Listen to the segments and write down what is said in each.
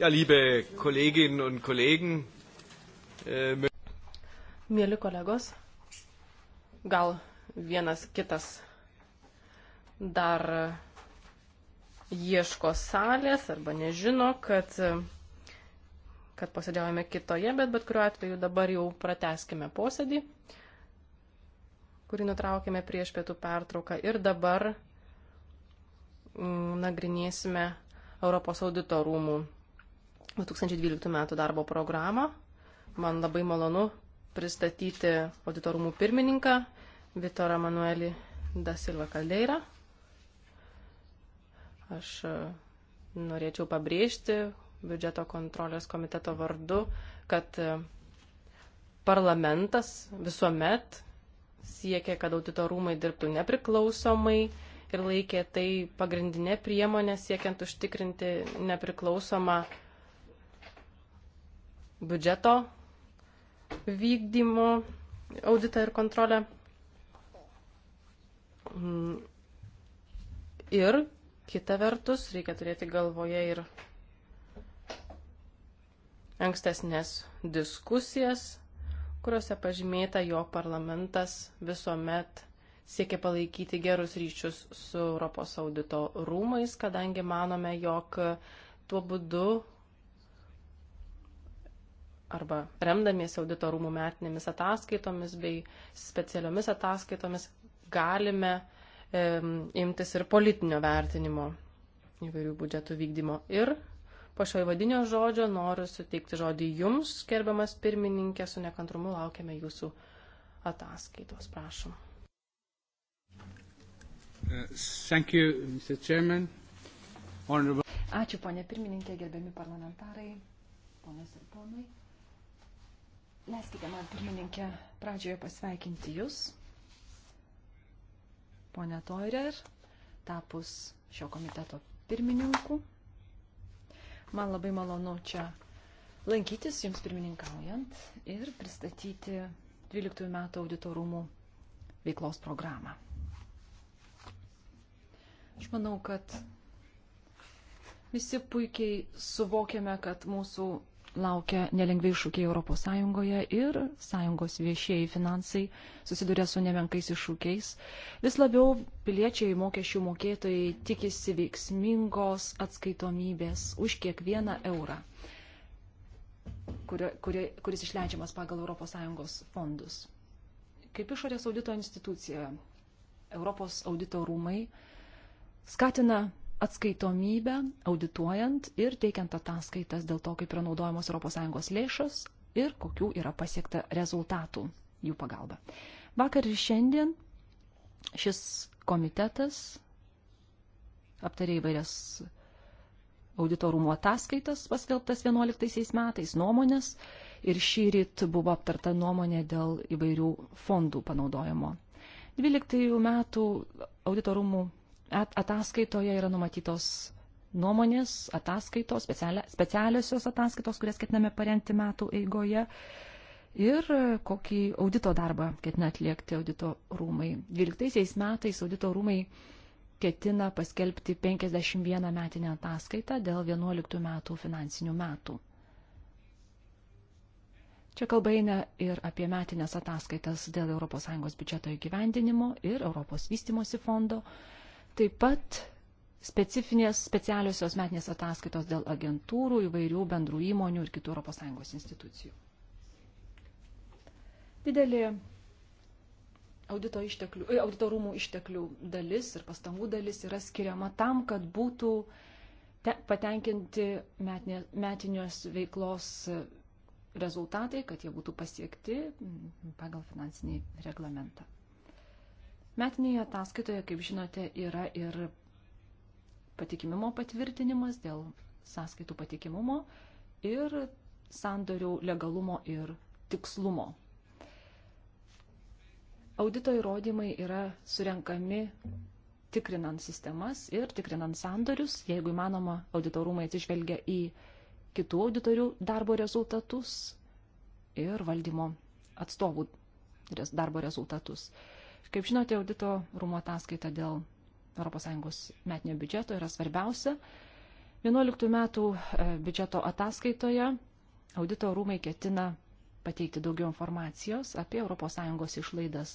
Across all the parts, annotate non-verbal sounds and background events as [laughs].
Ja, liebe Kolleginnen und Kollegen, e... Mėly kolegos, gal vienas kitas dar ieško salės arba nežino, kad, kad posėdėjome kitoje, bet bet kuriuo atveju dabar jau prateskime posėdį, kurį nutraukėme prieš pietų pertrauką ir dabar mm, nagrinėsime Europos audito rūmų 2012 metų darbo programą. Man labai malonu pristatyti auditorumų pirmininką Vitorą Manuelį Dasilva Kaldeirą. Aš e, norėčiau pabrėžti biudžeto kontrolės komiteto vardu, kad e, parlamentas visuomet siekė, kad auditorumai dirbtų nepriklausomai ir laikė tai pagrindinė priemonė siekiant užtikrinti nepriklausomą uh, biudžeto vykdymo auditą ir kontrolę. Mm. Ir kita vertus, reikia turėti galvoje ir ankstesnės diskusijas, kuriuose pažymėta, jo parlamentas visuomet siekia palaikyti gerus ryšius su Europos audito rūmais, kadangi manome, jog tuo būdu arba remdamiesi auditorumų metinėmis ataskaitomis bei specialiomis ataskaitomis galime e, imtis ir politinio vertinimo įvairių budžetų vykdymo. Ir po šio įvadinio žodžio noriu suteikti žodį jums, gerbiamas pirmininkė, su nekantrumu laukiame jūsų ataskaitos. Prašom. Uh, thank you, Mr. Chairman. Honorable... Ačiū, ponė pirmininkė, gerbiami parlamentarai, ponas ir ponai. Leiskite man, pirmininkė, pradžioje pasveikinti Jūs, ponė Toirer, tapus šio komiteto pirmininku. Man labai malonu čia lankytis Jums pirmininkaujant ir pristatyti 12 metų auditorumų veiklos programą. Aš manau, kad visi puikiai suvokiame, kad mūsų laukia nelengvi iššūkiai Europos Sąjungoje ir Sąjungos viešieji finansai susiduria su nemenkais iššūkiais. Vis labiau piliečiai mokesčių mokėtojai tikisi veiksmingos atskaitomybės už kiekvieną eurą, kuri, kuri, kuris išleidžiamas pagal Europos Sąjungos fondus. Kaip išorės audito institucija, Europos audito rūmai skatina atskaitomybę, audituojant ir teikiant ataskaitas dėl to, kaip yra naudojamos ES lėšos ir kokių yra pasiekta rezultatų jų pagalba. Vakar ir šiandien šis komitetas aptarė įvairias auditorumo ataskaitas paskelbtas 11 metais nuomonės ir šį ryt buvo aptarta nuomonė dėl įvairių fondų panaudojimo. 12 metų auditorumų ataskaitoje yra numatytos nuomonės, ataskaitos, specialia, specialiosios ataskaitos, kurias ketiname parengti metų eigoje. Ir kokį audito darbą ketina atliekti audito rūmai. 12 metais audito rūmai ketina paskelbti 51 metinę ataskaitą dėl 11 metų finansinių metų. Čia kalba eina ir apie metinės ataskaitas dėl ES biudžeto įgyvendinimo ir ES vystimosi fondo, Taip pat specifinės specialiosios metinės ataskaitos dėl agentūrų, įvairių bendrų įmonių ir kitų ES institucijų. Didelė audito, išteklių, e, audito rūmų išteklių dalis ir pastangų dalis yra skiriama tam, kad būtų te, patenkinti metinė, metinios veiklos rezultatai, kad jie būtų pasiekti pagal finansinį reglamentą. Metinėje ataskaitoje, kaip žinote, yra ir patikimimo patvirtinimas dėl sąskaitų patikimumo ir sandorių legalumo ir tikslumo. Audito įrodymai yra surenkami tikrinant sistemas ir tikrinant sandorius, jeigu įmanoma, auditorumai atsižvelgia į kitų auditorių darbo rezultatus ir valdymo atstovų darbo rezultatus. Kaip žinote, audito rūmo ataskaita dėl ES metinio biudžeto yra svarbiausia. 11 metų e, biudžeto ataskaitoje audito rūmai ketina pateikti daugiau informacijos apie ES išlaidas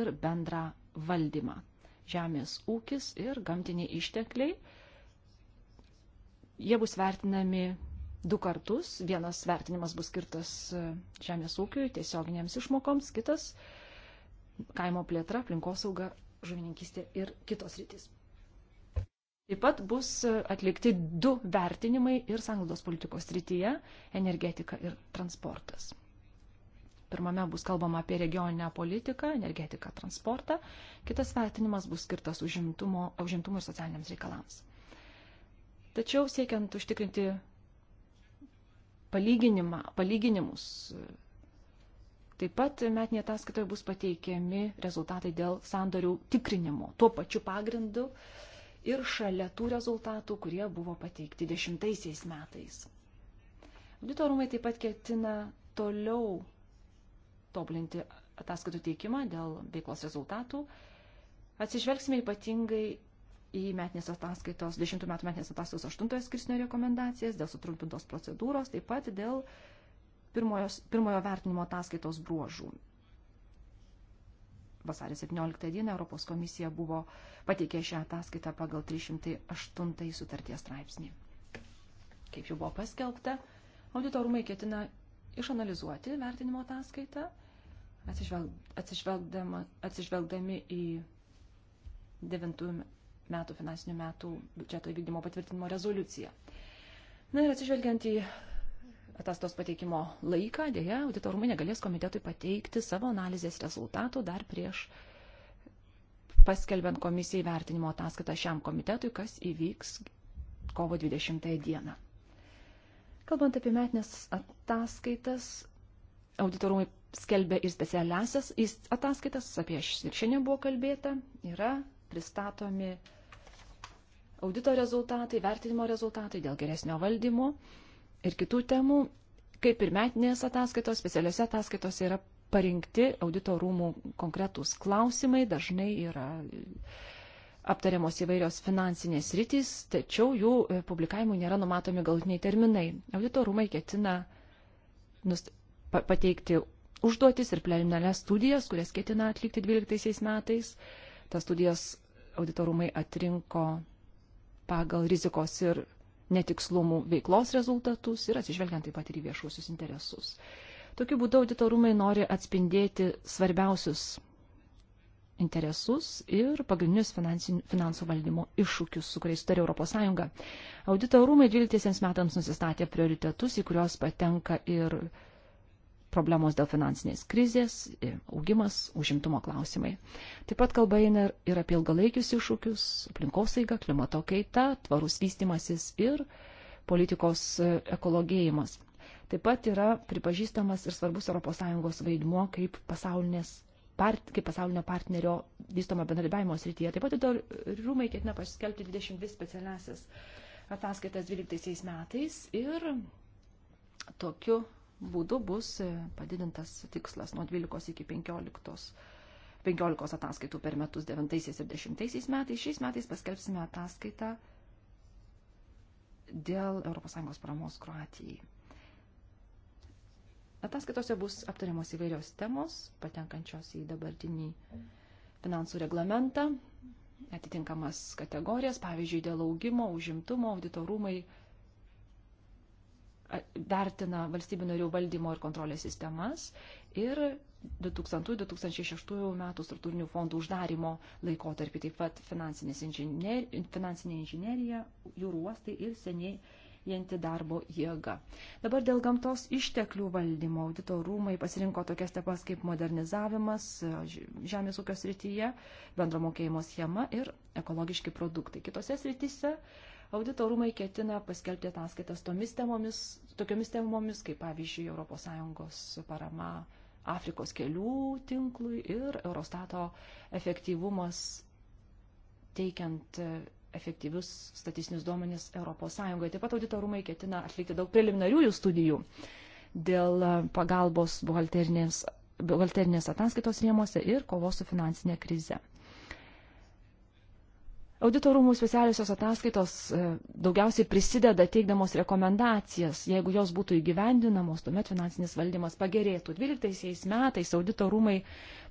ir bendrą valdymą. Žemės ūkis ir gamtiniai ištekliai. Jie bus vertinami du kartus. Vienas vertinimas bus skirtas e, žemės ūkiui, tiesioginėms išmokoms, kitas kaimo plėtra, aplinkosauga, žuvininkystė ir kitos rytis. Taip pat bus e, atlikti du vertinimai ir sanglaudos politikos srityje - energetika ir transportas. Pirmame bus kalbama apie regioninę politiką, energetiką, transportą. Kitas vertinimas bus skirtas užimtumo, užimtumo ir socialiniams reikalams. Tačiau siekiant užtikrinti palyginimą, palyginimus e, Taip pat metinėje ataskaitoje bus pateikiami rezultatai dėl sandorių tikrinimo tuo pačiu pagrindu ir šalia tų rezultatų, kurie buvo pateikti dešimtaisiais metais. Auditorumai taip pat ketina toliau tobulinti ataskaitų teikimą dėl veiklos rezultatų. Atsižvelgsime ypatingai į metinės ataskaitos, 10 metų metinės ataskaitos 8 skirsnio rekomendacijas dėl sutrumpintos procedūros, taip pat dėl uh, pirmojo, pirmojo vertinimo ataskaitos bruožų. Vasario 17 dieną Europos komisija buvo pateikė šią ataskaitą pagal 308 sutarties straipsnį. Kaip jau buvo paskelbta, auditorumai ketina išanalizuoti vertinimo ataskaitą, atsižvelgdami į 9 metų finansinių metų biudžeto įvykdymo patvirtinimo rezoliuciją. Na ir atsižvelgiant į ataskaitos pateikimo laiką, dėja, auditorumai negalės komitetui pateikti savo analizės rezultatų dar prieš paskelbiant komisijai vertinimo ataskaitą šiam komitetui, kas įvyks kovo 20 dieną. Kalbant apie metinės ataskaitas, auditorumai skelbia ir specialiasias ataskaitas, apie šis ir šiandien buvo kalbėta, yra pristatomi audito rezultatai, vertinimo rezultatai dėl geresnio valdymo ir kitų temų, kaip ir metinės ataskaitos, specialiuose ataskaitose yra parinkti audito rūmų konkretūs klausimai, dažnai yra aptariamos įvairios finansinės rytis, tačiau jų e, publikavimui nėra numatomi galutiniai terminai. Audito rūmai ketina nust... pateikti užduotis ir preliminarias studijas, kurias ketina atlikti 12 metais. Tas studijas auditorumai atrinko pagal rizikos ir netikslumų veiklos rezultatus ir atsižvelgiant taip pat ir į viešuosius interesus. Tokiu būdu auditorumai nori atspindėti svarbiausius interesus ir pagrindinius finansų valdymo iššūkius, su kuriais turi ES. Audito rūmai 12 metams nusistatė prioritetus, į kuriuos patenka ir problemos dėl finansinės krizės, augimas, užimtumo klausimai. Taip pat kalba eina ir apie ilgalaikius iššūkius, aplinkosaiga, klimato kaita, tvarus vystimasis ir politikos e, ekologėjimas. Taip pat yra pripažįstamas ir svarbus ES vaidmuo kaip, part, kaip pasaulinio partnerio vystomo bendradarbiavimo srityje. Taip pat ir rūmai ketina paskelbti 22 specialiasis ataskaitas 12 metais ir tokiu būdu bus e, padidintas tikslas nuo 12 iki 15, 15 ataskaitų per metus 9 ir 10 metais. Šiais metais paskelbsime ataskaitą dėl ES paramos Kroatijai. Ataskaitose bus aptariamos įvairios temos, patenkančios į dabartinį finansų reglamentą, atitinkamas kategorijas, pavyzdžiui, dėl augimo, užimtumo, auditorumai rūmai vertina valstybių narių valdymo ir kontrolės sistemas ir 2000-2006 metų struktūrinių fondų uždarimo laikotarpį, taip pat inžinier, finansinė inžinierija, jūrų uostai ir senėjanti darbo jėga. Dabar dėl gamtos išteklių valdymo audito rūmai pasirinko tokias tepas kaip modernizavimas žemės ūkio srityje, bendro mokėjimo schema ir ekologiški produktai. Kitose srityse audito rūmai ketina paskelbti ataskaitas tomis temomis, tokiomis temomis, kaip pavyzdžiui ES parama Afrikos kelių tinklui ir Eurostato efektyvumas teikiant e, efektyvius statistinius duomenis ES. Taip pat audito rūmai ketina atlikti daug preliminariųjų studijų dėl e, pagalbos buhalterinės, buhalterinės ataskaitos rėmose ir kovos su finansinė krize. Auditorumų specialiosios ataskaitos e, daugiausiai prisideda teikdamos rekomendacijas. Jeigu jos būtų įgyvendinamos, tuomet finansinis valdymas pagerėtų. 12 metais auditorumai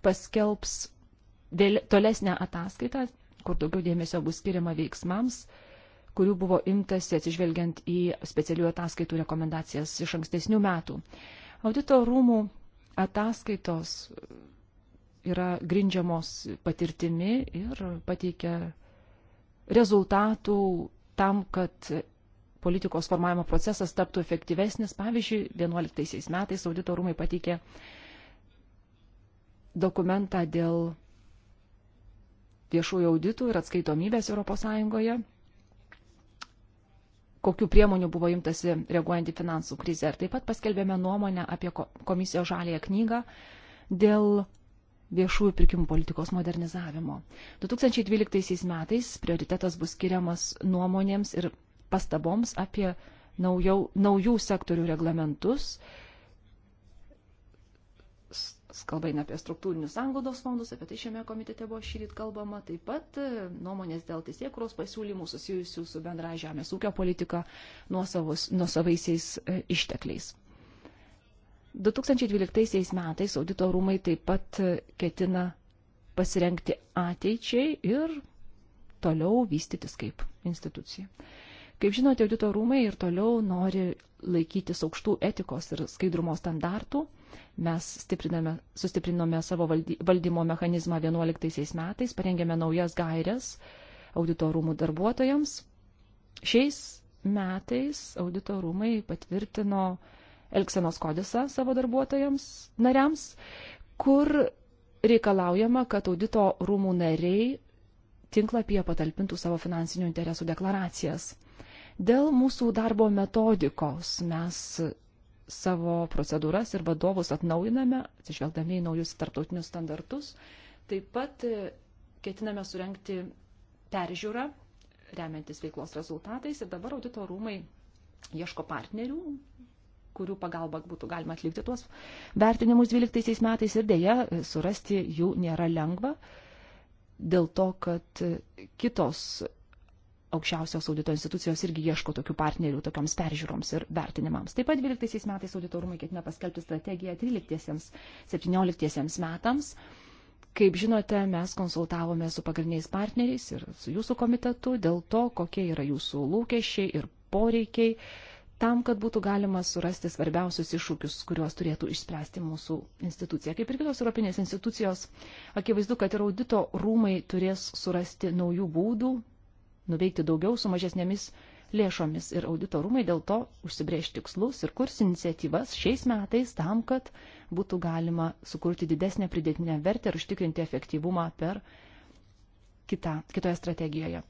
paskelbs dėl, tolesnę ataskaitą, kur daugiau dėmesio bus skiriama veiksmams, kurių buvo imtasi atsižvelgiant į specialių ataskaitų rekomendacijas iš ankstesnių metų. Auditorumų ataskaitos yra grindžiamos patirtimi ir pateikia rezultatų tam, kad politikos formavimo procesas taptų efektyvesnis. Pavyzdžiui, 2011 metais audito rūmai pateikė dokumentą dėl viešųjų auditų ir atskaitomybės ES, kokiu priemonių buvo imtasi reaguojant į finansų krizę. Ir taip pat paskelbėme nuomonę apie komisijos žalėją knygą dėl viešųjų pirkimų politikos modernizavimo. 2012 metais prioritetas bus skiriamas nuomonėms ir pastaboms apie naujau, naujų sektorių reglamentus. Kalba eina apie struktūrinius anglodos fondus, apie tai šiame komitete buvo šį rytą kalbama, taip pat e, nuomonės dėl teisėkuros pasiūlymų susijusių su bendra žemės ūkio politika nuo, savus, nuo savaisiais e, ištekliais. 2012 metais audito rūmai taip pat ketina pasirengti ateičiai ir toliau vystytis kaip institucija. Kaip žinote, audito rūmai ir toliau nori laikytis aukštų etikos ir skaidrumo standartų. Mes sustiprinome savo valdymo mechanizmą 2011 metais, parengėme naujas gairias audito rūmų darbuotojams. Šiais metais audito rūmai patvirtino uh, Elksenos kodisą savo darbuotojams, nariams, kur reikalaujama, kad audito rūmų nariai tinklapyje patalpintų savo finansinių interesų deklaracijas. Dėl mūsų darbo metodikos mes savo procedūras ir vadovus atnaujiname, atsižvelgdami į naujus tarptautinius standartus. Taip pat e, ketiname surenkti peržiūrą, remiantis veiklos rezultatais ir dabar audito rūmai ieško partnerių kurių pagalba būtų galima atlikti tuos vertinimus 12 metais ir dėja surasti jų nėra lengva dėl to, kad kitos aukščiausios audito institucijos irgi ieško tokių partnerių tokioms peržiūroms ir vertinimams. Taip pat 12 metais auditorumai ketina paskelbti strategiją 13-17 metams. Kaip žinote, mes konsultavome su pagrindiniais partneriais ir su jūsų komitetu dėl to, kokie yra jūsų lūkesčiai ir poreikiai tam, kad būtų galima surasti svarbiausius iššūkius, kuriuos turėtų išspręsti mūsų institucija. Kaip ir kitos Europinės institucijos, akivaizdu, kad ir audito rūmai turės surasti naujų būdų, nuveikti daugiau su mažesnėmis lėšomis. Ir audito rūmai dėl to užsibrėž tikslus ir kurs iniciatyvas šiais metais tam, kad būtų galima sukurti didesnę pridėtinę vertę ir užtikrinti efektyvumą per kitą, kitoje strategijoje.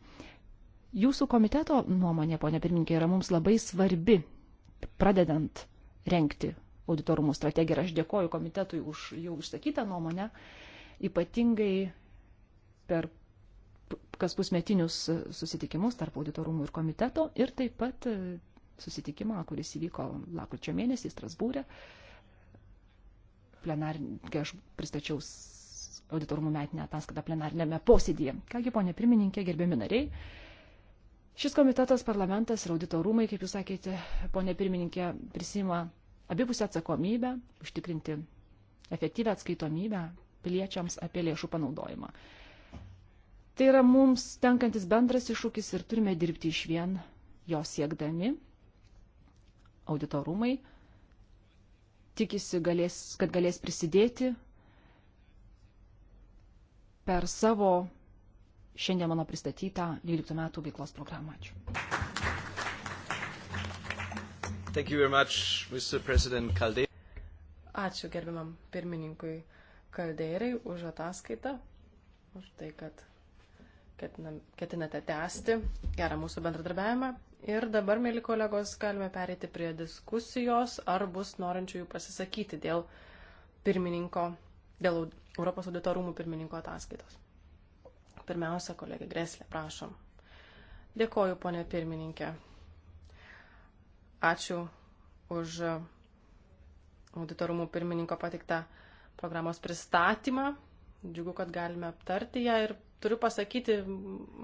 Jūsų komiteto nuomonė, ponė pirmininkė, yra mums labai svarbi, pradedant renkti auditorumų strategiją. Ir aš dėkoju komitetui už jau išsakytą nuomonę, ypatingai per kas pusmetinius susitikimus tarp auditorumų ir komiteto ir taip pat e, susitikimą, kuris įvyko lakrūčio mėnesį Strasbūrė. Plenar... Kai aš pristačiau auditorumų metinę ataskaitą plenarinėme posėdėje. Kągi, ponė pirmininkė, gerbiami nariai, Šis komitetas, parlamentas ir audito rūmai, kaip jūs sakėte, ponė pirmininkė, prisima abipusę atsakomybę užtikrinti efektyvę atskaitomybę piliečiams apie lėšų panaudojimą. Tai yra mums tenkantis bendras iššūkis ir turime dirbti iš vien jo siekdami. Audito rūmai tikisi, galės, kad galės prisidėti per savo šiandien mano pristatytą 12 metų veiklos programą. Ačiū. Much, Ačiū gerbiamam pirmininkui Kaldeirai už ataskaitą, už tai, kad ketinate tęsti gerą mūsų bendradarbiavimą. Ir dabar, mėly kolegos, galime perėti prie diskusijos, ar bus norinčiųjų pasisakyti dėl pirmininko, dėl Europos audito rūmų pirmininko ataskaitos. Pirmiausia, kolegė Greslė, prašom. Dėkoju, ponė pirmininkė. Ačiū už auditorumų pirmininko patiktą programos pristatymą. Džiugu, kad galime aptarti ją ir turiu pasakyti,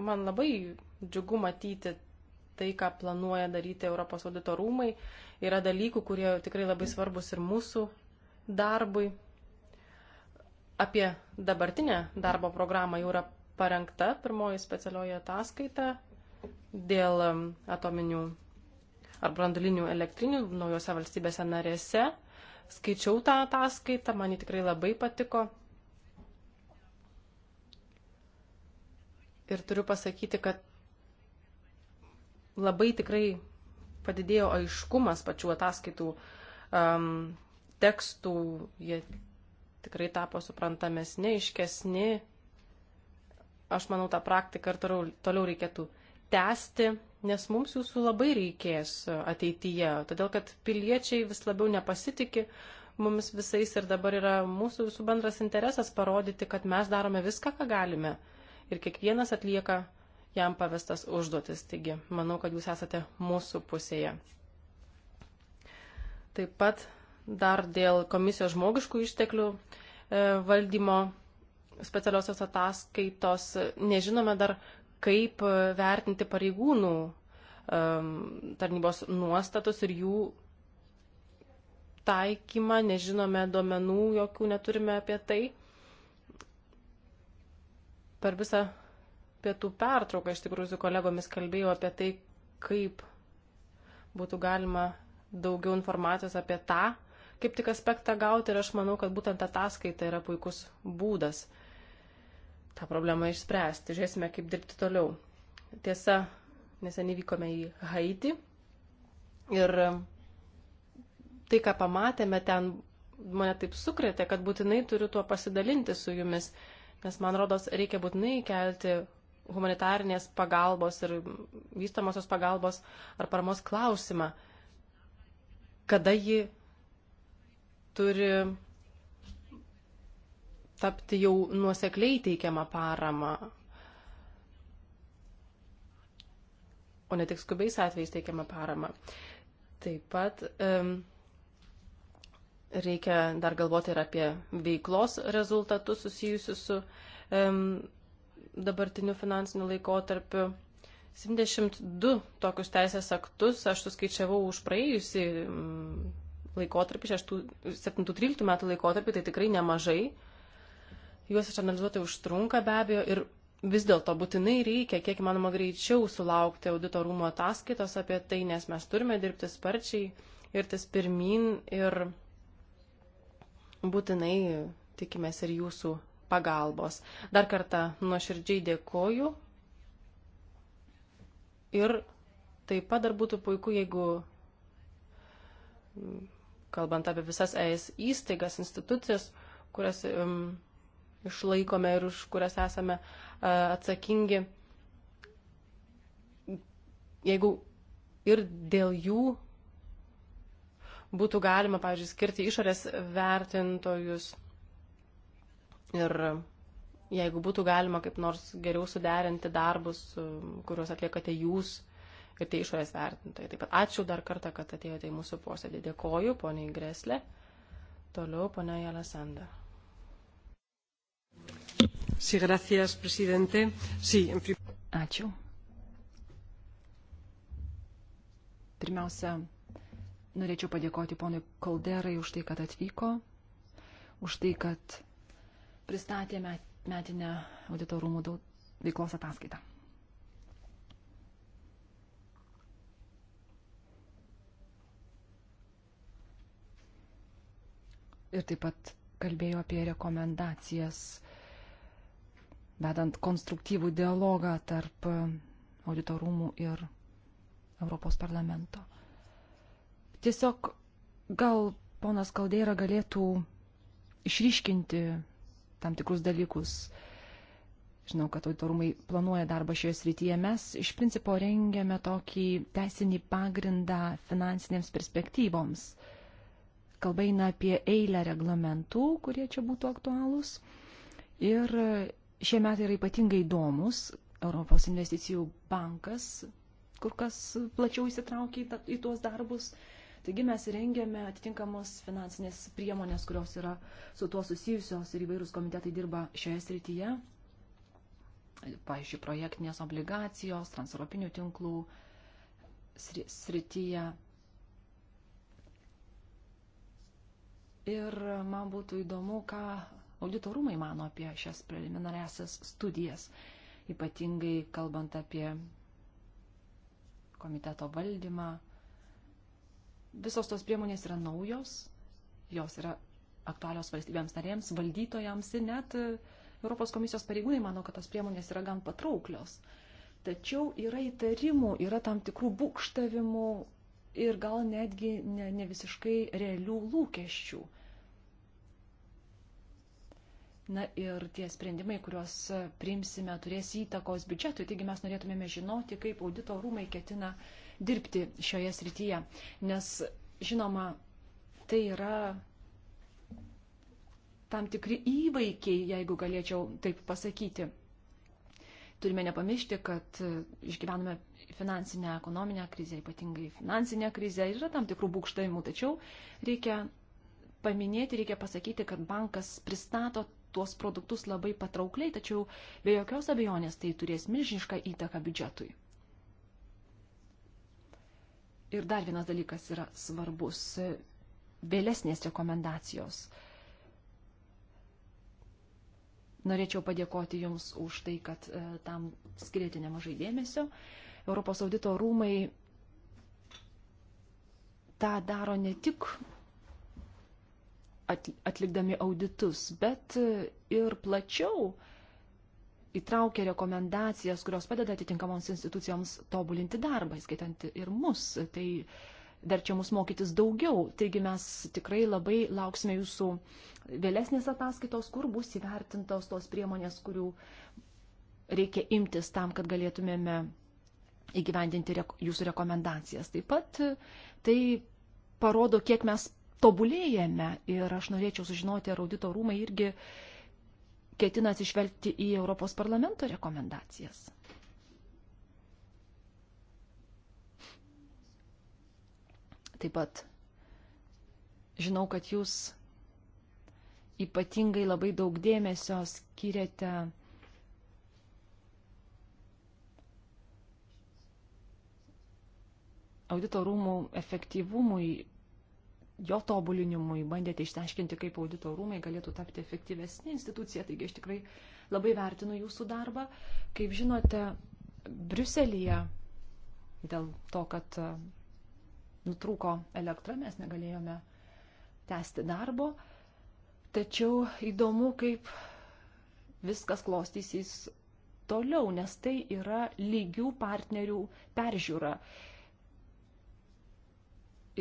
man labai džiugu matyti tai, ką planuoja daryti Europos auditorumai. Yra dalykų, kurie tikrai labai svarbus ir mūsų darbui. Apie dabartinę darbo programą jau yra parengta pirmoji specialioji ataskaita dėl um, atominių ar brandulinių elektrinių naujose valstybėse narėse. Skaičiau tą ataskaitą, man ji tikrai labai patiko. Ir turiu pasakyti, kad labai tikrai padidėjo aiškumas pačių ataskaitų um, tekstų, jie tikrai tapo suprantamesni, iškesni, aš manau, tą praktiką ir toliau reikėtų tęsti, nes mums jūsų labai reikės ateityje, todėl kad piliečiai vis labiau nepasitikė mumis visais ir dabar yra mūsų visų bendras interesas parodyti, kad mes darome viską, ką galime ir kiekvienas atlieka jam pavestas užduotis. Taigi, manau, kad jūs esate mūsų pusėje. Taip pat dar dėl komisijos žmogiškų išteklių e, valdymo specialiosios ataskaitos nežinome dar, kaip e, vertinti pareigūnų tarnybos nuostatus ir jų taikymą, nežinome duomenų, jokių neturime apie tai. Per visą pietų pertrauką iš tikrųjų su kolegomis kalbėjau apie tai, kaip būtų galima daugiau informacijos apie tą, kaip tik aspektą gauti ir aš manau, kad būtent ataskaita yra puikus būdas uh, tą problemą išspręsti. Žiūrėsime, kaip dirbti toliau. Tiesa, neseniai vykome į Haitį ir tai, ką pamatėme ten, mane taip sukrėtė, kad būtinai turiu tuo pasidalinti su jumis, nes man rodos, reikia būtinai kelti humanitarnės pagalbos ir vystamosios pagalbos ar paramos klausimą, kada ji turi tapti jau nuosekliai teikiamą paramą, o ne tik skubiais atvejais teikiamą paramą. Taip pat um, reikia dar galvoti ir apie veiklos rezultatus susijusius su um, dabartiniu finansiniu laikotarpiu. 72 tokius teisės aktus aš suskaičiavau už praėjusį laikotarpį, 7-13 metų laikotarpį, tai tikrai nemažai juos išanalizuoti užtrunka be abejo ir vis dėlto būtinai reikia, kiek įmanoma greičiau sulaukti audito rūmo ataskaitos apie tai, nes mes turime dirbti sparčiai ir tas pirmin ir būtinai tikimės ir jūsų pagalbos. Dar kartą nuoširdžiai dėkoju ir taip pat dar būtų puiku, jeigu kalbant apie visas ES įstaigas, institucijas, kurias um, išlaikome ir už kurias esame atsakingi. Jeigu ir dėl jų būtų galima, pavyzdžiui, skirti išorės vertintojus ir jeigu būtų galima kaip nors geriau suderinti darbus, kuriuos atliekate jūs ir tie išorės vertintojai. Taip pat ačiū dar kartą, kad atėjote į mūsų posėdį. Dėkoju, poniai Greslė. Toliau, ponia Jelasanda. Sí, gracias, presidente. Sí, en prim... Ačiū. Pirmiausia, norėčiau padėkoti ponui Kalderai už tai, kad atvyko, už tai, kad pristatė metinę auditorumų veiklos ataskaitą. ir taip pat kalbėjo apie rekomendacijas vedant konstruktyvų dialogą tarp e, auditorumų ir Europos parlamento. Tiesiog gal ponas Kaldeira galėtų išryškinti tam tikrus dalykus. Žinau, kad auditorumai planuoja darbą šioje srityje. Mes iš principo rengiame tokį teisinį pagrindą finansinėms perspektyvoms. Kalba eina apie eilę reglamentų, kurie čia būtų aktualūs. Ir Šie metai yra ypatingai įdomus. Europos investicijų bankas kur kas plačiau įsitraukia į, ta, į tuos darbus. Taigi mes rengiame atitinkamos finansinės priemonės, kurios yra su tuo susijusios ir įvairūs komitetai dirba šioje srityje. Pavyzdžiui, projektinės obligacijos, transeuropinių tinklų srityje. Ir man būtų įdomu, ką auditorumai mano apie šias preliminariasias studijas, ypatingai kalbant apie komiteto valdymą. Visos tos priemonės yra naujos, jos yra aktualios valstybėms narėms, valdytojams ir net e, Europos komisijos pareigūnai mano, kad tos priemonės yra gan patrauklios. Tačiau yra įtarimų, yra tam tikrų būkštavimų ir gal netgi ne, ne visiškai realių lūkesčių Na ir tie sprendimai, kuriuos priimsime, turės įtakos biudžetui. Taigi mes norėtumėme žinoti, kaip audito rūmai ketina dirbti šioje srityje. Nes, žinoma, tai yra tam tikri įvaikiai, jeigu galėčiau taip pasakyti. Turime nepamiršti, kad išgyvename finansinę, ekonominę krizę, ypatingai finansinę krizę. Yra tam tikrų būkštavimų, tačiau reikia paminėti, reikia pasakyti, kad bankas pristato tuos produktus labai patraukliai, tačiau be jokios abejonės tai turės milžinišką įtaką biudžetui. Ir dar vienas dalykas yra svarbus - vėlesnės rekomendacijos. Norėčiau padėkoti Jums už tai, kad e, tam skirėte nemažai dėmesio. Europos audito rūmai tą daro ne tik atlikdami auditus, bet e, ir plačiau įtraukia rekomendacijas, kurios padeda atitinkamoms institucijoms tobulinti darbą, skaitant ir mus. Tai verčia mus mokytis daugiau. Taigi mes tikrai labai lauksime jūsų vėlesnės ataskaitos, kur bus įvertintos tos priemonės, kurių reikia imtis tam, kad galėtumėme įgyvendinti jūsų rekomendacijas. Taip pat e, tai parodo, kiek mes tobulėjame ir aš norėčiau sužinoti, ar audito rūmai irgi ketina atsižvelgti į Europos parlamento rekomendacijas. Taip pat žinau, kad jūs ypatingai labai daug dėmesio skiriate audito rūmų efektyvumui jo tobulinimui, bandėte išteiškinti, kaip audito rūmai galėtų tapti efektyvesnė institucija, taigi aš tikrai labai vertinu jūsų darbą. Kaip žinote, Briuselėje dėl to, kad e, nutrūko elektra, mes negalėjome tęsti darbo, tačiau įdomu, kaip viskas klostysis toliau, nes tai yra lygių partnerių peržiūra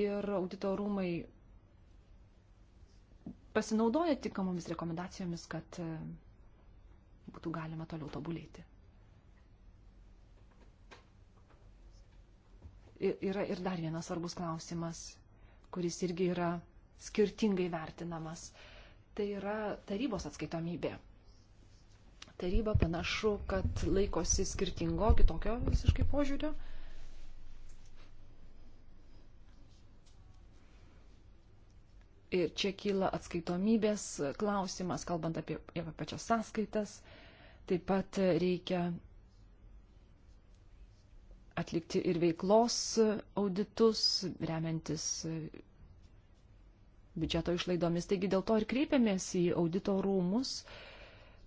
ir auditorumai pasinaudoja tikamomis rekomendacijomis, kad e, būtų galima toliau tobulėti. Yra ir dar vienas svarbus klausimas, kuris irgi yra skirtingai vertinamas. Tai yra tarybos atskaitomybė. Taryba panašu, kad laikosi skirtingo, kitokio visiškai požiūrio. Ir čia kyla atskaitomybės klausimas, kalbant apie, apie pačias sąskaitas. Taip pat reikia atlikti ir veiklos auditus, remiantis biudžeto išlaidomis. Taigi dėl to ir kreipiamės į audito rūmus,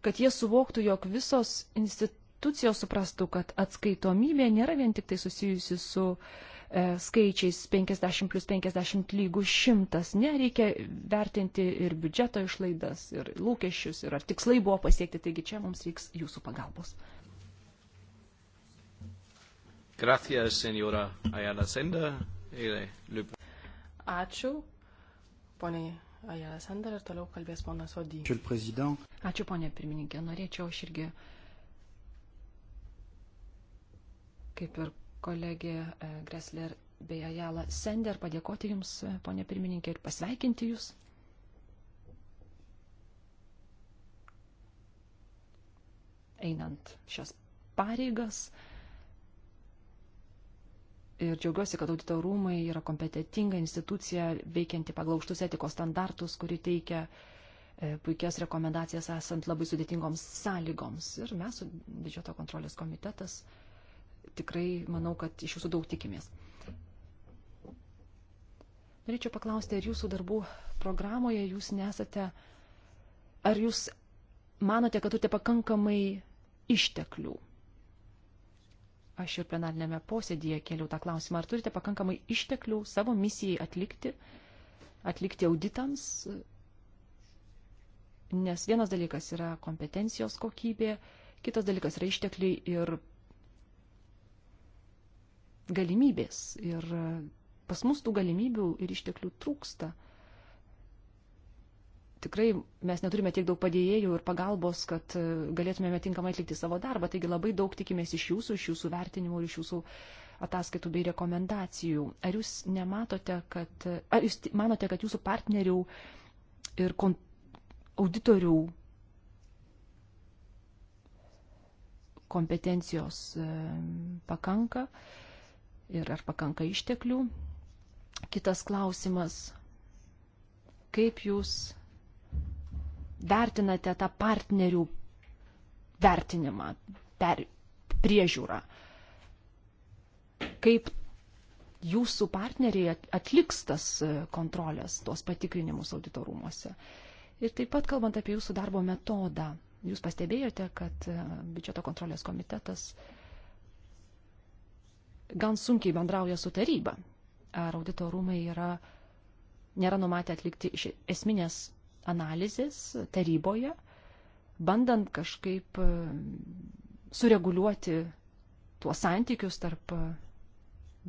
kad jie suvoktų, jog visos institucijos suprastų, kad atskaitomybė nėra vien tik tai susijusi su uh, E, skaičiais 50 plus 50 lygų 100. Nereikia vertinti ir biudžeto išlaidas, ir lūkesčius, ir ar tikslai buvo pasiekti, taigi čia mums reiks jūsų pagalbos. Gracias, senjora Ayala Sender. E, Ačiū, poniai Ayala Sender, ir toliau kalbės ponas Odį. Ačiū, ponė pirmininkė. Norėčiau aš irgi, kaip ir kolegė e, Gresler bei Ajala Sender, padėkoti Jums, e, ponė pirmininkė, ir pasveikinti Jūs. Einant šias pareigas. Ir džiaugiuosi, kad audito rūmai yra kompetitinga institucija, veikianti pagal aukštus etikos standartus, kuri teikia e, puikias rekomendacijas esant labai sudėtingoms sąlygoms. Ir mes, biudžeto kontrolės komitetas, uh, tikrai manau, kad iš jūsų daug tikimės. Norėčiau paklausti, ar jūsų darbų programoje jūs nesate, ar jūs manote, kad turite pakankamai išteklių? Aš ir plenarnėme posėdėje kėliau tą klausimą, ar turite pakankamai išteklių savo misijai atlikti, atlikti auditams, nes vienas dalykas yra kompetencijos kokybė, kitas dalykas yra ištekliai ir galimybės. Ir pas mus tų galimybių ir išteklių trūksta. Tikrai mes neturime tiek daug padėjėjų ir pagalbos, kad e, galėtumėme tinkamai atlikti savo darbą. Taigi labai daug tikimės iš jūsų, iš jūsų vertinimų ir iš jūsų ataskaitų bei rekomendacijų. Ar jūs nematote, kad, e, ar jūs manote, kad jūsų partnerių ir kon, auditorių kompetencijos e, pakanka? E, ir ar pakanka išteklių. Kitas klausimas, kaip jūs vertinate tą partnerių vertinimą, per, priežiūrą? Kaip jūsų partneriai atliks tas e, kontrolės, tuos patikrinimus auditorumuose? Ir taip pat kalbant apie jūsų darbo metodą, jūs pastebėjote, kad e, biudžeto kontrolės komitetas uh, gan sunkiai bendrauja su taryba. Ar audito rūmai yra, nėra numatę atlikti esminės analizės taryboje, bandant kažkaip e, sureguliuoti tuos santykius tarp e,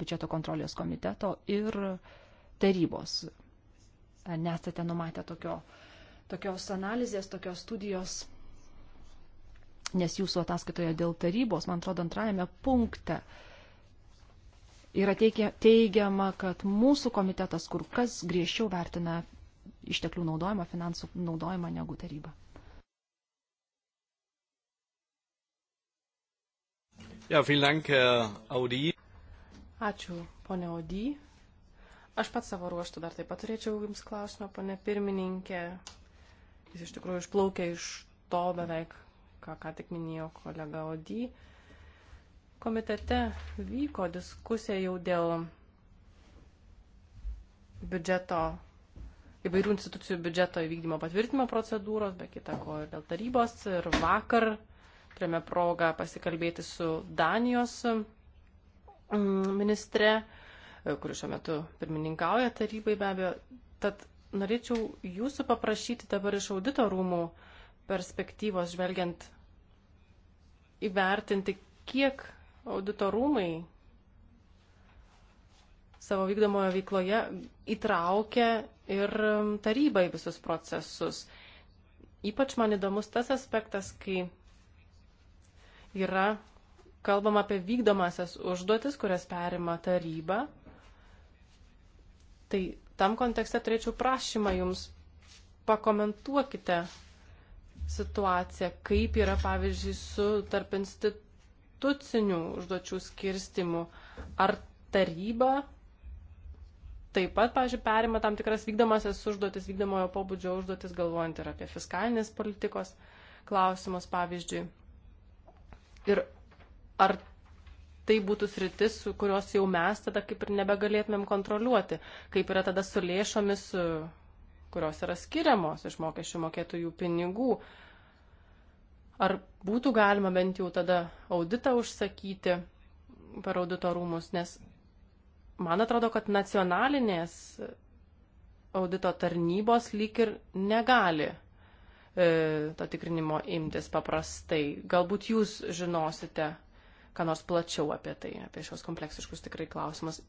biudžeto kontrolės komiteto ir tarybos. Ar nesate numatę tokio, tokios analizės, tokios studijos? Nes jūsų ataskaitoje dėl tarybos, man atrodo, antrajame punkte uh, yra teikia, teigiama, kad mūsų komitetas kur kas griežčiau vertina išteklių naudojimą, finansų naudojimą negu taryba. Ja, Dank, Audi. Ačiū, ponė Audy. Aš pat savo ruoštų dar taip pat turėčiau jums klausimą, ponė pirmininkė. Jis iš tikrųjų išplaukė iš to beveik, ką ką tik minėjo kolega Audy. Uh, komitete vyko diskusija jau dėl biudžeto, įvairių institucijų biudžeto įvykdymo patvirtinimo procedūros, be kita ko ir dėl tarybos. Ir vakar turėjome progą pasikalbėti su Danijos mm, ministre, kuri šiuo metu pirmininkauja tarybai be abejo. Tad norėčiau jūsų paprašyti dabar iš audito rūmų perspektyvos žvelgiant įvertinti, kiek auditorumai savo vykdomoje veikloje įtraukia ir um, tarybą į visus procesus. Ypač man įdomus tas aspektas, kai yra kalbama apie vykdomasias užduotis, kurias perima taryba. Tai tam kontekste turėčiau prašymą jums pakomentuokite situaciją, kaip yra pavyzdžiui su tarp institucijų institucinių užduočių skirstimų, ar taryba taip pat, pažiūrėjau, perima tam tikras vykdomasias užduotis, vykdomojo pobūdžio užduotis, galvojant ir apie fiskalinės politikos klausimus, pavyzdžiui. Ir ar tai būtų sritis, kurios jau mes tada kaip ir nebegalėtumėm kontroliuoti, kaip yra tada su lėšomis, kurios yra skiriamos iš mokesčių mokėtojų pinigų. Uh, Ar būtų galima bent jau tada auditą užsakyti per audito rūmus, nes man atrodo, kad nacionalinės audito tarnybos lyg ir negali e, to tikrinimo imtis paprastai. Galbūt jūs žinosite, ką nors plačiau apie tai, apie šios kompleksiškus tikrai klausimus.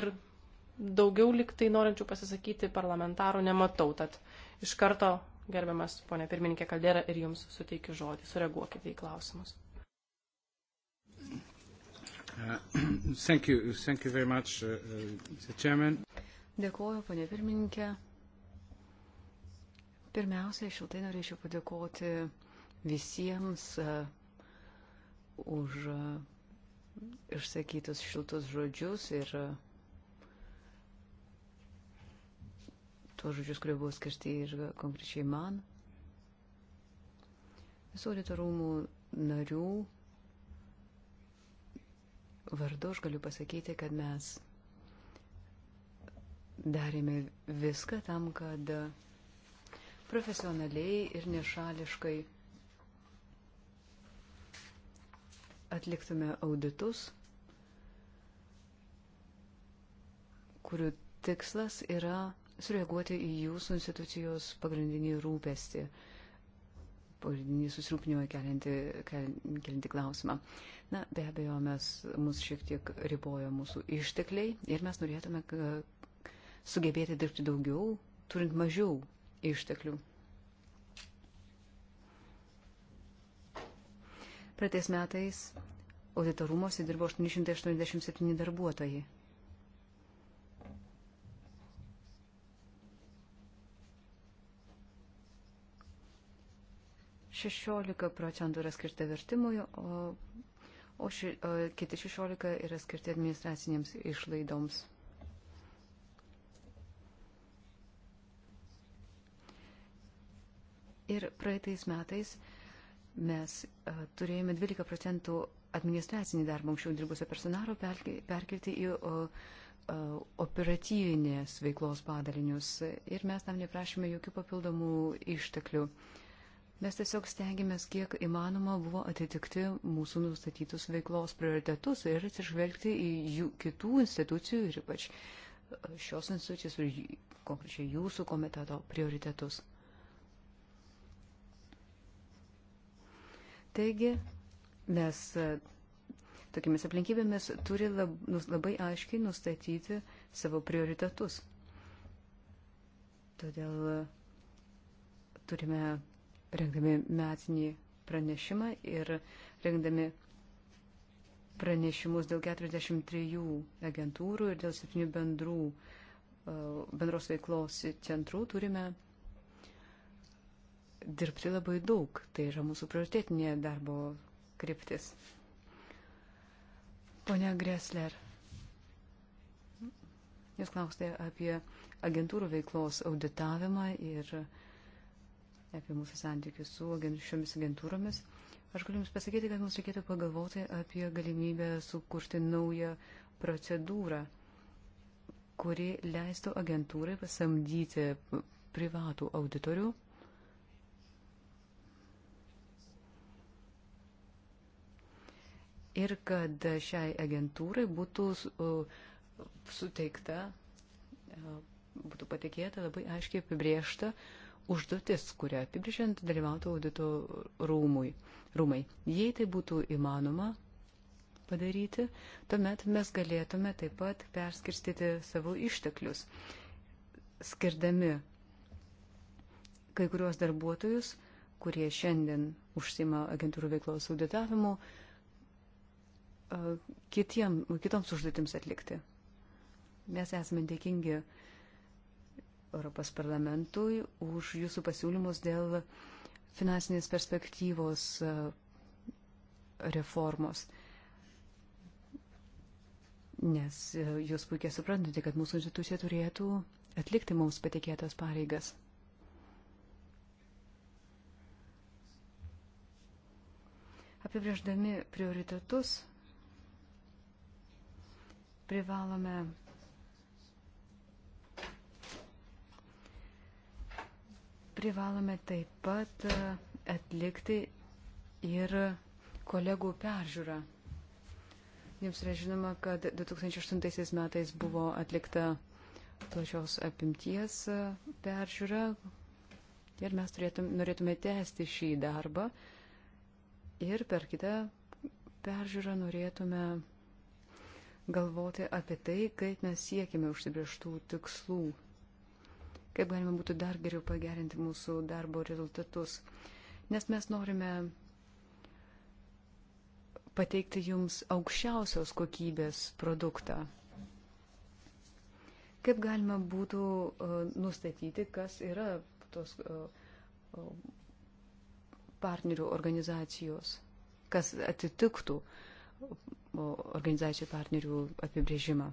Ir daugiau liktai norinčių pasisakyti parlamentarų nematau, tad iš karto Gerbiamas ponė pirmininkė Kaldera ir jums suteikiu žodį. Sureaguokite į klausimus. Uh, [clears throat] thank you. Thank you very much, uh, uh, Mr. Chairman. Dėkuoju, ponė pirmininkė. Pirmiausia, šiltai norėčiau padėkoti visiems uh, už uh, išsakytus šiltus žodžius ir uh, tuos žodžius, kurie buvo skirti ir konkrečiai man. Visų auditorumų narių vardu aš galiu pasakyti, kad mes darėme viską tam, kad profesionaliai ir nešališkai atliktume auditus, kurių tikslas yra sureaguoti į jūsų institucijos pagrindinį rūpestį, pagrindinį susirūpinimą kelinti, kel, kelinti klausimą. Na, be abejo, mes, mus šiek tiek ribojo mūsų ištekliai ir mes norėtume sugebėti dirbti daugiau, turint mažiau išteklių. Praeitais metais auditorumuose dirbo 887 darbuotojai. 16 procentų yra skirta vertimui, o, o, ši, o kiti 16 yra skirti administracinėms išlaidoms. Ir praeitais metais mes a, e, turėjome 12 procentų administracinį darbą anksčiau dirbusio personalo perkelti į o, o, e, operatyvinės veiklos padalinius ir mes tam neprašėme jokių papildomų išteklių. A, Mes tiesiog stengiamės, kiek įmanoma buvo atitikti mūsų nustatytus veiklos prioritetus ir atsižvelgti į jų kitų institucijų ir ypač e, šios institucijos ir konkrečiai jūsų komiteto prioritetus. Taigi, mes e, tokiamis aplinkybėmis turi lab, labai aiškiai nustatyti savo prioritetus. Todėl e, turime rengdami metinį pranešimą ir rengdami pranešimus dėl 43 agentūrų ir dėl 7 bendrų, e, bendros veiklos centrų turime dirbti labai daug. Tai yra mūsų prioritetinė darbo kryptis. Pone Gresler, jūs klausėte apie agentūrų veiklos auditavimą ir uh, apie mūsų santykius su šiomis agentūromis. Aš galiu Jums pasakyti, kad mums reikėtų pagalvoti apie galimybę sukurti naują procedūrą, kuri leistų agentūrai pasamdyti privatų auditorių ir kad šiai agentūrai būtų suteikta, e, būtų patikėta labai aiškiai apibriešta, uh, užduotis, kurią apibrėžiant dalyvautų audito rūmui, rūmai. Jei tai būtų įmanoma padaryti, tuomet mes galėtume taip pat perskirstyti savo išteklius, skirdami kai kuriuos darbuotojus, kurie šiandien užsima agentūrų veiklos auditavimu, kitiem, kitoms užduotims atlikti. Mes esame dėkingi uh, Europos parlamentui už jūsų pasiūlymus dėl finansinės perspektyvos e, reformos. Nes e, jūs puikiai suprantate, kad mūsų institucija turėtų atlikti mums patikėtas pareigas. Apibrėždami prioritetus privalome Privalome taip pat e, atlikti ir kolegų peržiūrą. Jums yra žinoma, kad 2008 metais buvo atlikta plačios apimties e, peržiūra ir mes turėtum, norėtume tęsti šį darbą ir per kitą peržiūrą norėtume galvoti apie tai, kaip mes siekime užsibrieštų tikslų kaip galima būtų dar geriau pagerinti mūsų darbo rezultatus. Nes mes norime pateikti jums aukščiausios kokybės produktą. Kaip galima būtų uh, nustatyti, kas yra tos uh, partnerių organizacijos, kas atitiktų organizacijų partnerių apibrėžimą.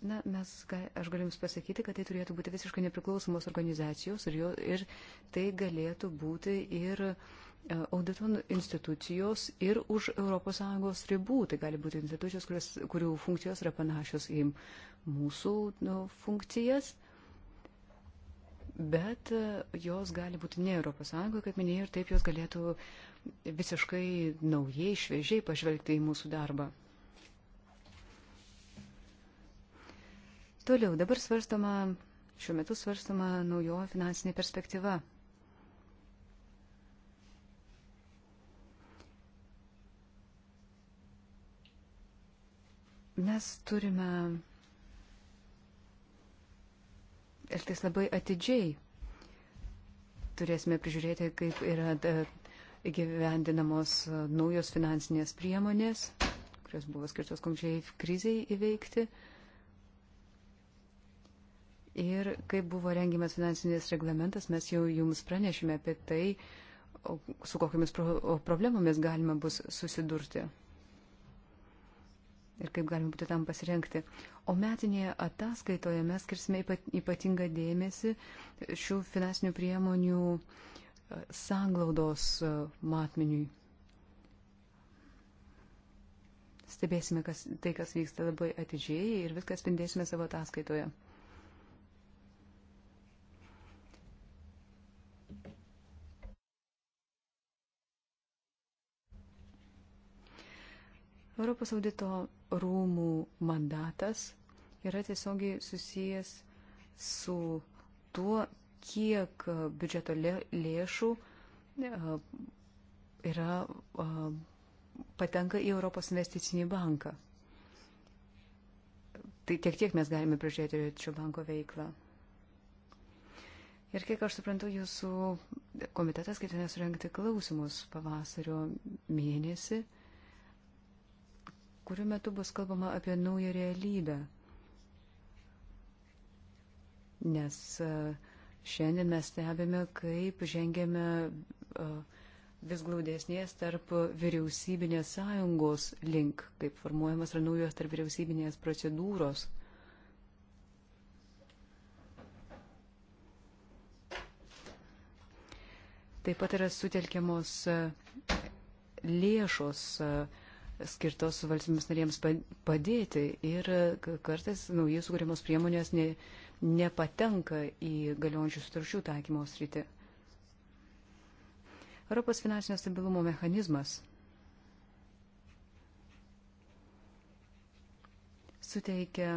Na, mes, aš galiu Jums pasakyti, kad tai turėtų būti visiškai nepriklausomos organizacijos ir, jo, ir tai galėtų būti ir e, audito institucijos ir už ES ribų. Tai gali būti institucijos, kurios, kurių funkcijos yra panašios į mūsų nu, funkcijas, bet e, jos gali būti ne ES, kaip minėjau, ir taip jos galėtų visiškai naujai, šviežiai pažvelgti į mūsų darbą. Toliau, dabar svarstama, šiuo metu svarstama naujo finansinė perspektyva. Mes turime elgtis labai atidžiai. Turėsime prižiūrėti, kaip yra e, įgyvendinamos e, naujos finansinės priemonės, kurios buvo skirtos konkrečiai kriziai įveikti. Uh, Ir kaip buvo rengiamas finansinės reglamentas, mes jau jums pranešime apie tai, su kokiamis pro problemomis galima bus susidurti. Ir kaip galima būtų tam pasirenkti. O metinėje ataskaitoje mes skirsime ypatingą dėmesį šių finansinių priemonių e, sanglaudos e, matmeniui. Stebėsime kas, tai, kas vyksta labai atidžiai ir viską spindėsime savo ataskaitoje. Europos audito rūmų mandatas yra tiesiogiai susijęs su tuo, kiek biudžeto lėšų yra patenka į Europos investicinį banką. Tai tiek tiek mes galime prižiūrėti šio banko veiklą. Ir kiek aš suprantu, jūsų komitetas ketina surengti klausimus pavasario mėnesį kuriuo metu bus kalbama apie naują realybę. Nes e, šiandien mes stebime, kaip žengėme e, vis glaudesnės tarp vyriausybinės sąjungos link, kaip formuojamas yra naujos tarp vyriausybinės procedūros. Taip pat yra sutelkiamos e, lėšos uh, skirtos valstybėms narėms padėti ir kartais naujai sukūrimos priemonės ne, nepatenka į galiojančių sutarčių taikymo sritį. Europos finansinio stabilumo mechanizmas suteikia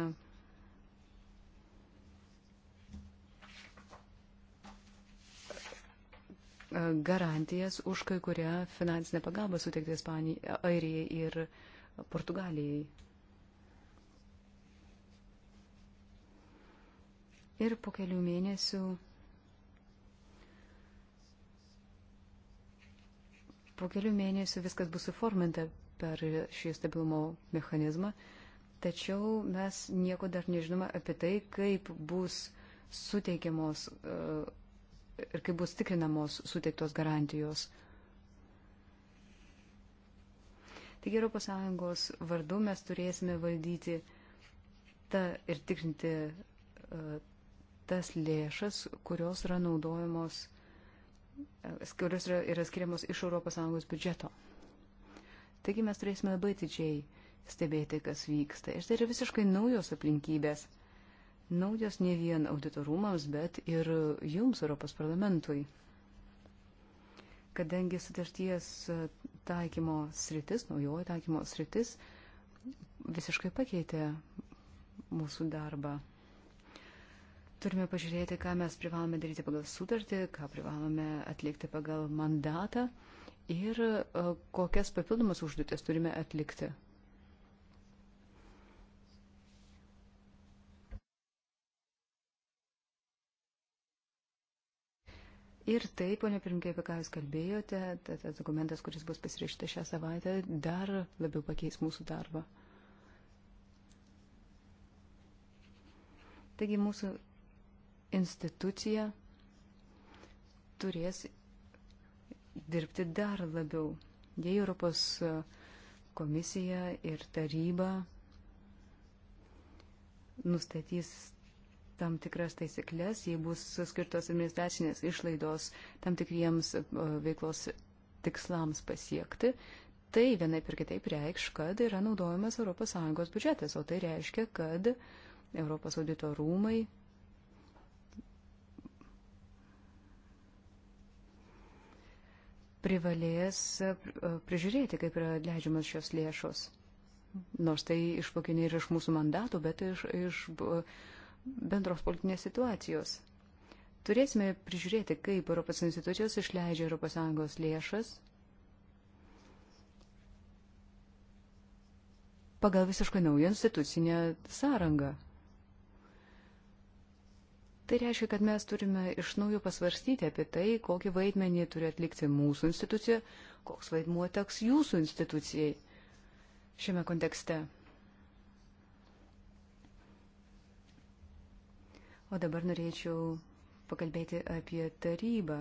garantijas už kai kurią finansinę pagalbą suteikti Ispanijai, Airijai ir Portugalijai. Ir po kelių mėnesių po kelių mėnesių viskas bus suforminta per šį stabilumo mechanizmą, tačiau mes nieko dar nežinome apie tai, kaip bus suteikiamos uh, ir kaip bus tikrinamos suteiktos garantijos. Taigi ES vardu mes turėsime valdyti ta ir tikrinti uh, tas lėšas, kurios yra naudojamos, e, kurios yra, yra skiriamos iš ES biudžeto. Taigi mes turėsime labai didžiai stebėti, kas vyksta. Ir tai yra visiškai naujos aplinkybės naujos ne vien auditorumams, bet ir jums, Europos parlamentui. Kadangi sutarties e, taikymo sritis, naujoji taikymo sritis visiškai pakeitė mūsų darbą. Turime pažiūrėti, ką mes privalome daryti pagal sutartį, ką privalome atlikti pagal mandatą ir e, kokias papildomas užduotis turime atlikti. Ir tai, ponia pirmininkė, apie ką Jūs kalbėjote, tas dokumentas, kuris bus pasirašytas šią savaitę, dar labiau pakeis mūsų darbą. Taigi mūsų institucija turės dirbti dar labiau. Jei Europos komisija ir taryba nustatys tam tikras taisyklės, jei bus skirtos administracinės išlaidos tam tikriems e, veiklos tikslams pasiekti, tai vienai per kitaip reikš, kad yra naudojamas ES biudžetas, o tai reiškia, kad Europos audito rūmai privalės e, prižiūrėti, kaip yra leidžiamas šios lėšos. Nors tai išpokinė ir iš mūsų mandatų, bet iš, iš bendros politinės situacijos. Turėsime prižiūrėti, kaip Europos institucijos išleidžia ES lėšas pagal visiškai naują institucinę sąrangą. Tai reiškia, kad mes turime iš naujo pasvarstyti apie tai, kokį vaidmenį turi atlikti mūsų institucija, koks vaidmuo teks jūsų institucijai šiame kontekste. O dabar norėčiau pakalbėti apie tarybą.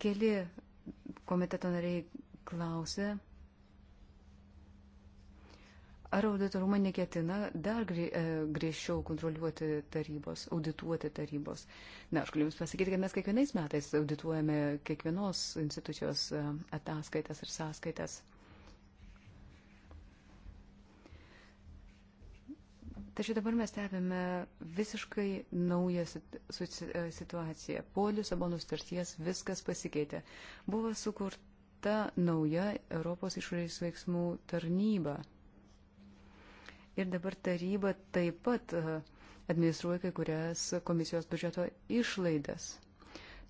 Keli komiteto nariai klausė, ar auditorumai neketina dar e, griežčiau kontroliuoti tarybos, audituoti tarybos. Na, aš galiu Jums pasakyti, kad mes kiekvienais metais audituojame kiekvienos institucijos e, ataskaitas ir sąskaitas. Tačiau dabar mes stebime visiškai naują e, situaciją. Po Lisabonų starties viskas pasikeitė. Buvo sukurta nauja Europos išorės veiksmų tarnyba. Ir dabar taryba taip pat e, administruoja kai kurias komisijos biudžeto išlaidas.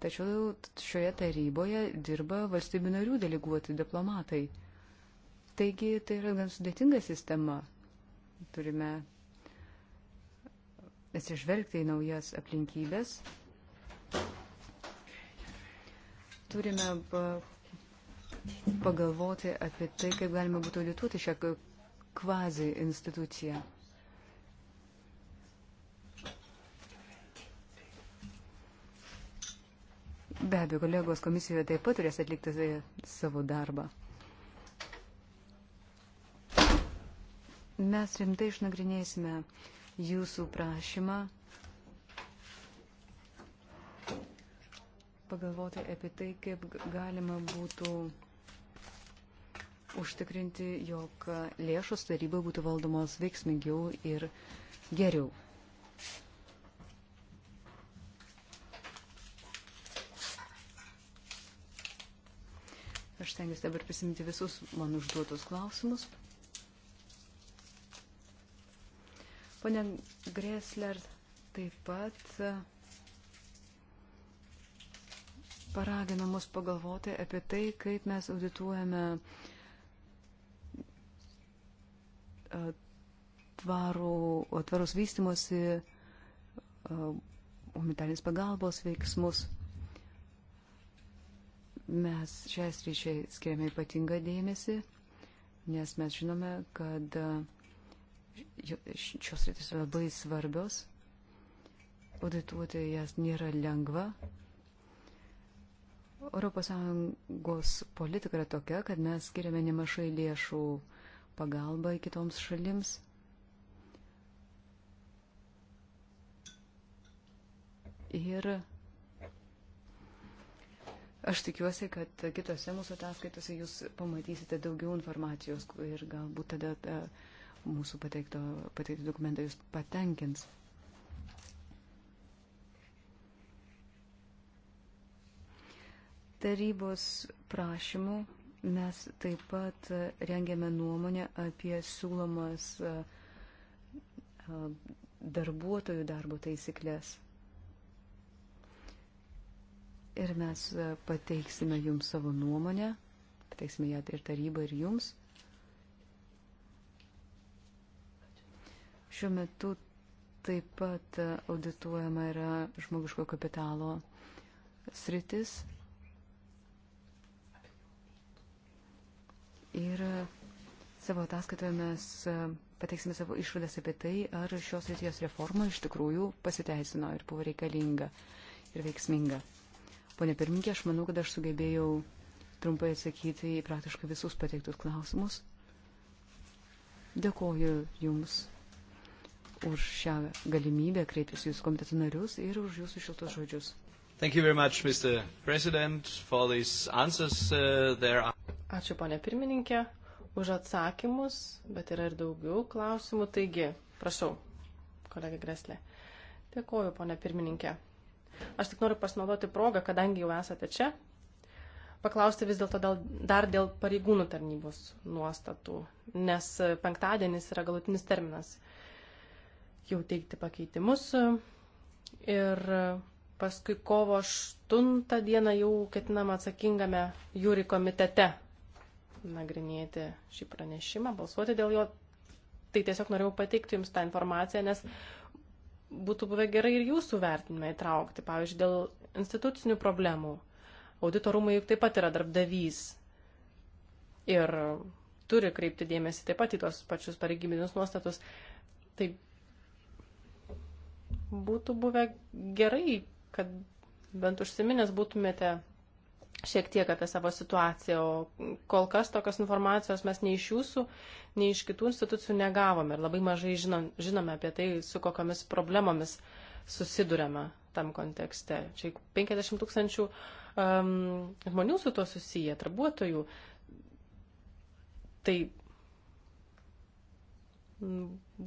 Tačiau šioje taryboje dirba valstybių narių deleguoti diplomatai. Taigi tai yra gan sudėtinga sistema. Turime atsižvelgti į naujas aplinkybės. Turime pagalvoti apie tai, kaip galima būtų lietuoti šią kvazi instituciją. Be abejo, kolegos komisijoje taip pat turės atlikti e, savo darbą. Mes rimtai išnagrinėsime uh, jūsų prašymą pagalvoti apie tai, kaip galima būtų užtikrinti, jog lėšos taryba būtų valdomos veiksmingiau ir geriau. Aš stengiuosi dabar prisimti visus man užduotus klausimus. Pone Gresler taip pat e, paragino mus pagalvoti apie tai, kaip mes audituojame e, tvarų, tvaros vystimosi e, humanitarės pagalbos veiksmus. Mes šiais ryšiai skiriame ypatingą dėmesį, nes mes žinome, kad uh, šios rytis yra labai svarbios, audituoti jas nėra lengva. ES politika yra tokia, kad mes skiriame nemažai lėšų pagalbai kitoms šalims. Ir Aš tikiuosi, kad kitose mūsų ataskaitose jūs pamatysite daugiau informacijos ir galbūt tada mūsų pateikto, pateikti dokumentai jūs patenkins. Tarybos prašymų mes taip pat rengėme nuomonę apie siūlomas darbuotojų darbo taisyklės. Ir mes pateiksime jums savo nuomonę, pateiksime ją ir tarybai, ir jums. Šiuo metu taip pat audituojama yra žmogiško kapitalo sritis. Ir savo ataskaitoje mes e, pateiksime savo išvadas apie tai, ar šios srities reforma iš tikrųjų pasiteisino ir buvo reikalinga ir veiksminga. Pone pirminkė, aš manau, kad aš sugebėjau trumpai atsakyti į praktiškai visus pateiktus klausimus. Dėkoju Jums už šią galimybę kreiptis jūsų komiteto narius ir už jūsų šiltus žodžius. Thank you very much, Mr. President, for these answers. Uh, there are... Ačiū, ponė pirmininkė, už atsakymus, bet yra ir daugiau klausimų. Taigi, prašau, kolegė Greslė. Dėkuoju, ponė pirmininkė. Aš tik noriu pasinaudoti progą, kadangi jau esate čia, paklausti vis dėlto dėl, dar dėl pareigūnų tarnybos nuostatų, nes e, penktadienis yra galutinis terminas jau teikti pakeitimus. Ir paskui kovo 8 dieną jau ketinama atsakingame jūri komitete nagrinėti šį pranešimą, balsuoti dėl jo. Tai tiesiog norėjau pateikti Jums tą informaciją, nes būtų buvę gerai ir Jūsų vertinimą įtraukti, pavyzdžiui, dėl institucinių problemų. Auditorumai juk taip pat yra darbdavys ir turi kreipti dėmesį taip pat į tos pačius pareigybinius nuostatus. Tai būtų buvę gerai, kad bent užsiminęs būtumėte šiek tiek apie savo situaciją, o kol kas tokios informacijos mes nei iš jūsų, nei iš kitų institucijų negavome ir labai mažai žinom, žinome apie tai, su kokiamis problemomis susidurėme tam kontekste. Čia 50 tūkstančių um, žmonių su tuo susiję, darbuotojų. Tai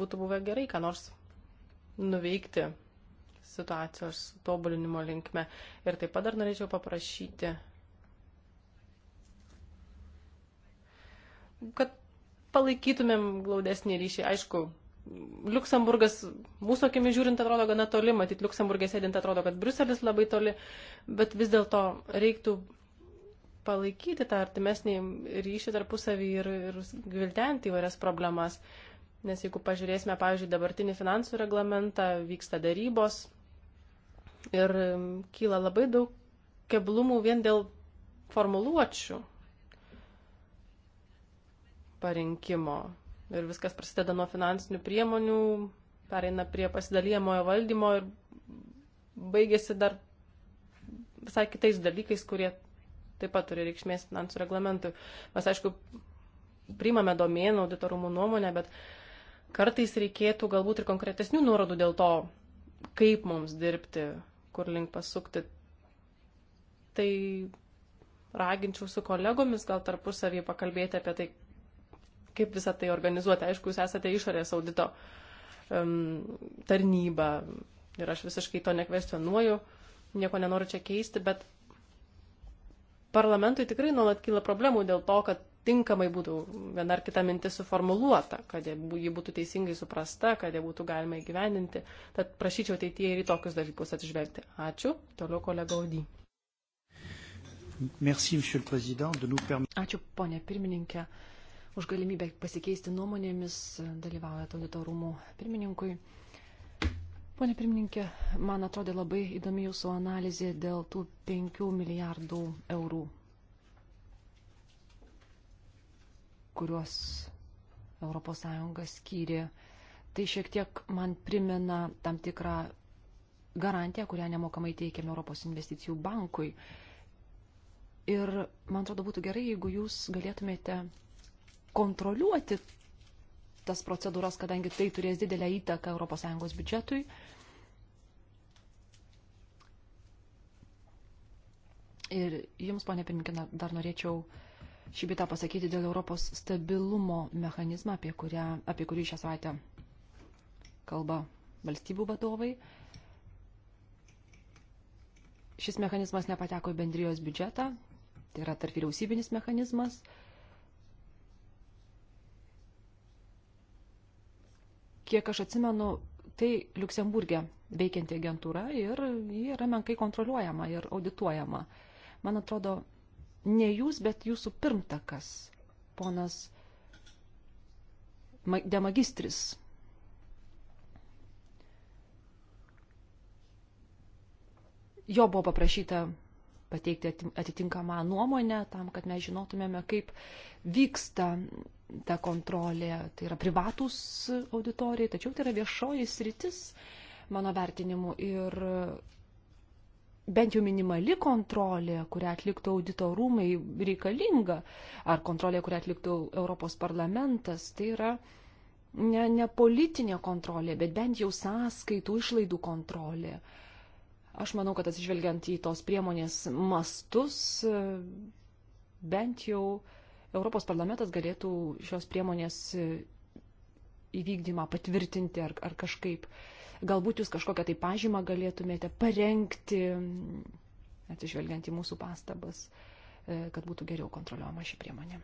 būtų buvę gerai, ką nors nuveikti situacijos tobulinimo linkme. Ir taip pat dar norėčiau paprašyti, kad palaikytumėm glaudesnį ryšį. Aišku, Luksemburgas mūsų akimi žiūrint atrodo gana toli, matyt, Luksemburgė sėdint atrodo, kad Bruselis labai toli, bet vis dėlto reiktų palaikyti tą artimesnį ryšį tarpusavį ir, ir gvildenti įvairias problemas. Uh, Nes jeigu pažiūrėsime, pavyzdžiui, dabartinį finansų reglamentą, vyksta darybos ir kyla labai daug keblumų vien dėl formuluočių parinkimo. Ir viskas prasideda nuo finansinių priemonių, pereina prie pasidalėjamojo valdymo ir baigėsi dar visai kitais dalykais, kurie taip pat turi reikšmės finansų reglamentui. Mes, aišku, priimame domėną auditorumų nuomonę, bet uh, kartais reikėtų galbūt ir konkretesnių nuorodų dėl to, kaip mums dirbti, kur link pasukti. Tai raginčiau su kolegomis gal tarpusavį pakalbėti apie tai, kaip visą tai organizuoti. Aišku, jūs esate išorės audito um, tarnyba ir aš visiškai to nekvestionuoju, nieko nenoriu čia keisti, bet parlamentui tikrai nuolat kyla problemų dėl to, kad tinkamai būtų viena ar kita mintis suformuluota, kad ji būtų teisingai suprasta, kad ją būtų galima įgyvendinti. Tad prašyčiau ateityje ir į tokius dalykus atsižvelgti. Ačiū. Toliau kolega Audy. Merci, Ačiū, ponė pirmininkė, už galimybę pasikeisti nuomonėmis, dalyvaujant auditorumų pirmininkui. Pone pirmininkė, man atrodė labai įdomi jūsų analizė dėl tų 5 milijardų eurų kuriuos ES skyrė, tai šiek tiek man primena tam tikrą garantiją, kurią nemokamai teikiame Europos investicijų bankui. Ir man atrodo būtų gerai, jeigu jūs galėtumėte kontroliuoti tas procedūras, kadangi tai turės didelę įtaką ES biudžetui. Ir jums, ponė Pirminkina, dar norėčiau uh, šį bitą pasakyti dėl Europos stabilumo mechanizmą, apie, kurią, apie kurį šią savaitę kalba valstybių vadovai. Šis mechanizmas nepateko į bendrijos biudžetą, tai yra tarp vyriausybinis mechanizmas. Kiek aš atsimenu, tai Luksemburgė veikianti agentūra ir ji yra menkai kontroliuojama ir audituojama. Man atrodo, ne jūs, bet jūsų pirmtakas, ponas demagistris. Jo buvo paprašyta pateikti atitinkamą nuomonę tam, kad mes žinotumėme, kaip vyksta ta kontrolė. Tai yra privatus auditorijai, tačiau tai yra viešoji sritis mano vertinimu ir bent jau minimali kontrolė, kurią atliktų audito rūmai, reikalinga, ar kontrolė, kurią atliktų Europos parlamentas, tai yra ne, ne politinė kontrolė, bet bent jau sąskaitų išlaidų kontrolė. Aš manau, kad atsižvelgiant į tos priemonės mastus, bent jau Europos parlamentas galėtų šios priemonės įvykdymą patvirtinti ar, ar kažkaip uh, Galbūt jūs kažkokią tai pažymą galėtumėte parengti, mm, atsižvelgiant į mūsų pastabas, e, kad būtų geriau kontroliuojama ši priemonė.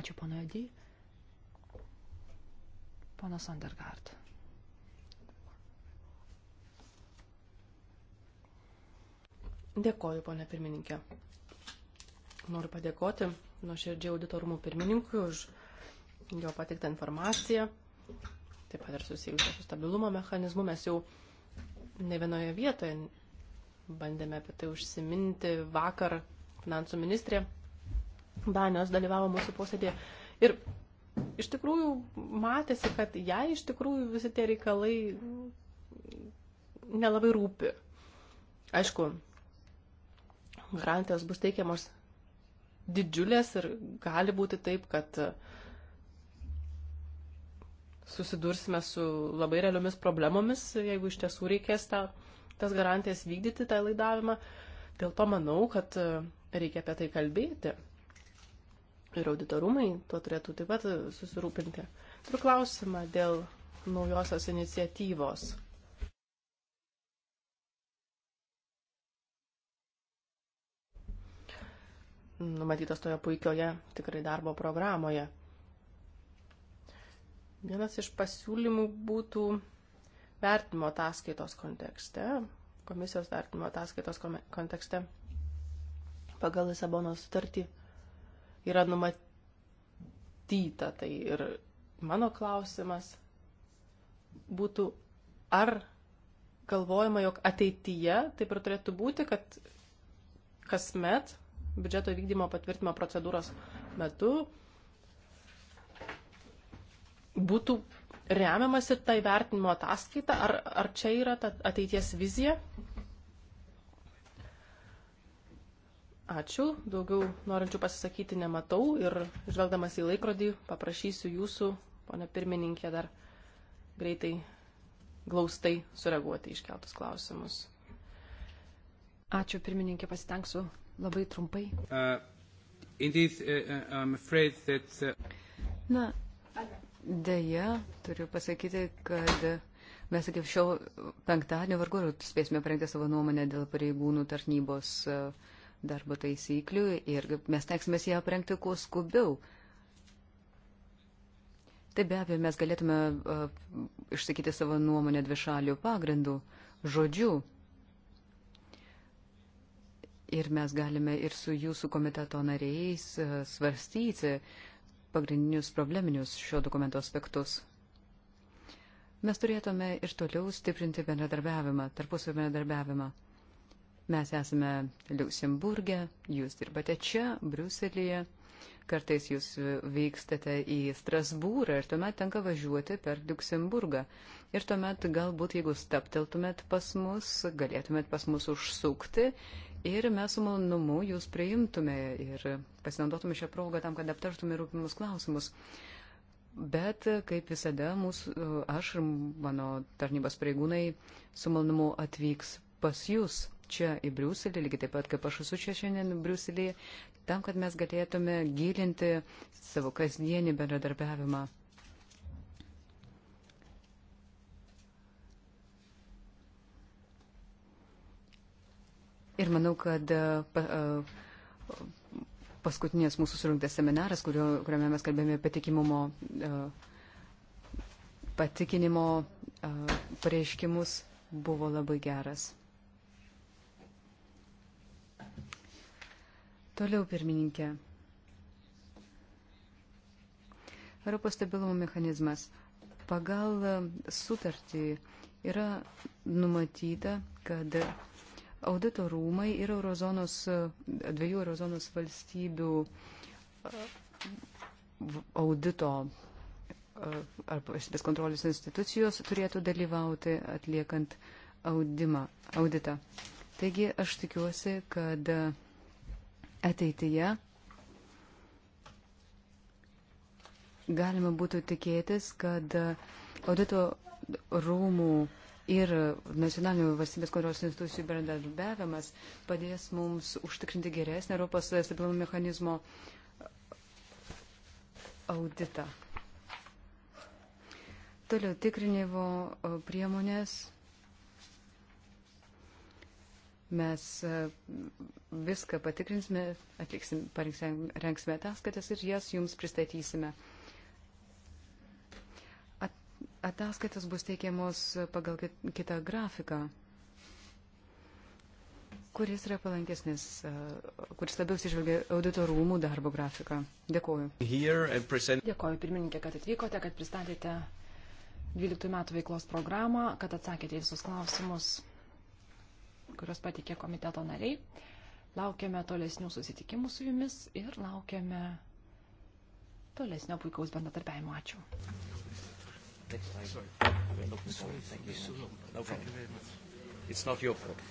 Ačiū, pana Jodį. Pana Sandergaard. Dėkoju, ponė pirmininkė. Noriu padėkoti nuoširdžiai auditorumų pirmininkui už jo patiktą informaciją taip pat ir susijusia su stabilumo mechanizmu. Mes jau ne vienoje vietoje bandėme apie tai užsiminti. Vakar finansų ministrė Danijos dalyvavo mūsų posėdėje. Ir iš tikrųjų matėsi, kad jai iš tikrųjų visi tie reikalai nelabai rūpi. Aišku, garantijos bus teikiamos didžiulės ir gali būti taip, kad uh, susidursime su labai realiomis problemomis, jeigu iš tiesų reikės tą, tas garantijas vykdyti, tą laidavimą. Dėl to manau, kad e, reikia apie tai kalbėti. Ir auditorumai to turėtų taip pat susirūpinti. Turiu klausimą dėl naujosios iniciatyvos. Numatytas toje puikioje tikrai darbo programoje. Vienas iš pasiūlymų būtų vertimo ataskaitos kontekste, komisijos vertimo ataskaitos kontekste pagal Lisabonos sutartį yra numatyta. Tai ir mano klausimas būtų, ar galvojama, jog ateityje taip ir turėtų būti, kad kasmet biudžeto vykdymo patvirtimo procedūros metu būtų remiamas ir tai vertinimo ataskaita, ar, ar čia yra ta ateities vizija? Ačiū, daugiau norinčių pasisakyti nematau ir žvelgdamas į laikrodį paprašysiu jūsų, ponė pirmininkė, dar greitai, glaustai sureaguoti iškeltus klausimus. Ačiū, pirmininkė, pasitengsiu labai trumpai. Uh, indeed, uh, uh that, uh... Na, Deja, turiu pasakyti, kad mes iki šio penktadienio vargu ar spėsime parengti savo nuomonę dėl pareigūnų tarnybos e, darbo taisyklių ir mes teksime ją aprengti kuo skubiau. Taip be abejo, mes galėtume uh, išsakyti savo nuomonę dvišalių pagrindų, žodžių. Ir mes galime ir su jūsų komiteto nariais uh, svarstyti, uh, pagrindinius probleminius šio dokumento aspektus. Mes turėtume ir toliau stiprinti bendradarbiavimą, tarpusavio bendradarbiavimą. Mes esame Liuksemburgė, jūs dirbate čia, Briuselėje, kartais jūs vykstate į Strasbūrą ir tuomet tenka važiuoti per Liuksemburgą. Ir tuomet galbūt, jeigu stapteltumėt pas mus, galėtumėt pas mus užsukti ir mes su malonumu jūs priimtume ir pasinaudotume šią progą tam, kad aptartume rūpimus klausimus. Bet, kaip visada, mūsų, aš ir mano tarnybos pareigūnai su malonumu atvyks pas jūs čia į Briuselį, lygiai taip pat kaip aš esu čia šiandien Briuselį, tam, kad mes galėtume gilinti savo kasdienį bendradarbiavimą Ir manau, kad e, e, paskutinės mūsų surinktas seminaras, kurio, kuriame mes kalbėjome patikimumo, e, patikinimo pareiškimus, buvo labai geras. Toliau pirmininkė. Europos stabilumo mechanizmas. Pagal sutartį yra numatyta, kad audito rūmai ir eurozonos, dviejų eurozonos valstybių e, audito e, ar valstybės kontrolės institucijos turėtų dalyvauti atliekant audimą, auditą. Taigi aš tikiuosi, kad ateityje galima būtų tikėtis, kad audito rūmų ir nacionalinių valstybės kontrolės institucijų bendradarbiavimas padės mums užtikrinti geresnį Europos stabilumo mechanizmo auditą. Toliau tikrinimo priemonės. Mes e, viską patikrinsime, atliksim, parinksime ataskaitas ir jas jums pristatysime ataskaitos bus teikiamos pagal kitą grafiką, kuris yra palankesnis, kuris labiausiai išvelgia audito rūmų darbo grafiką. Dėkuoju. Uh, present... Dėkuoju pirmininkė, kad atvykote, kad pristatėte 12 metų veiklos programą, kad atsakėte į visus klausimus, kuriuos patikė komiteto nariai. Laukiame tolesnių susitikimų su jumis ir laukiame tolesnio puikaus bendradarbiavimo. Ačiū next time. Sorry. We're looking sorry, for it. Thank you. So long. No problem. Thank you very much. It's not your problem. [laughs]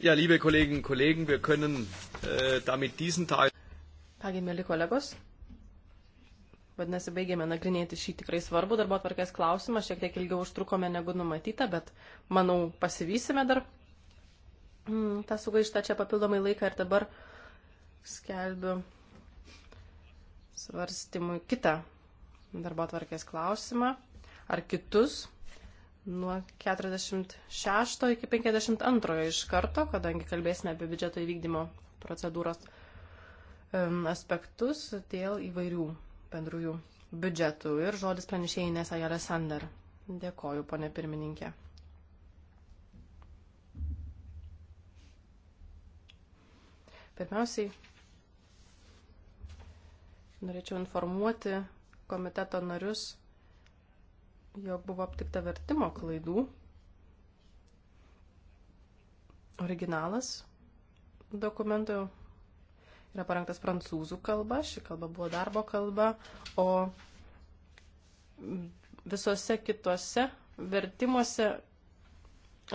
ja, liebe Kolleginnen und Kollegen, wir können äh, damit diesen Teil. Kągi, mėly kolegos, vadinasi, baigėme nagrinėti šį tikrai svarbų darbo atvarkės klausimą, šiek tiek ilgiau užtrukome negu numatyta, bet manau pasivysime dar Mm, tą sugaištą čia papildomai laiką ir dabar skelbiu svarstymui kitą darbo tvarkės klausimą ar kitus nuo 46 iki 52 iš karto, kadangi kalbėsime apie biudžeto įvykdymo procedūros aspektus dėl įvairių bendrųjų biudžetų. Ir žodis pranešėjai Nesa Jalesander. Dėkoju, ponė pirmininkė. Pirmiausiai, norėčiau informuoti komiteto narius, jog buvo aptikta vertimo klaidų. Originalas dokumento yra parengtas prancūzų kalba, ši kalba buvo darbo kalba, o visose kitose vertimuose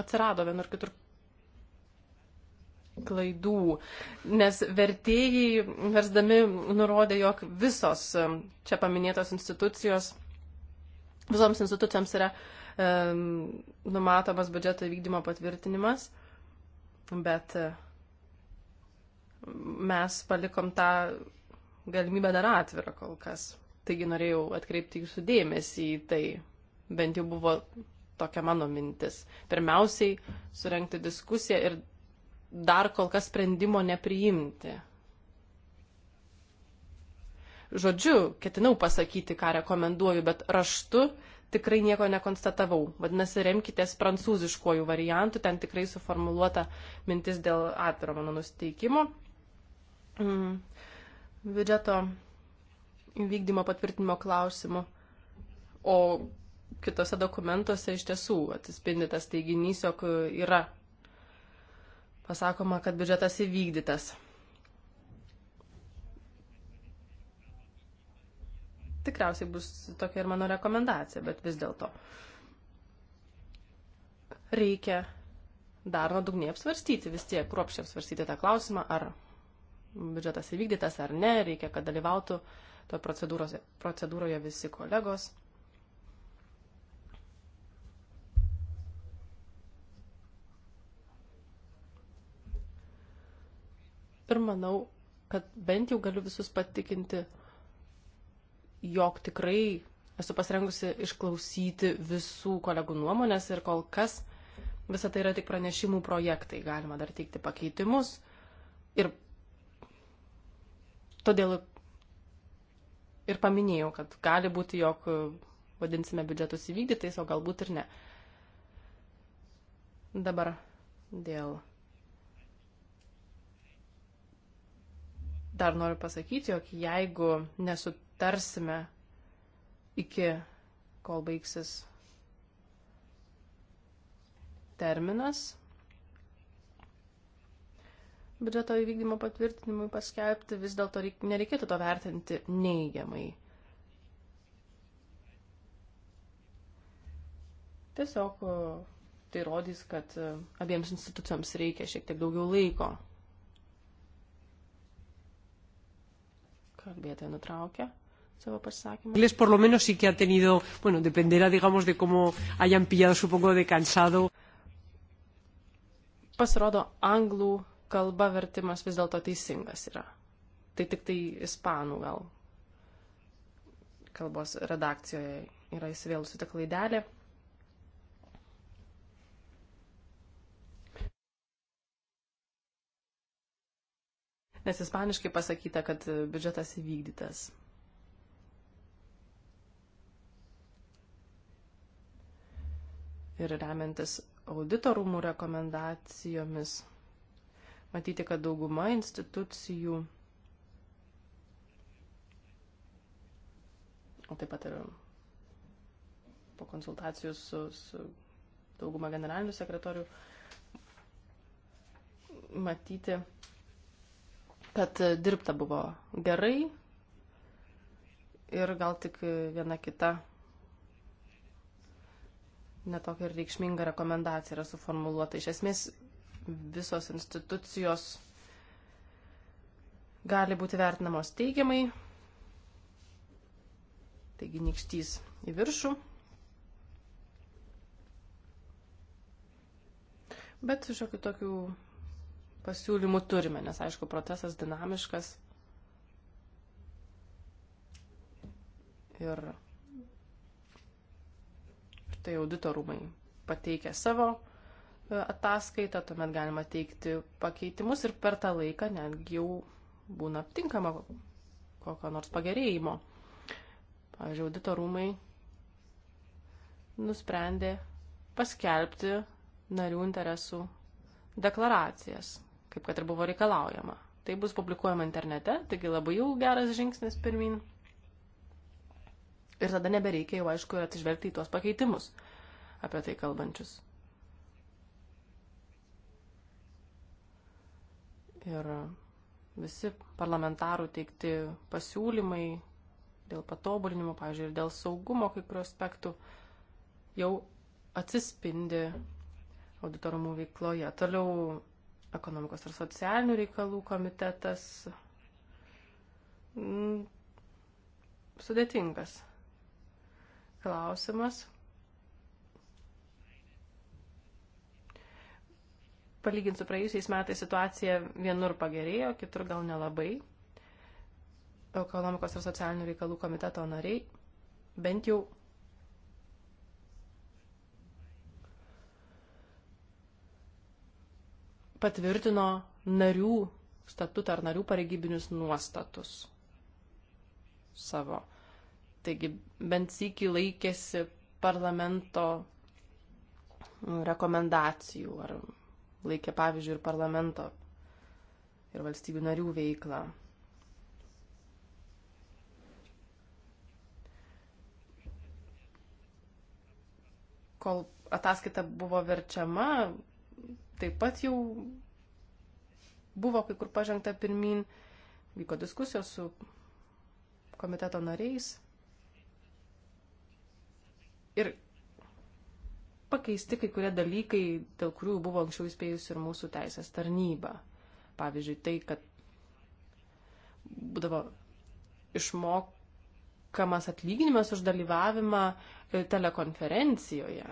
atsirado vienur kitur klaidų, nes vertėjai versdami nurodė, jog visos um, čia paminėtos institucijos, visoms institucijoms yra um, numatomas biudžeto įvykdymo patvirtinimas, bet um, mes palikom tą galimybę dar atvirą kol kas. Taigi norėjau atkreipti jūsų dėmesį į tai, bent jau buvo tokia mano mintis. Pirmiausiai surenkti diskusiją ir dar kol kas sprendimo nepriimti. Žodžiu, ketinau pasakyti, ką rekomenduoju, bet raštu tikrai nieko nekonstatavau. Vadinasi, remkitės prancūziškojų variantų, ten tikrai suformuluota mintis dėl atviro mano nusteikimo. Mm. Biudžeto vykdymo patvirtinimo klausimu. O kitose dokumentuose iš tiesų atsispindi tas teiginys, jog yra pasakoma, kad biudžetas įvykdytas. Tikriausiai bus tokia ir mano rekomendacija, bet vis dėlto reikia dar nuodugniai apsvarstyti, vis tiek kruopščiai apsvarstyti tą klausimą, ar biudžetas įvykdytas ar ne, reikia, kad dalyvautų to procedūroje visi kolegos. Ir manau, kad bent jau galiu visus patikinti, jog tikrai esu pasirengusi išklausyti visų kolegų nuomonės ir kol kas visą tai yra tik pranešimų projektai. Galima dar teikti pakeitimus ir todėl ir paminėjau, kad gali būti, jog vadinsime biudžetus įvykdytais, o galbūt ir ne. Dabar dėl Dar noriu pasakyti, jog jeigu nesutarsime iki kol baigsis terminas biudžeto įvykdymo patvirtinimui paskelbti, vis dėlto reik, nereikėtų to vertinti neigiamai. Tiesiog e, tai rodys, kad e, abiems institucijoms reikia šiek tiek daugiau laiko Kalbėtoja nutraukė savo pasisakymą. Les por lo menos sí que ha tenido, bueno, dependerá, digamos, de cómo hayan pillado su poco de cansado. Pasirodo, anglų kalba vertimas vis dėlto teisingas yra. Tai tik tai ispanų gal kalbos redakcijoje yra įsivėlusi ta klaidelė. nes ispaniškai pasakyta, kad biudžetas įvykdytas. Ir remiantis auditorumų rekomendacijomis, matyti, kad dauguma institucijų, o taip pat ir po konsultacijų su, su dauguma generalinių sekretorių, matyti, kad dirbta buvo gerai ir gal tik viena kita netokia ir reikšminga rekomendacija yra suformuluota. Iš esmės visos institucijos gali būti vertinamos teigiamai, taigi nykštys į viršų. Bet šiokių tokių pasiūlymų turime, nes aišku, procesas dinamiškas ir štai auditorumai pateikia savo e, ataskaitą, tuomet galima teikti pakeitimus ir per tą laiką netgi jau būna aptinkama kokio nors pagerėjimo. Pavyzdžiui, auditorumai nusprendė paskelbti narių interesų deklaracijas kaip kad ir buvo reikalaujama. Tai bus publikuojama internete, taigi labai jau geras žingsnis pirmin. Ir tada nebereikia jau aišku ir atsižvelgti į tuos pakeitimus apie tai kalbančius. Ir visi parlamentarų teikti pasiūlymai dėl patobulinimo, pavyzdžiui, ir dėl saugumo kai kurių aspektų jau atsispindi auditorumų veikloje. Toliau ekonomikos ir socialinių reikalų komitetas m, mm, sudėtingas klausimas. Palygint su praėjusiais metais situacija vienur pagerėjo, kitur gal nelabai. Ekonomikos ir socialinių reikalų komiteto nariai bent jau patvirtino narių statutą ar narių pareigybinius nuostatus savo. Taigi bent sykį laikėsi parlamento rekomendacijų ar laikė pavyzdžiui ir parlamento ir valstybių narių veiklą. Kol ataskaita buvo verčiama, taip pat jau buvo kai kur pažengta pirmin, vyko diskusijos su komiteto nariais. Ir pakeisti kai kurie dalykai, dėl kurių buvo anksčiau įspėjusi ir mūsų teisės tarnyba. Pavyzdžiui, tai, kad būdavo išmokamas atlyginimas už dalyvavimą telekonferencijoje.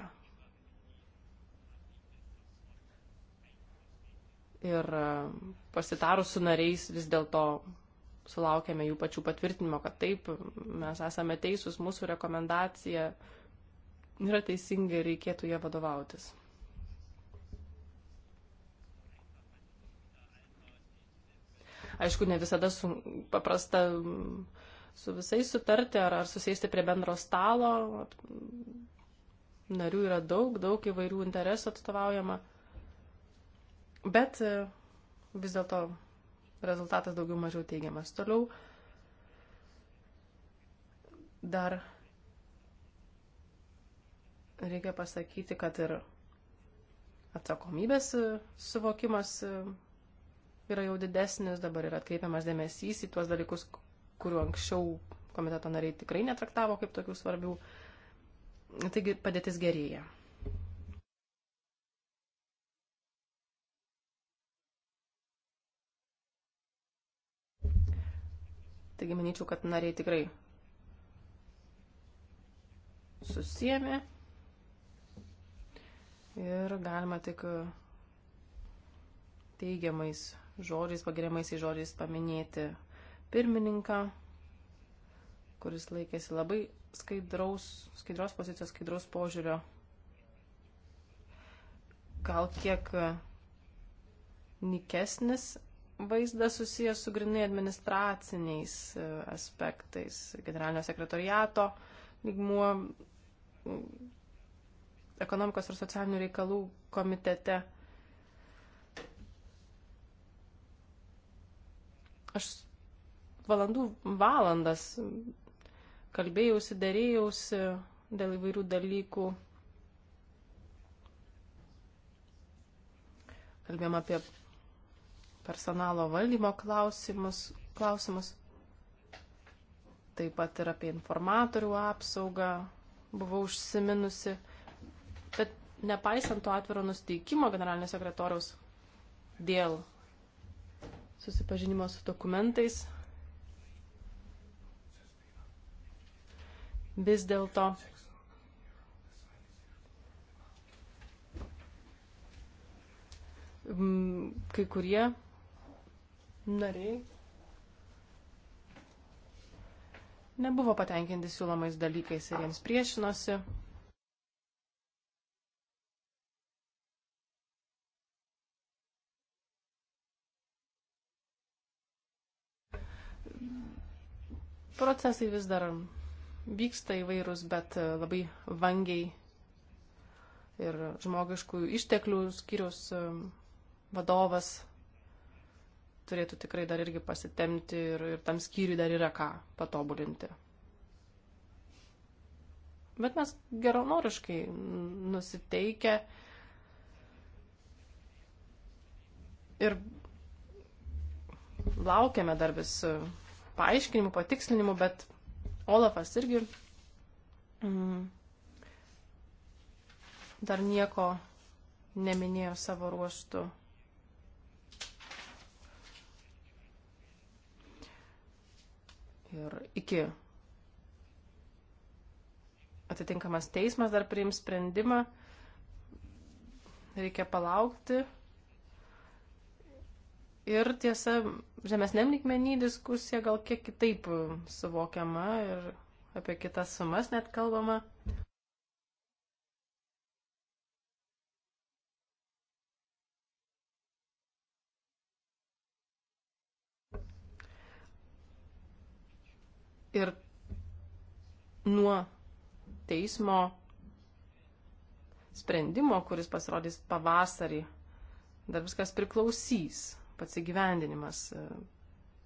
ir e, pasitarus su nariais vis dėlto sulaukėme jų pačių patvirtinimo, kad taip, mes esame teisūs, mūsų rekomendacija yra teisinga ir reikėtų ją vadovautis. Aišku, ne visada su, paprasta mm, su visais sutarti ar, ar susėsti prie bendro stalo. Narių yra daug, daug įvairių interesų atstovaujama. Bet e, vis dėlto rezultatas daugiau mažiau teigiamas. Toliau dar reikia pasakyti, kad ir atsakomybės e, suvokimas e, yra jau didesnis, dabar yra atkreipiamas dėmesys į tuos dalykus, kuriuo anksčiau komiteto nariai tikrai netraktavo kaip tokių svarbių. Taigi padėtis gerėja. Taigi manyčiau, kad nariai tikrai susiemė ir galima tik teigiamais žodžiais, pagiriamaisiais žodžiais paminėti pirmininką, kuris laikėsi labai skaidraus, skaidros pozicijos, skaidraus požiūrio. Gal kiek nikesnis vaizdas susijęs su grinai administraciniais e, aspektais. Generalinio sekretoriato lygmuo mm, ekonomikos ir socialinių reikalų komitete. Aš valandų valandas kalbėjausi, dėrėjausi dėl įvairių dalykų. Kalbėjom apie personalo valdymo klausimus, klausimus, taip pat ir apie informatorių apsaugą buvau užsiminusi. Bet nepaisant to atviro nusteikimo generalinio sekretoriaus dėl susipažinimo su dokumentais, vis dėlto kai kurie nariai nebuvo patenkinti siūlomais dalykais ir jiems priešinosi. Procesai vis dar vyksta įvairūs, bet labai vangiai ir žmogiškų išteklių skiriaus vadovas turėtų tikrai dar irgi pasitemti ir, ir tam skyriui dar yra ką patobulinti. Bet mes geronoriškai nusiteikę ir laukiame dar vis paaiškinimų, patikslinimų, bet Olafas irgi mm, dar nieko neminėjo savo ruoštų. ir iki atitinkamas teismas dar priims sprendimą, reikia palaukti. Ir tiesa, žemesniam lygmenį diskusija gal kiek kitaip suvokiama ir apie kitas sumas net kalbama. nuo teismo sprendimo, kuris pasirodys pavasarį. Dar viskas priklausys, pats įgyvendinimas e,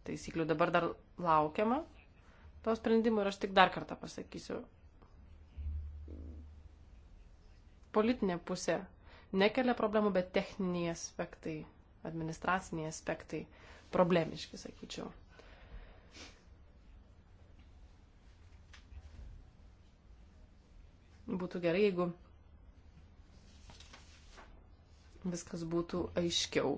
taisyklių. Dabar dar laukiama to sprendimo ir aš tik dar kartą pasakysiu. Politinė pusė nekelia problemų, bet techniniai aspektai, administraciniai aspektai problemiški, sakyčiau. būtų gerai, jeigu viskas būtų aiškiau.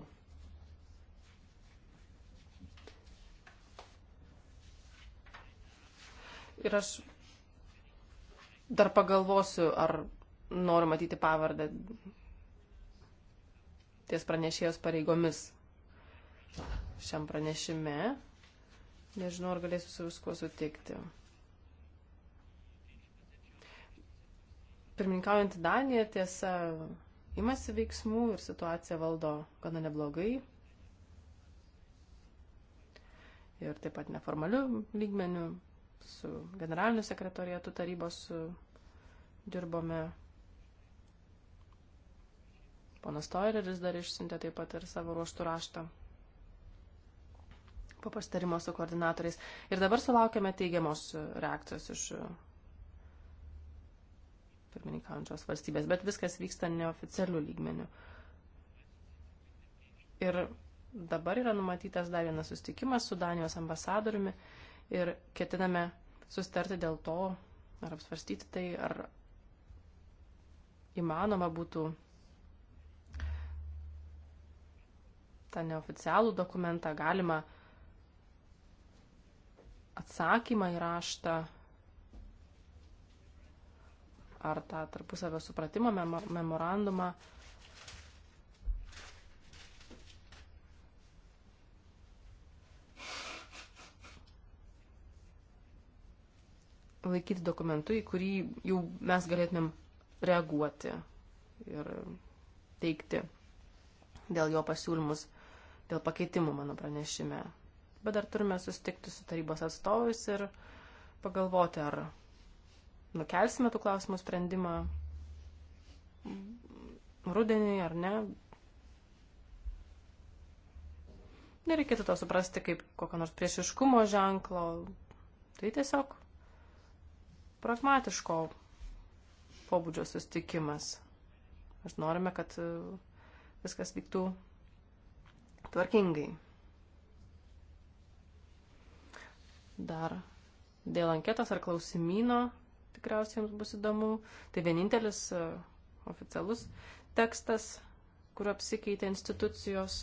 Ir aš dar pagalvosiu, ar noriu matyti pavardę ties pranešėjos pareigomis šiam pranešime. Nežinau, ar galėsiu su viskuo sutikti. Pirmininkaujant Danija tiesa imasi veiksmų ir situaciją valdo gana neblogai. Ir taip pat neformaliu lygmeniu su generaliniu sekretorietu tarybos dirbome. Ponas Toireris dar išsintė taip pat ir savo ruoštų raštą po pastarimo su koordinatoriais. Ir dabar sulaukėme teigiamos reakcijos iš pirmininkaujančios valstybės, bet viskas vyksta neoficialių lygmenių. Ir dabar yra numatytas dar vienas sustikimas su Danijos ambasadoriumi ir ketiname sustarti dėl to, ar apsvarstyti tai, ar įmanoma būtų tą neoficialų dokumentą galima atsakymą į raštą ar tą tarpusavio supratimo memorandumą. laikyti dokumentu, į kurį jau mes galėtumėm reaguoti ir teikti dėl jo pasiūlymus, dėl pakeitimų mano pranešime. Bet dar turime sustikti su tarybos atstovais ir pagalvoti, ar nukelsime tų klausimų sprendimą rudenį ar ne. Nereikėtų to suprasti kaip kokio nors priešiškumo ženklo. Tai tiesiog pragmatiško pobūdžio sustikimas. Mes norime, kad uh, viskas vyktų tvarkingai. Dar dėl anketos ar klausimyno tikriausiai jums bus įdomu. Tai vienintelis e, oficialus tekstas, kur apsikeitė institucijos.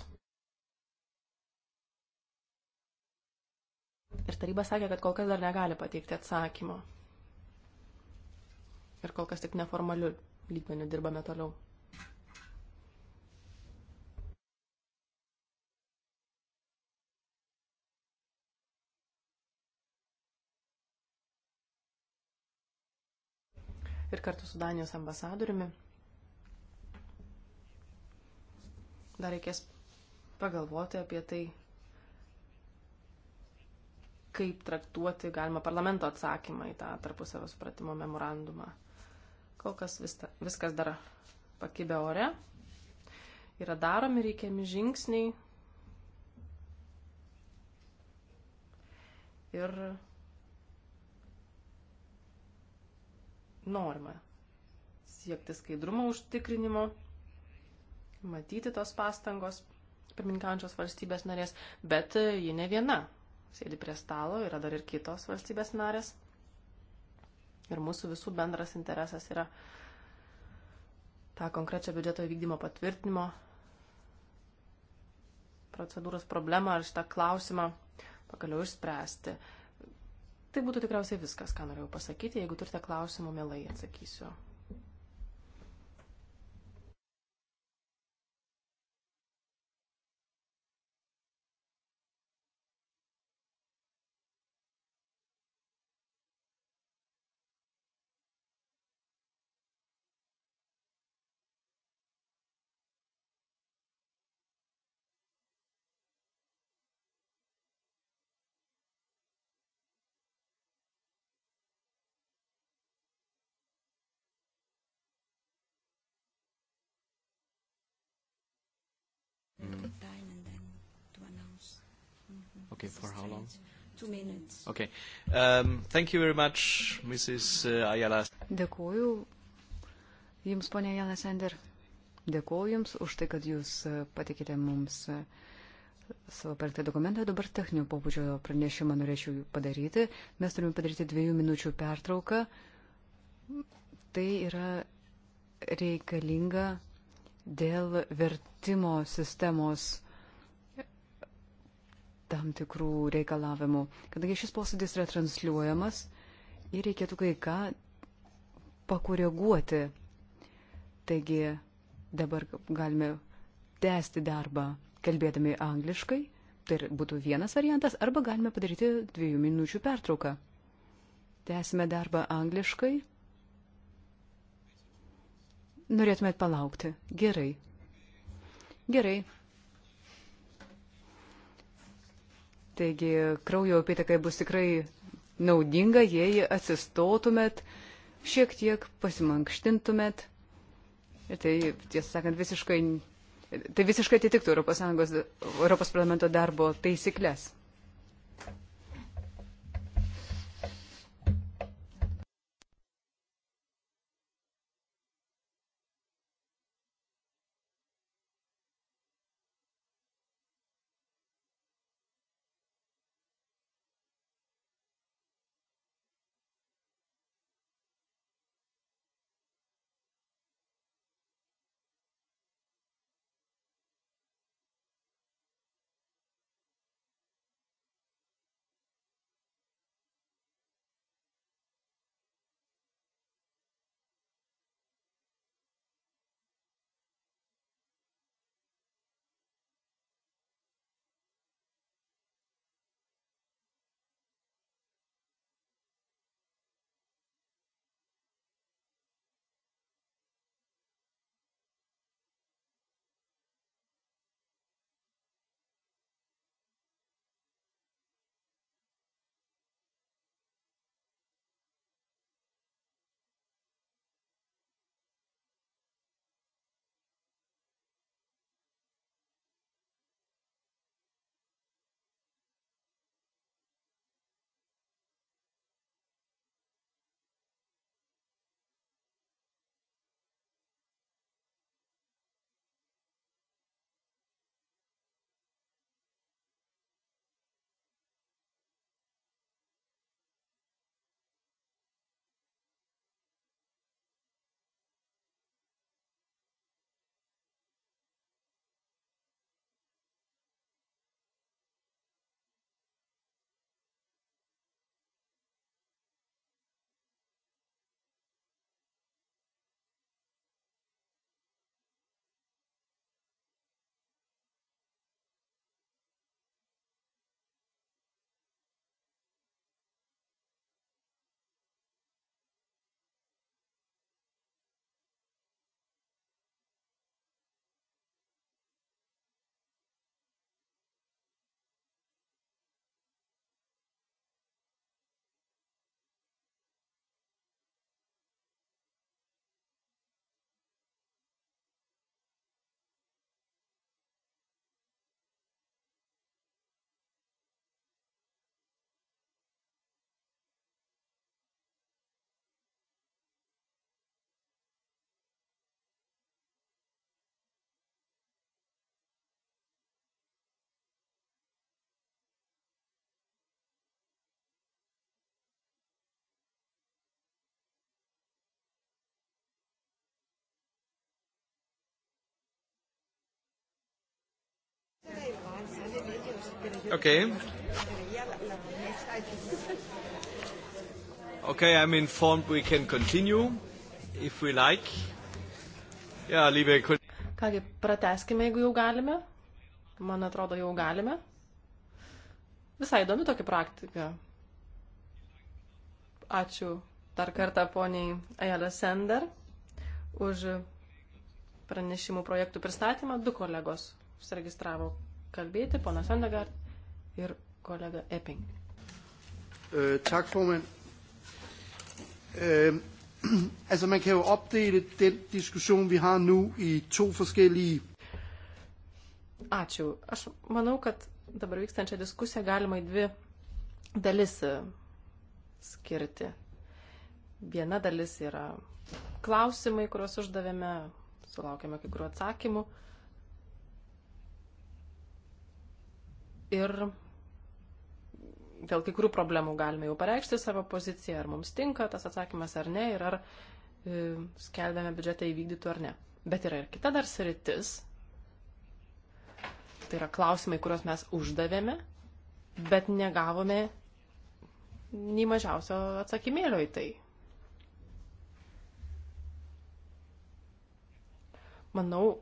Ir taryba sakė, kad kol kas dar negali pateikti atsakymo. Ir kol kas tik neformaliu lygmeniu dirbame toliau. ir kartu su Danijos ambasadoriumi dar reikės pagalvoti apie tai, kaip traktuoti galima parlamento atsakymą į tą tarpusavio supratimo memorandumą. Kol kas vis ta, viskas dar pakibę ore, yra daromi reikiami žingsniai ir norima siekti skaidrumo užtikrinimo, matyti tos pastangos pirmininkančios valstybės narės, bet e, ji ne viena. Sėdi prie stalo, yra dar ir kitos valstybės narės. Ir mūsų visų bendras interesas yra tą konkrečią biudžeto įvykdymo patvirtinimo procedūros problemą ar šitą klausimą pagaliau išspręsti. Tai būtų tikriausiai viskas, ką norėjau pasakyti. Jeigu turite klausimų, mielai atsakysiu. Mm-hmm. Okay, for how long? Two minutes. Okay. Um, thank you very much, Mrs. Uh, Ayala. Dėkuoju Jums, ponia Ayala Sender. Dėkuoju Jums už tai, kad Jūs uh, patikite mums uh, savo parengtą dokumentą. Dabar techninio pobūdžio pranešimą norėčiau padaryti. Mes turime padaryti dviejų minučių pertrauką. Tai yra reikalinga dėl vertimo sistemos tam tikrų reikalavimų. Kadangi šis posėdis yra transliuojamas ir reikėtų kai ką pakoreguoti. Taigi dabar galime tęsti darbą kalbėdami angliškai. Tai būtų vienas variantas, arba galime padaryti dviejų minučių pertrauką. Tęsime darbą angliškai. Norėtumėt palaukti. Gerai. Gerai. Taigi kraujo apitakai bus tikrai naudinga, jei atsistotumėt, šiek tiek pasimankštintumėt. Ir tai, tiesą sakant, visiškai, tai visiškai atitiktų ES, ES parlamento darbo taisyklės. Okay. Okay, I'm informed we can continue if we like. Ja, liebe Kągi, prateskime, jeigu jau galime. Man atrodo, jau galime. Visai įdomi tokia praktika. Ačiū dar kartą poniai Ajala Sender už pranešimų projektų pristatymą. Du kolegos užsiregistravo kalbėti, ponas Andegard ir kolega Epping. Øh, tak, formand. Øh, [clears throat] altså, man kan jo opdele den diskussion, vi har nu, i to forskellige. Ačiū. Aš manau, kad dabar vykstančią diskusiją galima į dvi dalis e, skirti. Viena dalis yra klausimai, kuriuos uždavėme, sulaukėme kai kurių atsakymų. Uh, ir dėl kai kurių problemų galime jau pareikšti savo poziciją, ar mums tinka tas atsakymas ar ne, ir ar e, skelbėme biudžetą įvykdytų ar ne. Bet yra ir kita dar sritis, tai yra klausimai, kuriuos mes uždavėme, bet negavome nei mažiausio atsakymėlio į tai. Manau,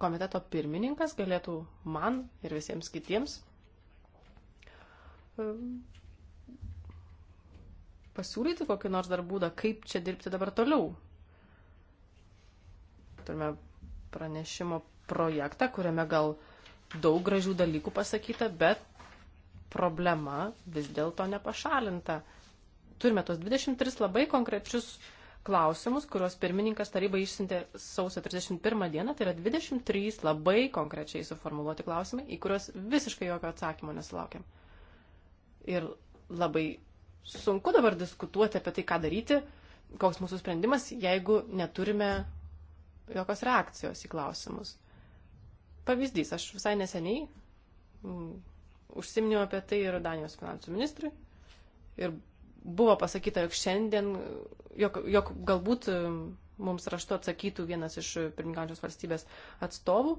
komiteto pirmininkas galėtų man ir visiems kitiems pasiūlyti kokį nors dar būdą, kaip čia dirbti dabar toliau. Turime pranešimo projektą, kuriame gal daug gražių dalykų pasakyta, bet problema vis dėlto nepašalinta. Turime tos 23 labai konkrečius klausimus, kuriuos pirmininkas taryba išsintė sausio 31 dieną, tai yra 23 labai konkrečiai suformuoluoti klausimai, į kuriuos visiškai jokio atsakymo nesulaukėm. Ir labai sunku dabar diskutuoti apie tai, ką daryti, koks mūsų sprendimas, jeigu neturime jokios reakcijos į klausimus. Pavyzdys, aš visai neseniai mm, užsiminiau apie tai ir Danijos finansų ministrui. Ir buvo pasakyta, jog šiandien, jog, jog galbūt mm, mums raštu atsakytų vienas iš pirmininkančios valstybės atstovų.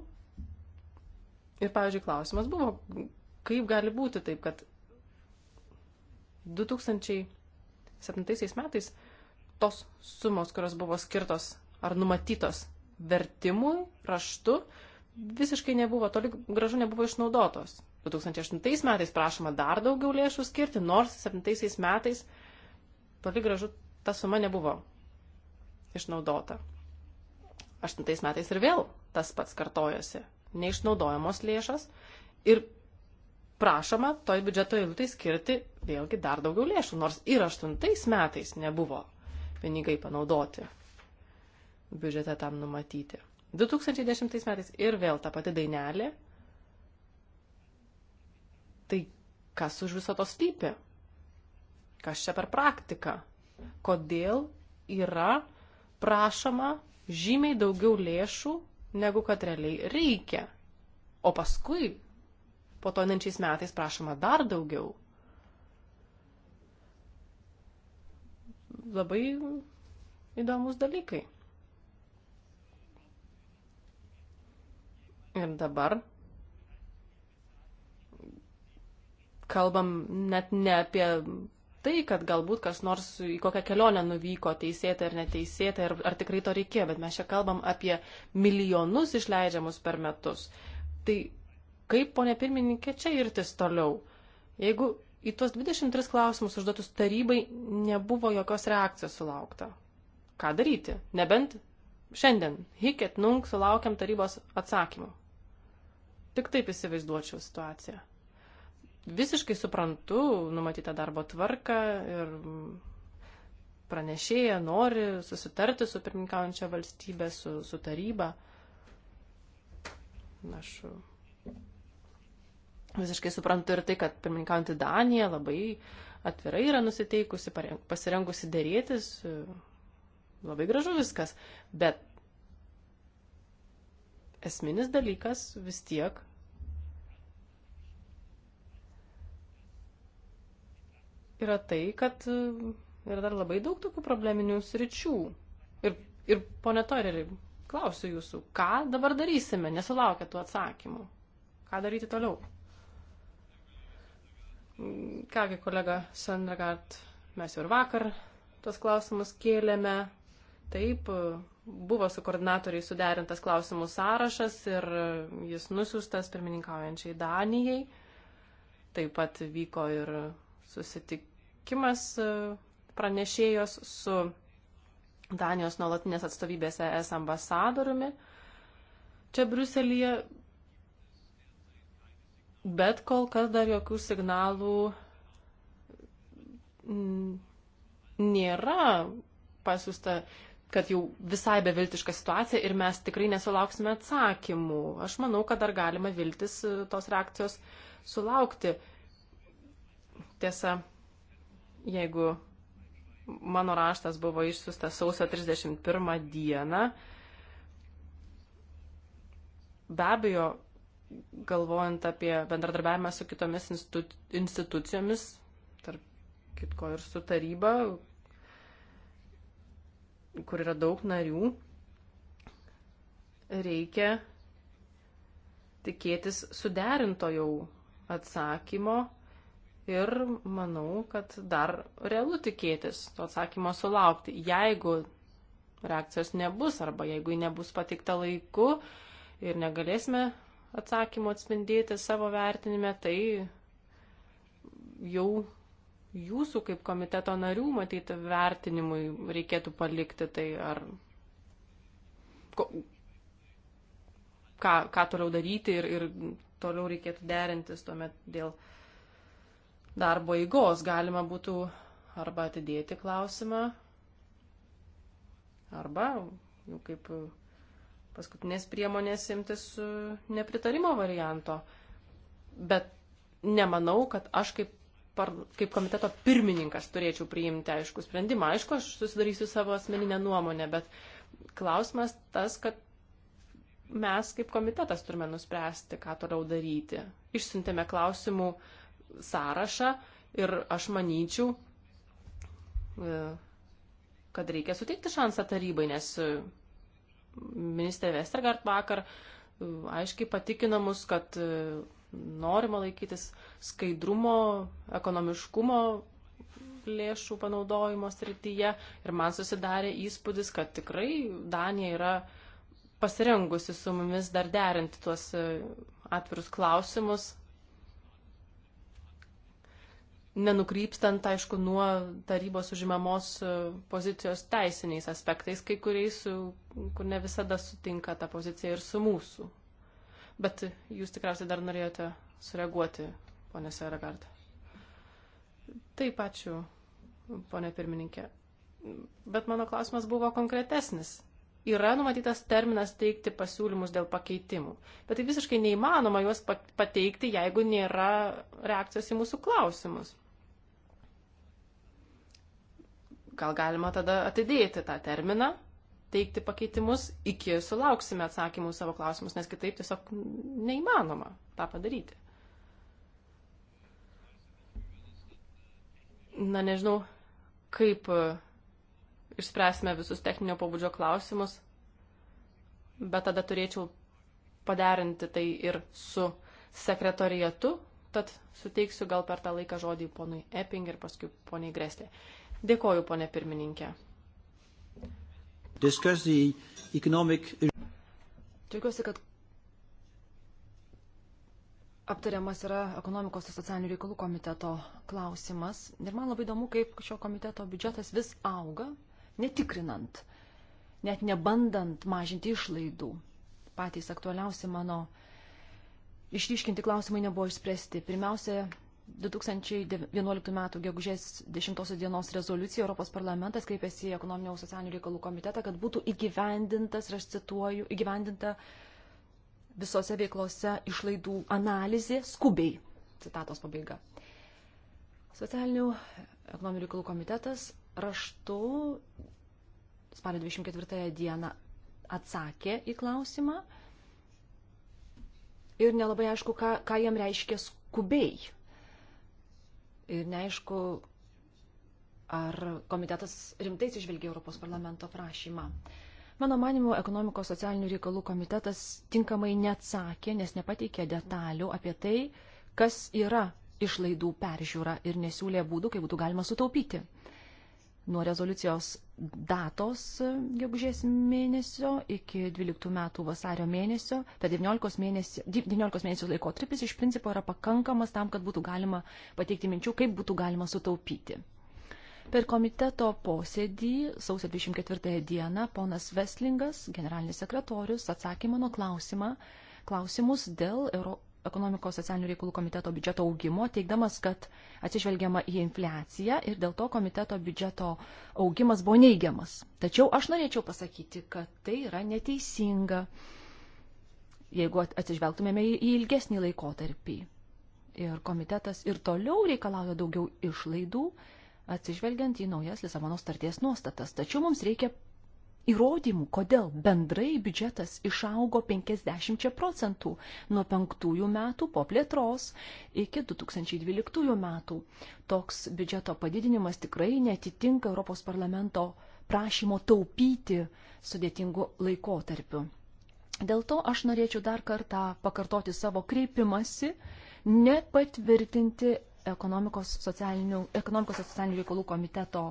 Ir, pavyzdžiui, klausimas buvo, kaip gali būti taip, kad 2007 metais tos sumos, kurios buvo skirtos ar numatytos vertimui raštu, visiškai nebuvo, toli gražu nebuvo išnaudotos. 2008 metais prašoma dar daugiau lėšų skirti, nors 2007 metais toli gražu ta suma nebuvo išnaudota. 2008 metais ir vėl tas pats kartojosi. Neišnaudojamos lėšas ir prašoma toj biudžeto eilutai skirti vėlgi dar daugiau lėšų, nors ir aštuntais metais nebuvo pinigai panaudoti biudžete tam numatyti. 2010 metais ir vėl ta pati dainelė. Tai kas už viso to slypi? Kas čia per praktiką? Kodėl yra prašoma žymiai daugiau lėšų, negu kad realiai reikia? O paskui po to einančiais metais prašoma dar daugiau. Labai įdomus dalykai. Ir dabar kalbam net ne apie tai, kad galbūt kas nors į kokią kelionę nuvyko teisėtai ar neteisėtai, ar, ar tikrai to reikėjo, bet mes čia kalbam apie milijonus išleidžiamus per metus. Tai Kaip, ponė pirmininkė, čia irtis toliau? Jeigu į tuos 23 klausimus užduotus tarybai nebuvo jokios reakcijos sulaukta. Ką daryti? Nebent šiandien, hiket nunk, sulaukiam tarybos atsakymų. Tik taip įsivaizduočiau situaciją. Visiškai suprantu numatytą darbo tvarką ir pranešėja nori susitarti su pirmininkaujančia valstybė, su, su taryba. Aš Visiškai suprantu ir tai, kad pirmininkaujantį Daniją labai atvirai yra nusiteikusi, pasirengusi dėrėtis. Labai gražu viskas. Bet esminis dalykas vis tiek yra tai, kad yra dar labai daug tokių probleminių sričių. Ir, ir pone Toreri, klausiu jūsų, ką dabar darysime, nesulaukia tų atsakymų. Ką daryti toliau? Kągi, kolega Sandagart, mes jau ir vakar tos klausimus kėlėme. Taip, buvo su koordinatoriai suderintas klausimų sąrašas ir jis nusiustas pirmininkaujančiai Danijai. Taip pat vyko ir susitikimas e, pranešėjos su Danijos nuolatinės atstovybės ES ambasadoriumi. Čia Bruselėje bet kol kas dar jokių signalų nėra pasiusta, kad jau visai beviltiška situacija ir mes tikrai nesulauksime atsakymų. Aš manau, kad dar galima viltis e, tos reakcijos sulaukti. Tiesa, jeigu mano raštas buvo išsiustas sausio 31 dieną, be abejo, galvojant apie bendradarbiavimą su kitomis institu institucijomis, tarp kitko ir su taryba, kur yra daug narių, reikia tikėtis suderinto jau atsakymo ir manau, kad dar realu tikėtis to atsakymo sulaukti. Jeigu reakcijos nebus arba jeigu ji nebus patikta laiku ir negalėsime atsakymų atspindėti savo vertinime, tai jau jūsų kaip komiteto narių matyti vertinimui reikėtų palikti tai ar ko, ką, ką toliau daryti ir, ir toliau reikėtų derintis tuomet dėl darbo eigos. Galima būtų arba atidėti klausimą, arba, jau nu, kaip paskutinės priemonės imtis e, nepritarimo varianto. Bet nemanau, kad aš kaip, par, kaip komiteto pirmininkas turėčiau priimti aišku sprendimą. Aišku, aš susidarysiu savo asmeninę nuomonę, bet klausimas tas, kad mes kaip komitetas turime nuspręsti, ką toliau daryti. Išsintėme klausimų sąrašą ir aš manyčiau, e, kad reikia suteikti šansą tarybai, nes Ministrė Vestergaard vakar e, aiškiai patikina mus, kad e, norima laikytis skaidrumo, ekonomiškumo lėšų panaudojimo srityje. Ir man susidarė įspūdis, kad tikrai Danija yra pasirengusi su mumis dar derinti tuos e, atvirus klausimus nenukrypstant, aišku, nuo tarybos užimamos e, pozicijos teisiniais aspektais, kai kuriais, e, kur ne visada sutinka ta pozicija ir su mūsų. Bet jūs tikriausiai dar norėjote sureaguoti, ponė Seragard. Taip, ačiū, ponė pirmininkė. Bet mano klausimas buvo konkretesnis. Yra numatytas terminas teikti pasiūlymus dėl pakeitimų. Bet tai visiškai neįmanoma juos pateikti, jeigu nėra reakcijos į mūsų klausimus. gal galima tada atidėti tą terminą, teikti pakeitimus, iki sulauksime atsakymų savo klausimus, nes kitaip tiesiog neįmanoma tą padaryti. Na nežinau, kaip e, išspręsime visus techninio pobūdžio klausimus, bet tada turėčiau padarinti tai ir su sekretorijatu, tad suteiksiu gal per tą laiką žodį ponui Epping ir paskui poniai Greslė. Dėkoju, ponė pirmininkė. Economic... Džiaugiuosi, kad aptariamas yra ekonomikos ir socialinių reikalų komiteto klausimas. Ir man labai įdomu, kaip šio komiteto biudžetas vis auga, netikrinant, net nebandant mažinti išlaidų. Patys aktualiausi mano išryškinti klausimai nebuvo išspręsti. Pirmiausia, 2011 m. gegužės 10 dienos rezoliucija Europos parlamentas kreipėsi į ekonominio socialinių reikalų komitetą, kad būtų įgyvendintas, aš cituoju, įgyvendinta visose veiklose išlaidų analizė skubiai. Citatos pabaiga. Socialinių ekonominių reikalų komitetas raštu spalio 24 dieną atsakė į klausimą ir nelabai aišku, ką, ką jam reiškia skubiai ir neaišku, ar komitetas rimtai išvelgia Europos parlamento prašymą. Mano manimu, ekonomikos socialinių reikalų komitetas tinkamai neatsakė, nes nepateikė detalių apie tai, kas yra išlaidų peržiūra ir nesiūlė būdų, kaip būtų galima sutaupyti nuo rezoliucijos datos e, gegužės mėnesio iki 12 metų vasario mėnesio, per 19 mėnesių, 19 mėnesių laikotarpis iš principo yra pakankamas tam, kad būtų galima pateikti minčių, kaip būtų galima sutaupyti. Per komiteto posėdį sausio 24 dieną ponas Veslingas, generalinis sekretorius, atsakė mano klausimą, klausimus dėl Euro ekonomikos socialinių reikalų komiteto biudžeto augimo, teikdamas, kad atsižvelgiama į infliaciją ir dėl to komiteto biudžeto augimas buvo neigiamas. Tačiau aš norėčiau pasakyti, kad tai yra neteisinga, jeigu atsižvelgtumėme į ilgesnį laikotarpį. Ir komitetas ir toliau reikalauja daugiau išlaidų, atsižvelgiant į naujas Lisabono starties nuostatas. Tačiau mums reikia įrodymų, kodėl bendrai biudžetas išaugo 50 procentų nuo penktųjų metų po plėtros iki 2012 metų. Toks biudžeto padidinimas tikrai netitinka Europos parlamento prašymo taupyti sudėtingu laikotarpiu. Dėl to aš norėčiau dar kartą pakartoti savo kreipimąsi nepatvirtinti ekonomikos, socialinių, ekonomikos ir socialinių reikalų komiteto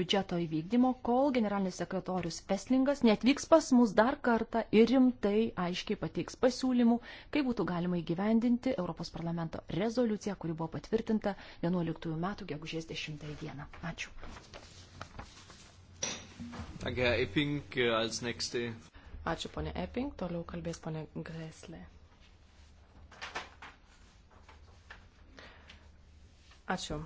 biudžeto įvykdymo, kol generalinis sekretorius Feslingas netvyks pas mus dar kartą ir rimtai aiškiai pateiks pasiūlymų, kaip būtų galima įgyvendinti Europos parlamento rezoliuciją, kuri buvo patvirtinta 11 metų gegužės 10 dieną. Ačiū. Ačiū, ponė Epping. Toliau kalbės ponė Greslė. Ačiū.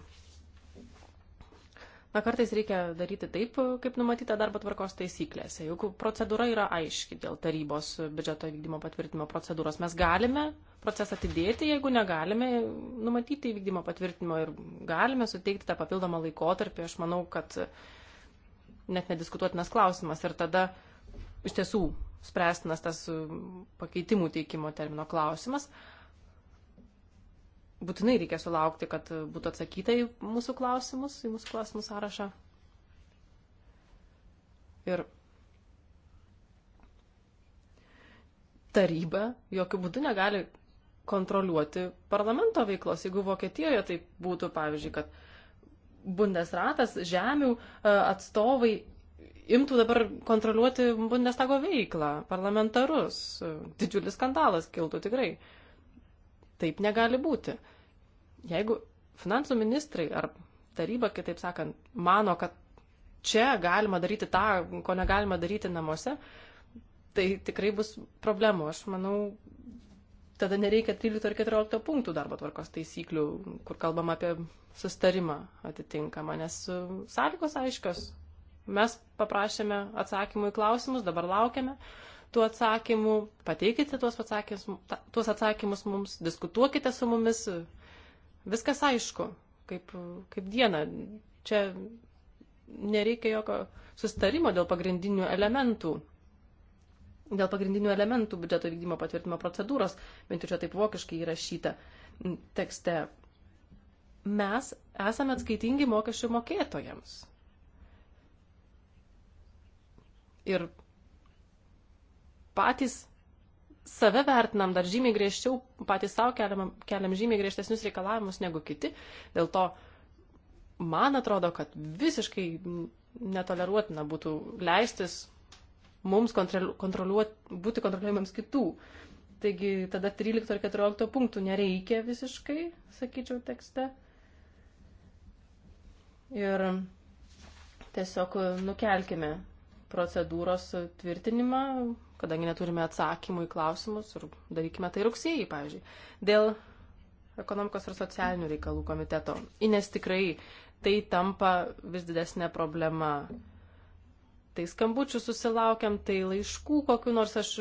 Na, kartais reikia daryti taip, kaip numatyta darbo tvarkos taisyklėse. Juk procedūra yra aiški dėl tarybos biudžeto vykdymo patvirtinimo procedūros. Mes galime procesą atidėti, jeigu negalime numatyti įvykdymo patvirtinimo ir galime suteikti tą papildomą laikotarpį. Aš manau, kad net nediskutuotinas klausimas ir tada iš tiesų spręstinas tas pakeitimų teikimo termino klausimas. Uh, būtinai reikia sulaukti, kad būtų atsakyta į mūsų klausimus, į mūsų klausimų sąrašą. Ir taryba jokių būdų negali kontroliuoti parlamento veiklos. Jeigu Vokietijoje tai būtų, pavyzdžiui, kad Bundesratas žemių e, atstovai imtų dabar kontroliuoti Bundestago veiklą, parlamentarus. E, didžiulis skandalas kiltų tikrai. Taip negali būti. Jeigu finansų ministrai ar taryba, kitaip sakant, mano, kad čia galima daryti tą, ko negalima daryti namuose, tai tikrai bus problemų. Aš manau, tada nereikia 13 ar 14 punktų darbo tvarkos taisyklių, kur kalbam apie sustarimą atitinkamą, nes e, sąlygos aiškios. Mes paprašėme atsakymų į klausimus, dabar laukiame tų atsakymų, pateikite tuos atsakymus, tuos atsakymus mums, diskutuokite su mumis, Viskas aišku, kaip, kaip diena. Čia nereikia jokio sustarimo dėl pagrindinių elementų. Dėl pagrindinių elementų biudžeto vykdymo patvirtimo procedūros, bent jau čia taip vokiškai įrašyta tekste, mes esame atskaitingi mokesčių mokėtojams. Ir patys save vertinam dar žymiai griežčiau, patys savo keliam, keliam žymiai griežtesnius reikalavimus negu kiti. Dėl to man atrodo, kad visiškai netoleruotina būtų leistis mums kontroliuoti, būti kontroliuojamams kitų. Taigi tada 13 ar 14 punktų nereikia visiškai, sakyčiau, tekste. Ir tiesiog nukelkime procedūros tvirtinimą, kadangi neturime atsakymų į klausimus ir darykime tai rugsėjai, pavyzdžiui. Dėl ekonomikos ir socialinių reikalų komiteto. Ines tikrai tai tampa vis didesnė problema. Tai skambučių susilaukiam, tai laiškų kokiu nors aš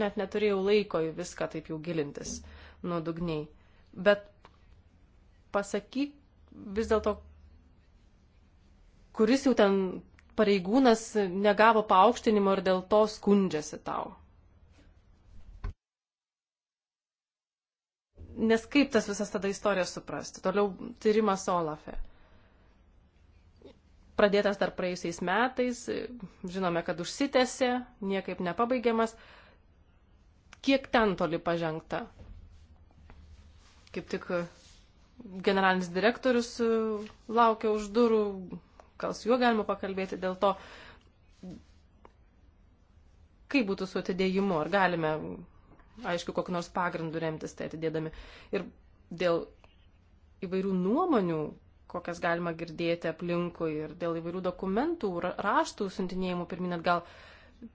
net neturėjau laiko į viską taip jau gilintis nuodugniai. Bet pasakyk vis dėlto, kuris jau ten pareigūnas negavo paaukštinimo ir dėl to skundžiasi tau. Nes kaip tas visas tada istorija suprasti? Toliau tyrimas Olafe. Pradėtas dar praėjusiais metais, žinome, kad užsitęsė, niekaip nepabaigiamas. Kiek ten toli pažengta? Kaip tik generalinis direktorius e, laukia už durų, gal su juo galima pakalbėti dėl to, kaip būtų su atidėjimu, ar galime, aišku, kokiu nors pagrindu remtis tai atidėdami. Ir dėl įvairių nuomonių, kokias galima girdėti aplinkui, ir dėl įvairių dokumentų, raštų siuntinėjimų pirmin atgal,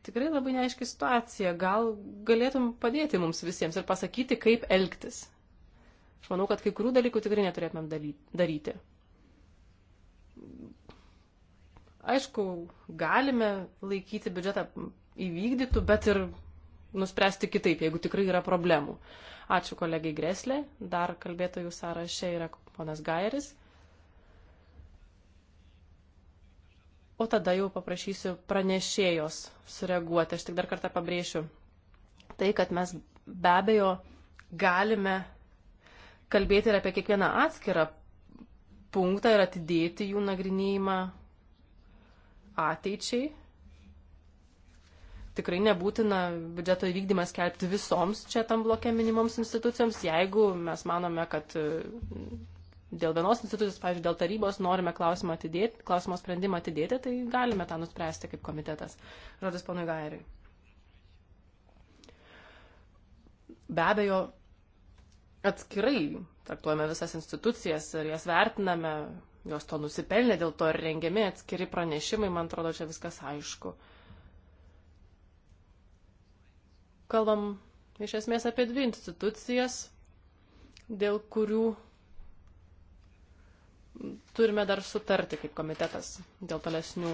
tikrai labai neaiški situacija. Gal galėtum padėti mums visiems ir pasakyti, kaip elgtis. Aš manau, kad kai kurių dalykų tikrai neturėtumėm daryti Aišku, galime laikyti biudžetą įvykdytų, bet ir nuspręsti kitaip, jeigu tikrai yra problemų. Ačiū kolegai Greslė, dar kalbėtojų sąraše yra ponas Gairis. O tada jau paprašysiu pranešėjos sureaguoti. Aš tik dar kartą pabrėšiu tai, kad mes be abejo galime kalbėti ir apie kiekvieną atskirą punktą ir atidėti jų nagrinėjimą ateičiai. Tikrai nebūtina biudžeto įvykdymą skelbti visoms čia tam blokė minimoms institucijoms, jeigu mes manome, kad e, dėl vienos institucijos, pavyzdžiui, dėl tarybos norime klausimą atidėti, klausimo sprendimą atidėti, tai galime tą nuspręsti kaip komitetas. Žodis ponui Gairiui. Be abejo, atskirai traktuojame visas institucijas ir jas vertiname jos to nusipelnė, dėl to ir rengiami atskiri pranešimai, man atrodo, čia viskas aišku. Kalbam iš esmės apie dvi institucijas, dėl kurių turime dar sutarti kaip komitetas dėl tolesnių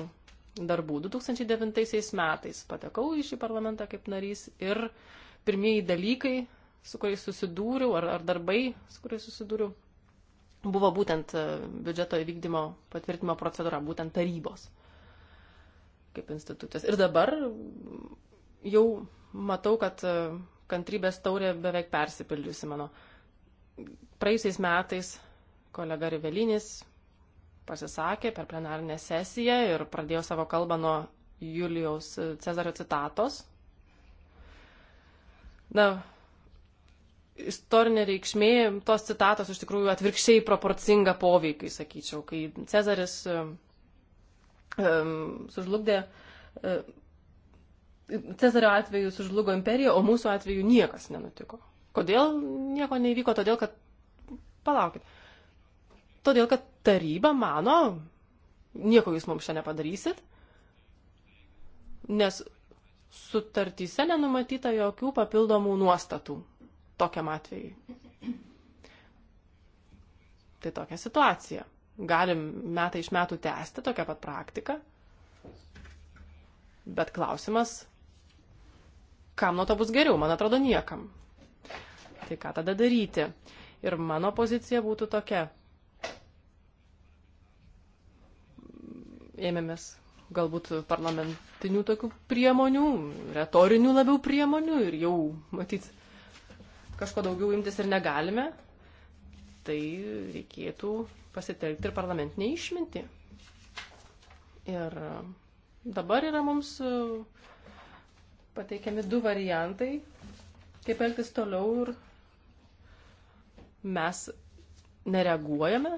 darbų. 2009 metais patekau į šį parlamentą kaip narys ir pirmieji dalykai, su kuriais susidūriau, ar, ar darbai, su kuriais susidūriau, buvo būtent e, biudžeto įvykdymo patvirtimo procedūra, būtent tarybos kaip institucijos. Ir dabar jau matau, kad e, kantrybės taurė beveik persipildžiusi mano. Praėjusiais metais kolega Rivelinis pasisakė per plenarinę sesiją ir pradėjo savo kalbą nuo Julijaus Cezario citatos. Na, istorinė reikšmė tos citatos iš tikrųjų atvirkščiai proporcinga poveikiai, sakyčiau, kai Cezaris um, sužlugdė. Um, Cezario atveju sužlugo imperija, o mūsų atveju niekas nenutiko. Kodėl nieko nevyko? Todėl, kad. Palaukit. Todėl, kad taryba mano, nieko jūs mums čia nepadarysit, nes sutartyse nenumatyta jokių papildomų nuostatų tokiam atvejui. Tai tokia situacija. Galim metai iš metų tęsti tokią pat praktiką, bet klausimas, kam nuo to bus geriau, man atrodo, niekam. Tai ką tada daryti? Ir mano pozicija būtų tokia. Ėmėmės galbūt parlamentinių tokių priemonių, retorinių labiau priemonių ir jau, matyt, kažko daugiau imtis ir negalime, tai reikėtų pasitelkti ir parlamentinį išmintį. Ir dabar yra mums e, pateikiami du variantai, kaip elgtis toliau ir mes nereaguojame.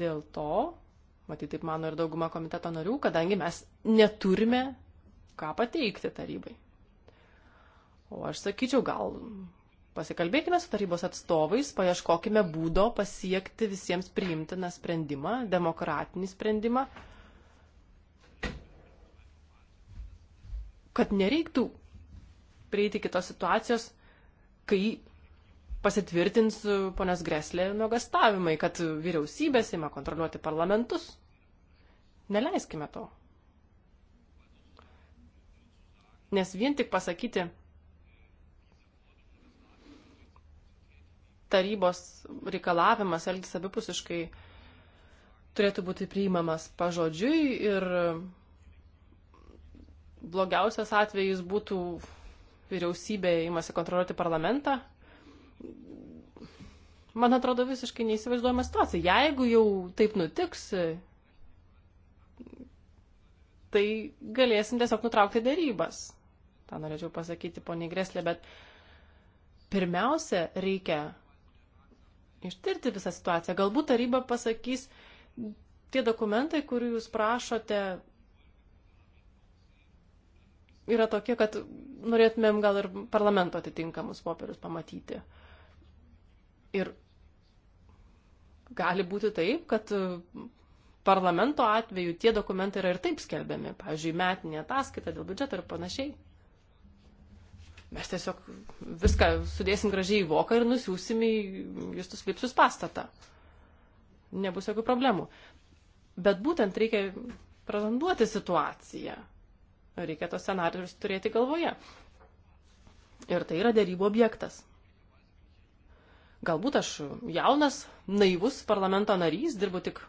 Dėl to, matyt, taip mano ir dauguma komiteto narių, kadangi mes neturime ką pateikti tarybai. O aš sakyčiau, gal pasikalbėkime su tarybos atstovais, paieškokime būdo pasiekti visiems priimtiną sprendimą, demokratinį sprendimą, kad nereiktų prieiti kitos situacijos, kai pasitvirtins ponios Greslė nuogastavimai, kad vyriausybės ima kontroliuoti parlamentus. Neleiskime to. Nes vien tik pasakyti, tarybos reikalavimas elgtis abipusiškai turėtų būti priimamas pažodžiui ir blogiausias atvejis būtų vyriausybė įmasi kontroliuoti parlamentą. Man atrodo visiškai neįsivaizduojama situacija. Jeigu jau taip nutiks, tai galėsim tiesiog nutraukti dėrybas. Ta norėčiau pasakyti poniai Greslė, bet pirmiausia reikia ištirti visą situaciją. Galbūt taryba pasakys, tie dokumentai, kurių jūs prašote, yra tokie, kad norėtumėm gal ir parlamento atitinkamus popierius pamatyti. Ir gali būti taip, kad parlamento atveju tie dokumentai yra ir taip skelbiami, pavyzdžiui, metinė ataskaita dėl biudžeto ir panašiai. Mes tiesiog viską sudėsim gražiai į voką ir nusiųsim į Justus Lipsius pastatą. Nebus jokių problemų. Bet būtent reikia praranduoti situaciją. Reikia tos scenarius turėti galvoje. Ir tai yra dėrybų objektas. Galbūt aš jaunas, naivus parlamento narys, dirbu tik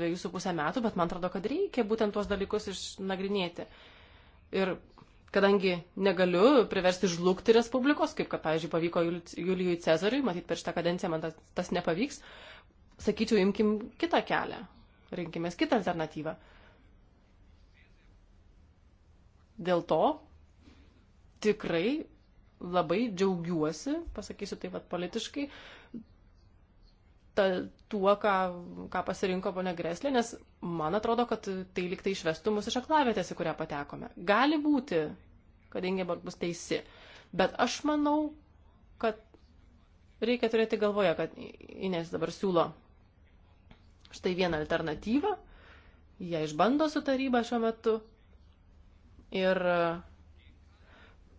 dviejų su pusę metų, bet man atrodo, kad reikia būtent tuos dalykus išnagrinėti. Ir kadangi negaliu priversti žlugti Respublikos, kaip kad, pavyzdžiui, pavyko Julijui Cezariui, matyt, per šitą kadenciją man tas, tas nepavyks, sakyčiau, imkim kitą kelią, rinkimės kitą alternatyvą. Dėl to tikrai labai džiaugiuosi, pasakysiu taip pat politiškai, ta, tuo, ką, ką pasirinko ponia Greslė, nes man atrodo, kad tai liktai išvestų mus iš aklavietės, į kurią patekome. Gali būti, kad Ingeborg bus teisi, bet aš manau, kad reikia turėti galvoje, kad Inės dabar siūlo štai vieną alternatyvą, jie išbando su taryba šiuo metu ir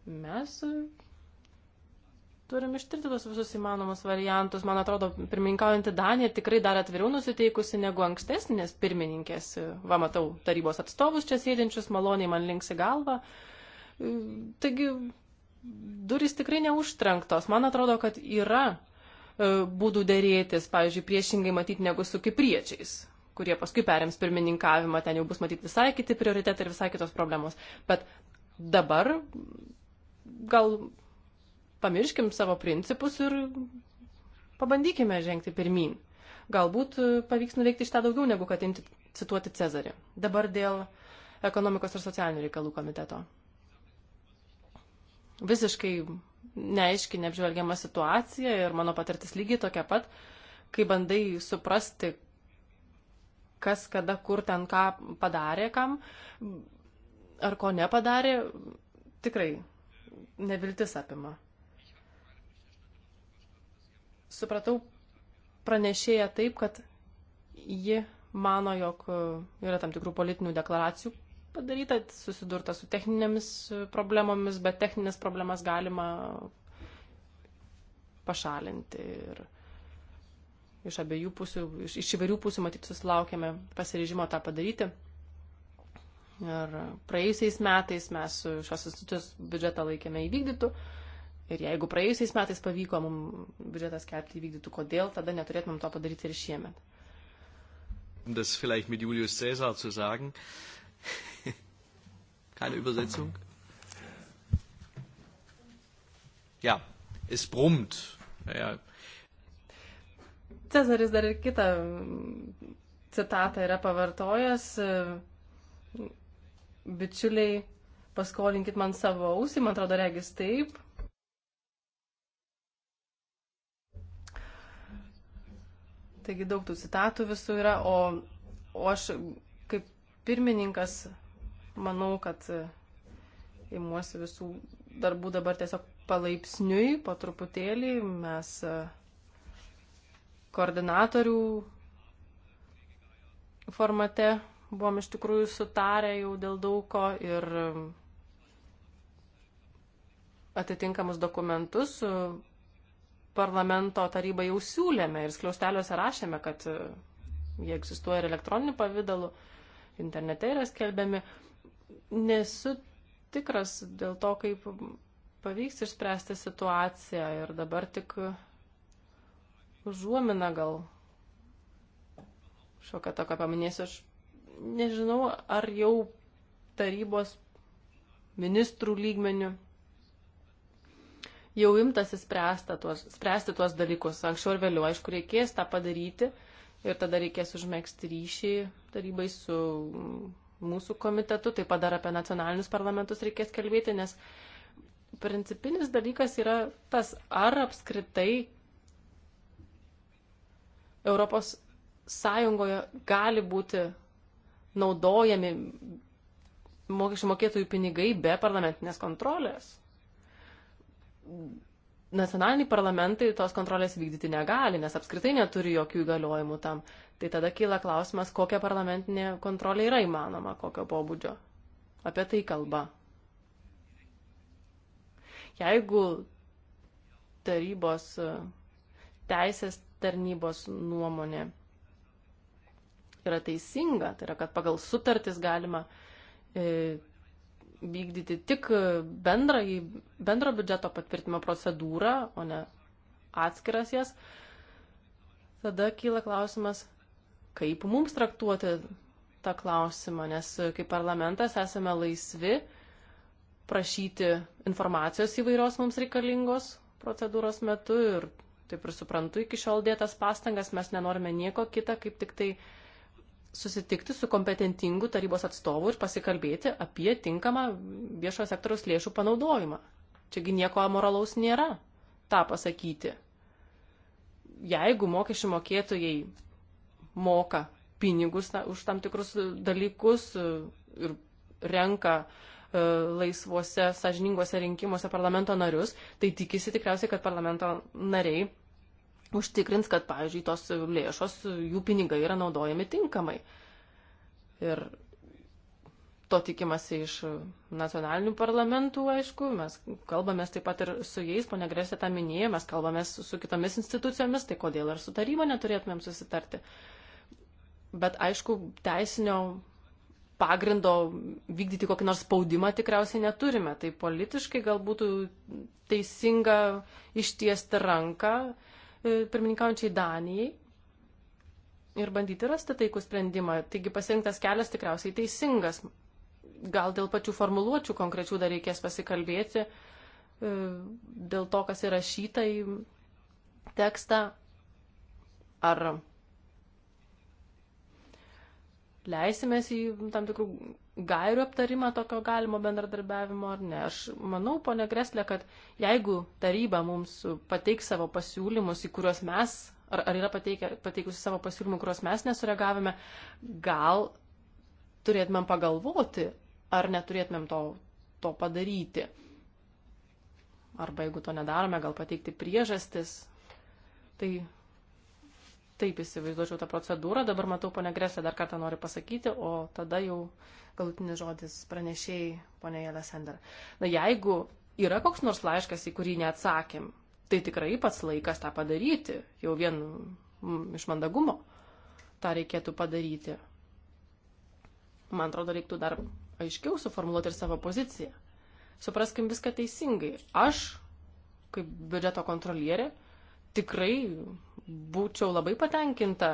mes Turim ištirti tos visus įmanomus variantus. Man atrodo, pirmininkaujantį Daniją tikrai dar atviriau nusiteikusi negu ankstesnės pirmininkės. Va, matau tarybos atstovus čia sėdinčius, maloniai man linksi galvą. Taigi, durys tikrai neužtrenktos. Man atrodo, kad yra e, būdų dėrėtis, pavyzdžiui, priešingai matyti negu su kipriečiais kurie paskui perims pirmininkavimą, ten jau bus matyti visai kiti prioritetai ir visai kitos problemos. Bet dabar gal pamirškim savo principus ir pabandykime žengti pirmin. Galbūt e, pavyks nuveikti šitą daugiau negu kad imti cituoti Cezarį. Dabar dėl ekonomikos ir socialinių reikalų komiteto. Visiškai neaiški, neapžvelgiama situacija ir mano patirtis lygiai tokia pat, kai bandai suprasti, kas kada, kur ten ką padarė, kam ar ko nepadarė, tikrai neviltis apima supratau pranešėją taip, kad ji mano, jog e, yra tam tikrų politinių deklaracijų padaryta, susidurta su techninėmis e, problemomis, bet techninės problemas galima pašalinti. Ir iš abiejų pusių, iš, iš įvairių pusių matyt susilaukėme pasiryžimo tą padaryti. Ir praėjusiais metais mes šios institucijos biudžetą laikėme įvykdytų. Uh, Ir jeigu praėjusiais metais pavyko mums biudžetas kelbti įvykdyti, kodėl tada neturėtumėm to padaryti ir šiemet? Das vielleicht mit Julius Caesar zu sagen. [laughs] Keine Übersetzung? Ja, es brummt. Ja. Cezaris dar ir kitą mm, citatą yra pavartojęs. E, bičiuliai, paskolinkit man savo ausį, man atrodo, regis taip. Taigi daug tų citatų visų yra, o, o aš kaip pirmininkas manau, kad e, imuosi visų darbų dabar tiesiog palaipsniui, po truputėlį. Mes e, koordinatorių formate buvom iš tikrųjų sutarę jau dėl daugo ir e, atitinkamus dokumentus parlamento tarybai jau siūlėme ir skliausteliuose rašėme, kad e, jie egzistuoja ir elektroniniu pavydalu, internete yra skelbiami. Nesu tikras dėl to, kaip pavyks išspręsti situaciją ir dabar tik užuomina gal šiokią tokią paminėsiu. Aš nežinau, ar jau tarybos ministrų lygmenių jau imtasi tuos, spręsti tuos dalykus. Anksčiau ir vėliau, aišku, reikės tą padaryti ir tada reikės užmėgsti ryšį tarybai su mūsų komitetu, taip pat dar apie nacionalinius parlamentus reikės kalbėti, nes principinis dalykas yra tas, ar apskritai Europos Sąjungoje gali būti naudojami mokesčių mokėtojų pinigai be parlamentinės kontrolės nacionaliniai parlamentai tos kontrolės vykdyti negali, nes apskritai neturi jokių įgaliojimų tam. Tai tada kyla klausimas, kokia parlamentinė kontrolė yra įmanoma, kokio pobūdžio. Apie tai kalba. Jeigu tarybos teisės tarnybos nuomonė yra teisinga, tai yra, kad pagal sutartis galima e, vykdyti tik bendrą, bendro biudžeto patvirtimo procedūrą, o ne atskiras jas, tada kyla klausimas, kaip mums traktuoti tą klausimą, nes kaip parlamentas esame laisvi prašyti informacijos įvairios mums reikalingos procedūros metu ir taip ir suprantu, iki šiol dėtas pastangas mes nenorime nieko kita, kaip tik tai uh, susitikti su kompetentingu tarybos atstovu ir pasikalbėti apie tinkamą viešojo sektoriaus lėšų panaudojimą. Čiagi nieko amoralaus nėra tą pasakyti. Jeigu mokesčių mokėtojai moka pinigus na, už tam tikrus dalykus ir renka e, laisvuose, sažininguose rinkimuose parlamento narius, tai tikisi tikriausiai, kad parlamento nariai užtikrins, kad, pavyzdžiui, tos lėšos, jų pinigai yra naudojami tinkamai. Ir to tikimasi iš nacionalinių parlamentų, aišku, mes kalbamės taip pat ir su jais, ponia Gresė tą minėjo, mes kalbamės su kitomis institucijomis, tai kodėl ir su taryba neturėtumėm susitarti. Bet aišku, teisinio pagrindo vykdyti kokį nors spaudimą tikriausiai neturime. Tai politiškai gal būtų teisinga ištiesti ranką E, pirmininkaujančiai Danijai ir bandyti rasti taikų sprendimą. Taigi pasirinktas kelias tikriausiai teisingas. Gal dėl pačių formuluočių konkrečių dar reikės pasikalbėti, e, dėl to, kas įrašyta į tekstą, ar leisimės į tam tikrų gairių aptarimą tokio galimo bendradarbiavimo ar ne. Aš manau, ponė Greslė, kad jeigu taryba mums pateiks savo pasiūlymus, į kuriuos mes, ar, ar yra pateikę, pateikusi savo pasiūlymų, kuriuos mes nesureagavome, gal turėtumėm pagalvoti, ar neturėtumėm to, to padaryti. Arba jeigu to nedarome, gal pateikti priežastis. Tai taip įsivaizduočiau tą procedūrą. Dabar matau, ponė Gresė dar kartą nori pasakyti, o tada jau galutinis žodis pranešėjai, ponė Jelesender. Na jeigu yra koks nors laiškas, į kurį neatsakėm, tai tikrai pats laikas tą padaryti, jau vien mm, iš mandagumo tą reikėtų padaryti. Man atrodo, reiktų dar aiškiau suformuoluoti ir savo poziciją. Supraskim viską teisingai. Aš, kaip biudžeto kontrolierė, tikrai būčiau labai patenkinta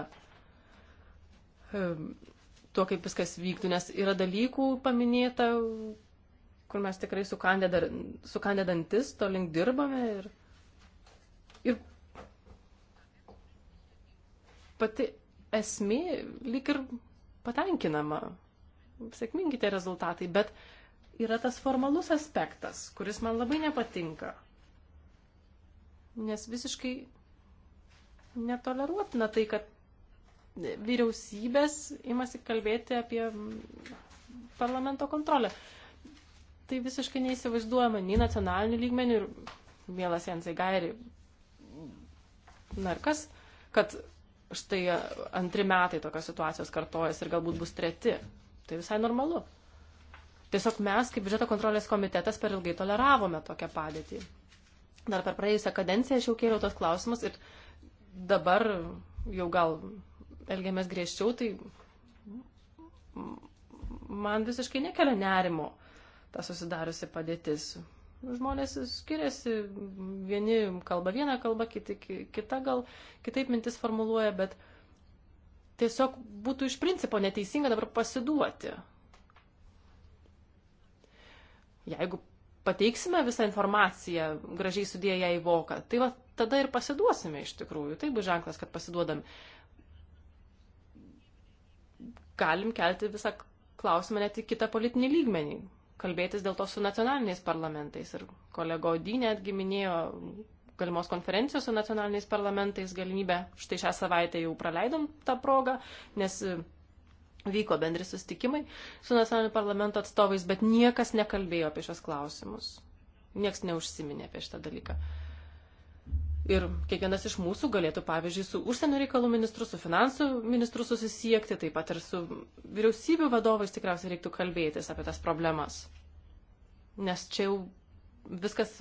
tuo, kaip viskas vyktų, nes yra dalykų paminėta, kur mes tikrai sukandę, dar, sukandę dantis, to link dirbame ir, ir pati esmė lyg ir patenkinama, sėkmingi tie rezultatai, bet yra tas formalus aspektas, kuris man labai nepatinka, nes visiškai netoleruotina tai, kad vyriausybės imasi kalbėti apie parlamento kontrolę. Tai visiškai neįsivaizduojama nei nacionalinių lygmenių ir mielas Jensai Gairi narkas, kad štai antri metai tokios situacijos kartojas ir galbūt bus treti. Tai visai normalu. Tiesiog mes, kaip biudžeto kontrolės komitetas, per ilgai toleravome tokią padėtį. Dar per praėjusią kadenciją aš jau kėliau tos klausimus ir uh, dabar jau gal elgiamės griežčiau, tai man visiškai nekelia nerimo ta susidariusi padėtis. Žmonės skiriasi, vieni kalba vieną kalbą, kiti kita gal kitaip mintis formuluoja, bet tiesiog būtų iš principo neteisinga dabar pasiduoti. Jeigu pateiksime visą informaciją, gražiai sudėję į voką, tai va tada ir pasiduosime iš tikrųjų. Tai bus ženklas, kad pasiduodam. Galim kelti visą klausimą net į kitą politinį lygmenį, kalbėtis dėl to su nacionaliniais parlamentais. Ir kolego Odį netgi minėjo galimos konferencijos su nacionaliniais parlamentais galimybę. Štai šią savaitę jau praleidom tą progą, nes e, vyko bendri sustikimai su nacionaliniu parlamento atstovais, bet niekas nekalbėjo apie šios klausimus. Niekas neužsiminė apie šitą dalyką. Uh, Ir kiekvienas iš mūsų galėtų, pavyzdžiui, su užsienio reikalų ministru, su finansų ministru susisiekti, taip pat ir su vyriausybių vadovais tikriausiai reiktų kalbėtis apie tas problemas. Nes čia jau viskas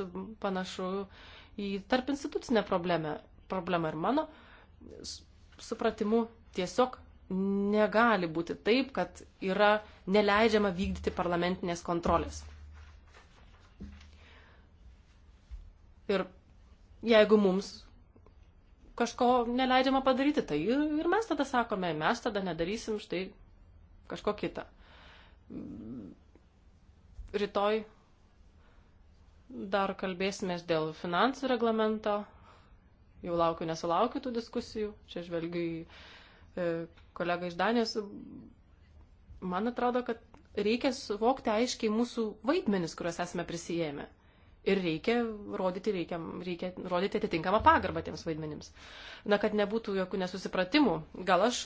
panašu į tarp institucinę problemą. problemą ir mano supratimu tiesiog negali būti taip, kad yra neleidžiama vykdyti parlamentinės kontrolės. Ir Jeigu mums kažko neleidžiama padaryti, tai ir mes tada sakome, mes tada nedarysim štai kažko kitą. Rytoj dar kalbėsimės dėl finansų reglamento. Jau laukiu, nesulaukiu tų diskusijų. Čia žvelgiu į e, kolegą iš Danijos. Man atrodo, kad reikia suvokti aiškiai mūsų vaidmenis, kuriuos esame prisijėmę. Ir reikia rodyti, reikia, reikia rodyti atitinkamą pagarbą tiems vaidmenims. Na, kad nebūtų jokių nesusipratimų, gal aš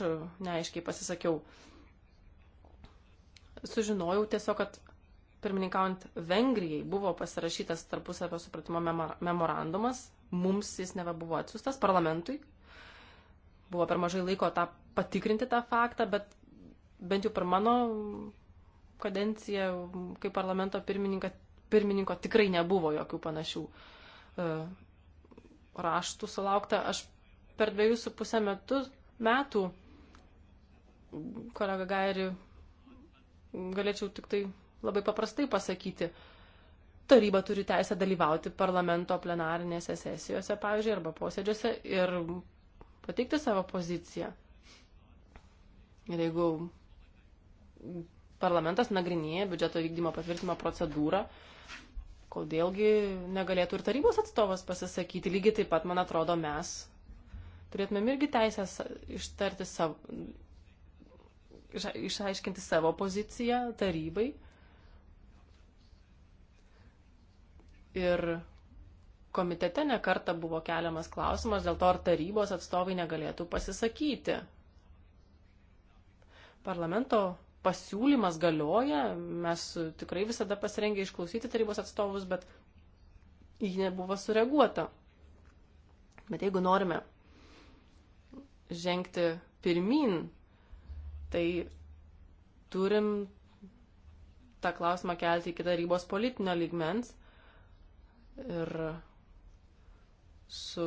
neaiškiai pasisakiau. Sužinojau tiesiog, kad pirmininkaujant Vengrijai buvo pasirašytas tarpusavio supratimo memorandumas, mums jis nebebuvo atsiustas parlamentui. Buvo per mažai laiko tą patikrinti tą faktą, bet bent jau per mano kadenciją kaip parlamento pirmininkas pirmininko tikrai nebuvo jokių panašių e, raštų sulaukta. Aš per dviejus su pusę metus, metų, kolega Gairi, galėčiau tik tai labai paprastai pasakyti, taryba turi teisę dalyvauti parlamento plenarinėse sesijose, pavyzdžiui, arba posėdžiuose ir pateikti savo poziciją. Ir jeigu parlamentas nagrinėja biudžeto vykdymo patvirtimo procedūrą, kodėlgi negalėtų ir tarybos atstovas pasisakyti. Lygiai taip pat, man atrodo, mes turėtumėm irgi teisę ištarti savo, išaiškinti savo poziciją tarybai. Ir komitete nekarta buvo keliamas klausimas dėl to, ar tarybos atstovai negalėtų pasisakyti. Parlamento pasiūlymas galioja, mes tikrai visada pasirengę išklausyti tarybos atstovus, bet jį nebuvo sureaguota. Bet jeigu norime žengti pirmin, tai turim tą klausimą kelti iki tarybos politinio lygmens ir su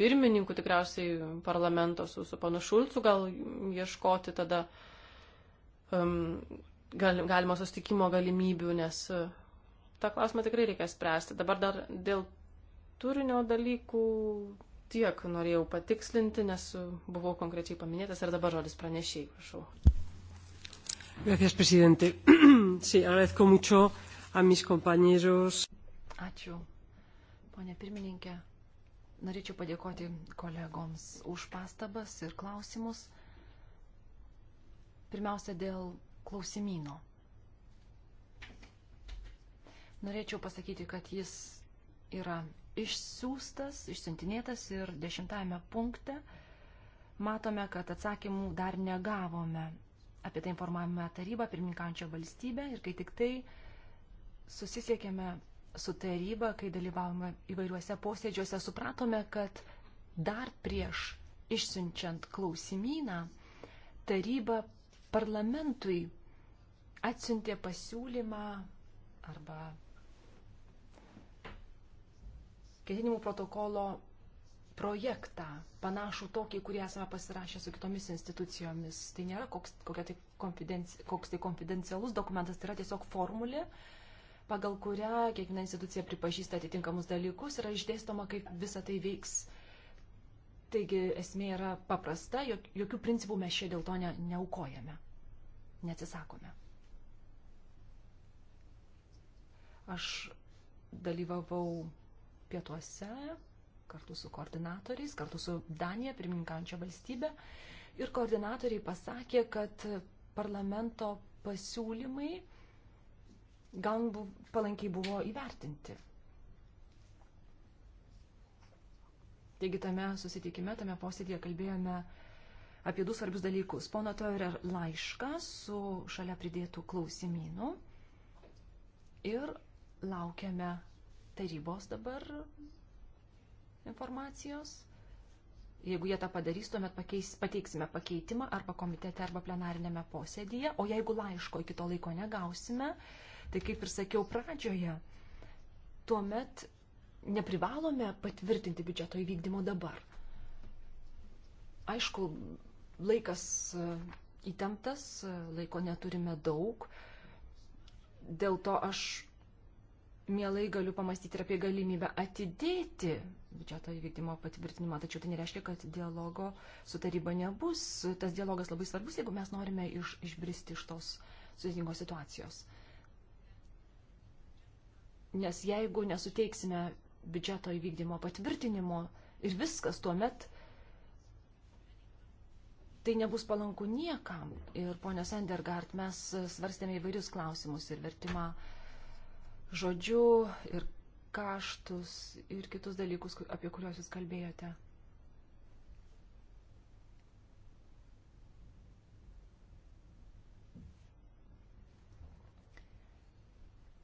pirmininku tikriausiai parlamento, su, su panu Šulcu gal ieškoti tada uh, Um, galimo sustikimo galimybių, nes uh, tą klausimą tikrai reikia spręsti. Dabar dar dėl turinio dalykų tiek norėjau patikslinti, nes uh, buvau konkrečiai paminėtas ir dabar žodis pranešiai, prašau. Gracias, presidente. [clears throat] sí, agradezco mucho a mis compañeros. Ačiū, ponė pirmininkė. Norėčiau padėkoti kolegoms už pastabas ir klausimus. Pirmiausia, dėl klausimyno. Norėčiau pasakyti, kad jis yra išsiųstas, išsintinėtas ir dešimtajame punkte matome, kad atsakymų dar negavome. Apie tai informavome tarybą, pirmininkančią valstybę ir kai tik tai susisiekėme su taryba, kai dalyvavome įvairiuose posėdžiuose, supratome, kad dar prieš išsiunčiant klausimyną taryba parlamentui atsiuntė pasiūlymą arba ketinimų protokolo projektą, panašų tokį, kurį esame pasirašę su kitomis institucijomis. Tai nėra koks, tai, konfidenci, koks tai konfidencialus dokumentas, tai yra tiesiog formulė, pagal kurią kiekviena institucija pripažįsta atitinkamus dalykus ir išdėstoma, kaip visa tai veiks Taigi esmė yra paprasta, jok, jokių principų mes čia dėl to ne, neaukojame, neatsisakome. Aš dalyvavau pietuose kartu su koordinatoriais, kartu su Danija, pirmininkančia valstybė. Ir koordinatoriai pasakė, kad parlamento pasiūlymai gan palankiai buvo įvertinti. Taigi tame susitikime, tame posėdėje kalbėjome apie du svarbius dalykus. Pono Toirer laišką su šalia pridėtų klausimynų ir laukiame tarybos dabar informacijos. Jeigu jie tą padarys, tuomet pakeis, pateiksime pakeitimą arba komitete, arba plenarinėme posėdyje. O jeigu laiško iki to laiko negausime, tai kaip ir sakiau pradžioje, tuomet neprivalome patvirtinti biudžeto įvykdymo dabar. Aišku, laikas e, įtemptas, e, laiko neturime daug. Dėl to aš mielai galiu pamastyti ir apie galimybę atidėti biudžeto įvykdymo patvirtinimą, tačiau tai nereiškia, kad dialogo su taryba nebus. Tas dialogas labai svarbus, jeigu mes norime iš, išbristi iš tos sudėtingos situacijos. Nes jeigu nesuteiksime biudžeto įvykdymo patvirtinimo ir viskas tuomet tai nebus palanku niekam. Ir ponio Sendergard, mes svarstėme įvairius klausimus ir vertimą žodžių ir kaštus ir kitus dalykus, apie kuriuos jūs kalbėjote.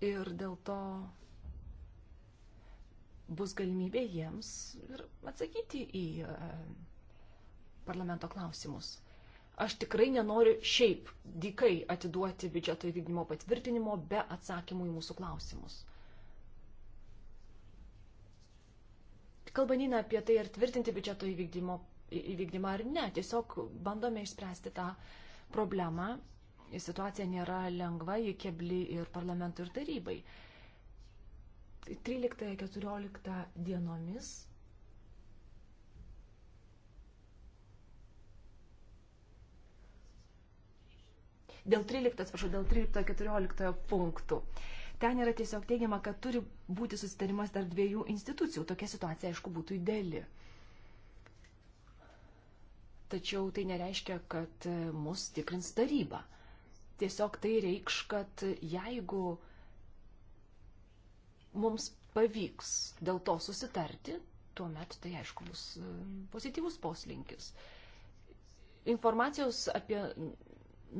Ir dėl to bus galimybė jiems ir atsakyti į e, parlamento klausimus. Aš tikrai nenoriu šiaip dikai atiduoti biudžeto įvykdymo patvirtinimo be atsakymų į mūsų klausimus. Kalba neina apie tai, ar tvirtinti biudžeto įvykdymo, įvykdymą ar ne. Tiesiog bandome išspręsti tą problemą. Situacija nėra lengva, ji kebli ir parlamentui, ir tarybai. 13-14 dienomis dėl 13, atsiprašau, dėl 13-14 punktų. Ten yra tiesiog teigiama, kad turi būti susitarimas tarp dviejų institucijų. Tokia situacija, aišku, būtų ideali. Tačiau tai nereiškia, kad e, mus tikrins taryba. Tiesiog tai reikš, kad e, jeigu mums pavyks dėl to susitarti, tuomet tai aišku bus e, pozityvus poslinkis. Informacijos apie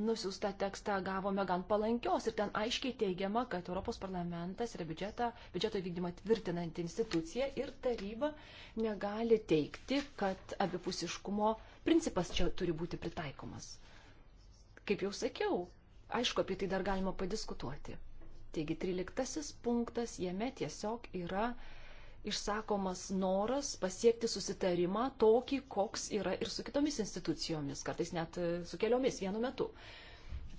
nusiųstą tekstą gavome gan palankios ir ten aiškiai teigiama, kad Europos parlamentas yra biudžetą, biudžeto vykdymą tvirtinanti institucija ir taryba negali teikti, kad abipusiškumo principas čia turi būti pritaikomas. Kaip jau sakiau, aišku, apie tai dar galima padiskutuoti. Taigi 13 punktas jame tiesiog yra išsakomas noras pasiekti susitarimą tokį, koks yra ir su kitomis institucijomis, kartais net e, su keliomis vienu metu.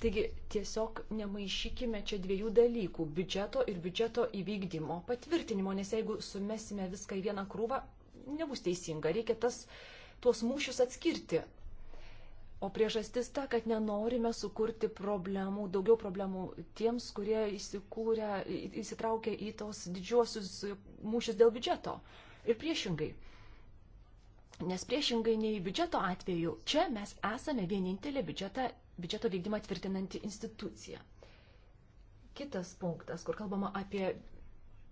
Taigi tiesiog nemaišykime čia dviejų dalykų - biudžeto ir biudžeto įvykdymo patvirtinimo, nes jeigu sumesime viską į vieną krūvą, nebus teisinga. Reikia tas, tuos mūšius atskirti. O priežastis ta, kad nenorime sukurti problemų, daugiau problemų tiems, kurie įsikūrė, įsitraukė į tos didžiuosius mūšius dėl biudžeto. Ir priešingai. Nes priešingai nei biudžeto atveju, čia mes esame vienintelė biudžetą, biudžeto vykdymą tvirtinanti institucija. Kitas punktas, kur kalbama apie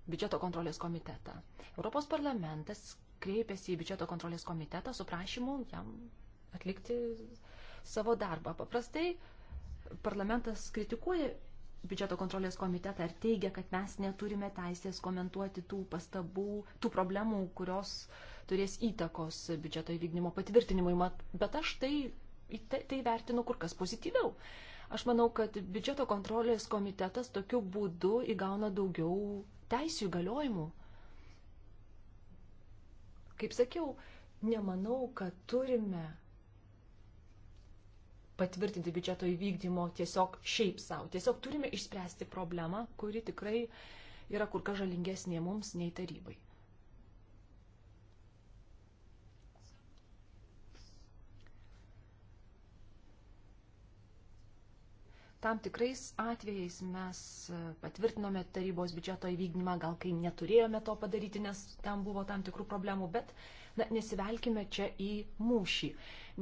biudžeto kontrolės komitetą. Europos parlamentas kreipėsi į biudžeto kontrolės komitetą su prašymu jam atlikti savo darbą. Paprastai parlamentas kritikuoja biudžeto kontrolės komitetą ir teigia, kad mes neturime teisės komentuoti tų pastabų, tų problemų, kurios turės įtakos biudžeto įvykdymo patvirtinimui. Bet aš tai, tai, tai vertinu kur kas pozityviau. Aš manau, kad biudžeto kontrolės komitetas tokiu būdu įgauna daugiau teisų įgaliojimų. Kaip sakiau, nemanau, kad turime patvirtinti biudžeto įvykdymo tiesiog šiaip savo. Tiesiog turime išspręsti problemą, kuri tikrai yra kur kas žalingesnė mums nei tarybai. tam tikrais atvejais mes patvirtinome tarybos biudžeto įvykdymą, gal kai neturėjome to padaryti, nes tam buvo tam tikrų problemų, bet na, nesivelkime čia į mūšį,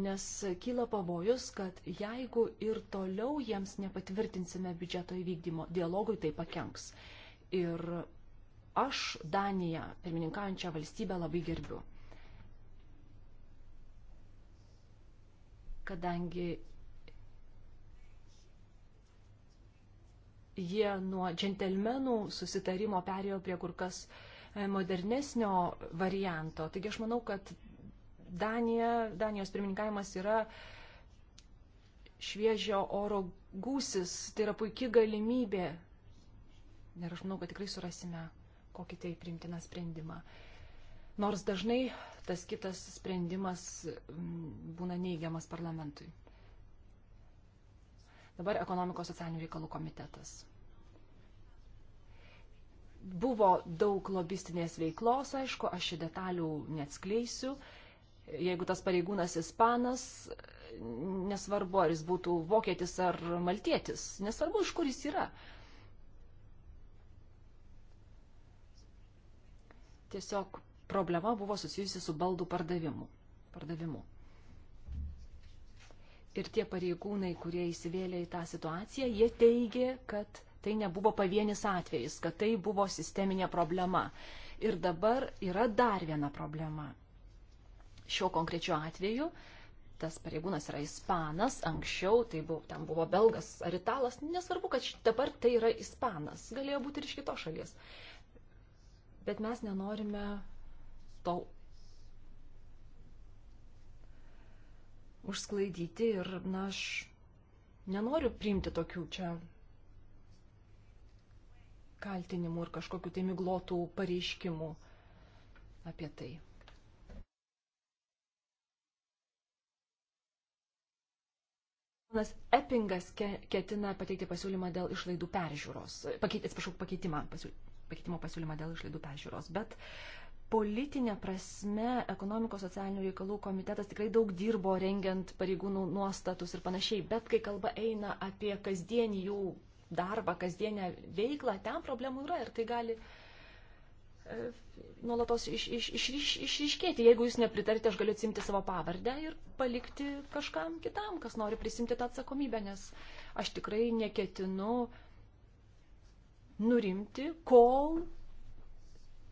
nes kyla pavojus, kad jeigu ir toliau jiems nepatvirtinsime biudžeto įvykdymo, dialogui tai pakenks. Ir aš Daniją, pirmininkaujančią valstybę, labai gerbiu. Kadangi jie nuo džentelmenų susitarimo perėjo prie kur kas uh, modernesnio varianto. Taigi aš manau, kad Danija, Danijos pirmininkavimas yra šviežio oro gūsis, tai yra puikia galimybė. Ir aš manau, kad tikrai surasime kokį tai primtiną sprendimą. Nors dažnai tas kitas sprendimas mm, būna neigiamas parlamentui. Dabar ekonomikos socialinių reikalų komitetas. Buvo daug lobistinės veiklos, aišku, aš šių detalių neatskleisiu. Jeigu tas pareigūnas ispanas, nesvarbu, ar jis būtų vokietis ar maltietis, nesvarbu, iš kur jis yra. Tiesiog problema buvo susijusi su baldų pardavimu. pardavimu. Ir tie pareigūnai, kurie įsivėlė į tą situaciją, jie teigė, kad tai nebuvo pavienis atvejis, kad tai buvo sisteminė problema. Ir dabar yra dar viena problema. Šiuo konkrečiu atveju tas pareigūnas yra ispanas, anksčiau tai buvo, ten buvo belgas ar italas, nesvarbu, kad dabar tai yra ispanas, galėjo būti ir iš kitos šalies. Bet mes nenorime to užsklaidyti ir, na, aš nenoriu priimti tokių čia kaltinimų ir kažkokiu tai miglotų pareiškimų apie tai. Ponas Eppingas ketina pateikti pasiūlymą dėl išlaidų peržiūros. Pakeit, atsiprašau, pakeitimą, pasiūl, pakeitimo pasiūlymą dėl išlaidų peržiūros. Bet politinė prasme ekonomikos socialinių reikalų komitetas tikrai daug dirbo rengiant pareigūnų nuostatus ir panašiai. Bet kai kalba eina apie kasdienį jų darbą, kasdienę veiklą, ten problemų yra ir tai gali e, nuolatos iš, iš, iš, iš, išryškėti. Jeigu jūs nepritarite, aš galiu atsimti savo pavardę ir palikti kažkam kitam, kas nori prisimti tą atsakomybę, nes aš tikrai neketinu nurimti, kol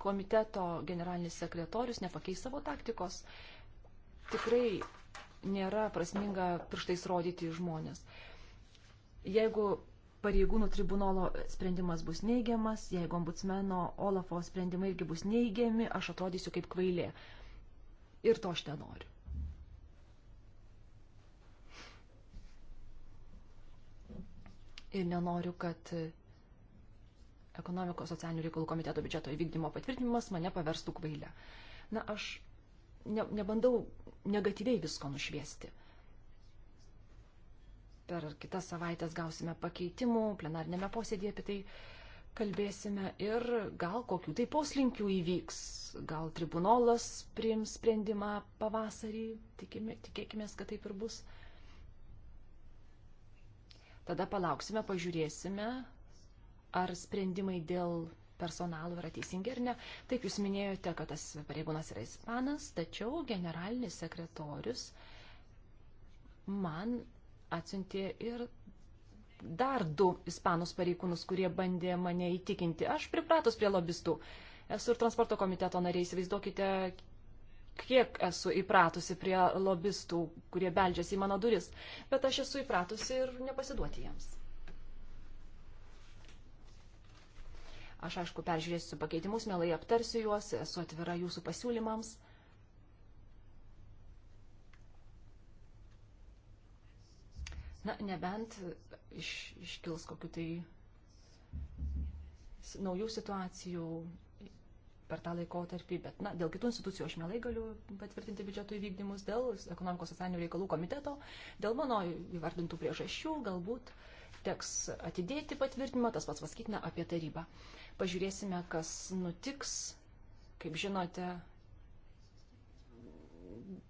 komiteto generalinis sekretorius nepakeis savo taktikos. Tikrai nėra prasminga pirštais rodyti žmonės. Jeigu pareigūnų tribunolo sprendimas bus neigiamas, jeigu ombudsmeno Olafo sprendimai irgi bus neigiami, aš atrodysiu kaip kvailė. Ir to aš nenoriu. Ir nenoriu, kad ekonomikos socialinių reikalų komiteto biudžeto įvykdymo patvirtinimas mane paverstų kvailę. Na, aš ne, nebandau negatyviai visko nušviesti per kitas savaitės gausime pakeitimų, plenarnėme posėdėje apie tai kalbėsime ir gal kokių tai poslinkių įvyks. Gal tribunolas priims sprendimą pavasarį, Tikime, tikėkime, kad taip ir bus. Tada palauksime, pažiūrėsime, ar sprendimai dėl personalų yra teisingi ar ne. Taip jūs minėjote, kad tas pareigūnas yra ispanas, tačiau generalinis sekretorius man atsiuntė ir dar du ispanus pareikūnus, kurie bandė mane įtikinti. Aš pripratus prie lobistų. Esu ir transporto komiteto nariai. Įsivaizduokite, kiek esu įpratusi prie lobistų, kurie beldžiasi į mano duris, bet aš esu įpratusi ir nepasiduoti jiems. Aš aišku peržiūrėsiu pakeitimus, mielai aptarsiu juos, esu atvira jūsų pasiūlymams. Na, nebent iš, iškils kokiu tai naujų situacijų per tą laikotarpį, bet na, dėl kitų institucijų aš mielai galiu patvirtinti biudžeto įvykdymus, dėl ekonomikos socialinių reikalų komiteto, dėl mano įvardintų priežasčių galbūt teks atidėti patvirtinimą, tas pats pasakytina apie tarybą. Pažiūrėsime, kas nutiks, kaip žinote,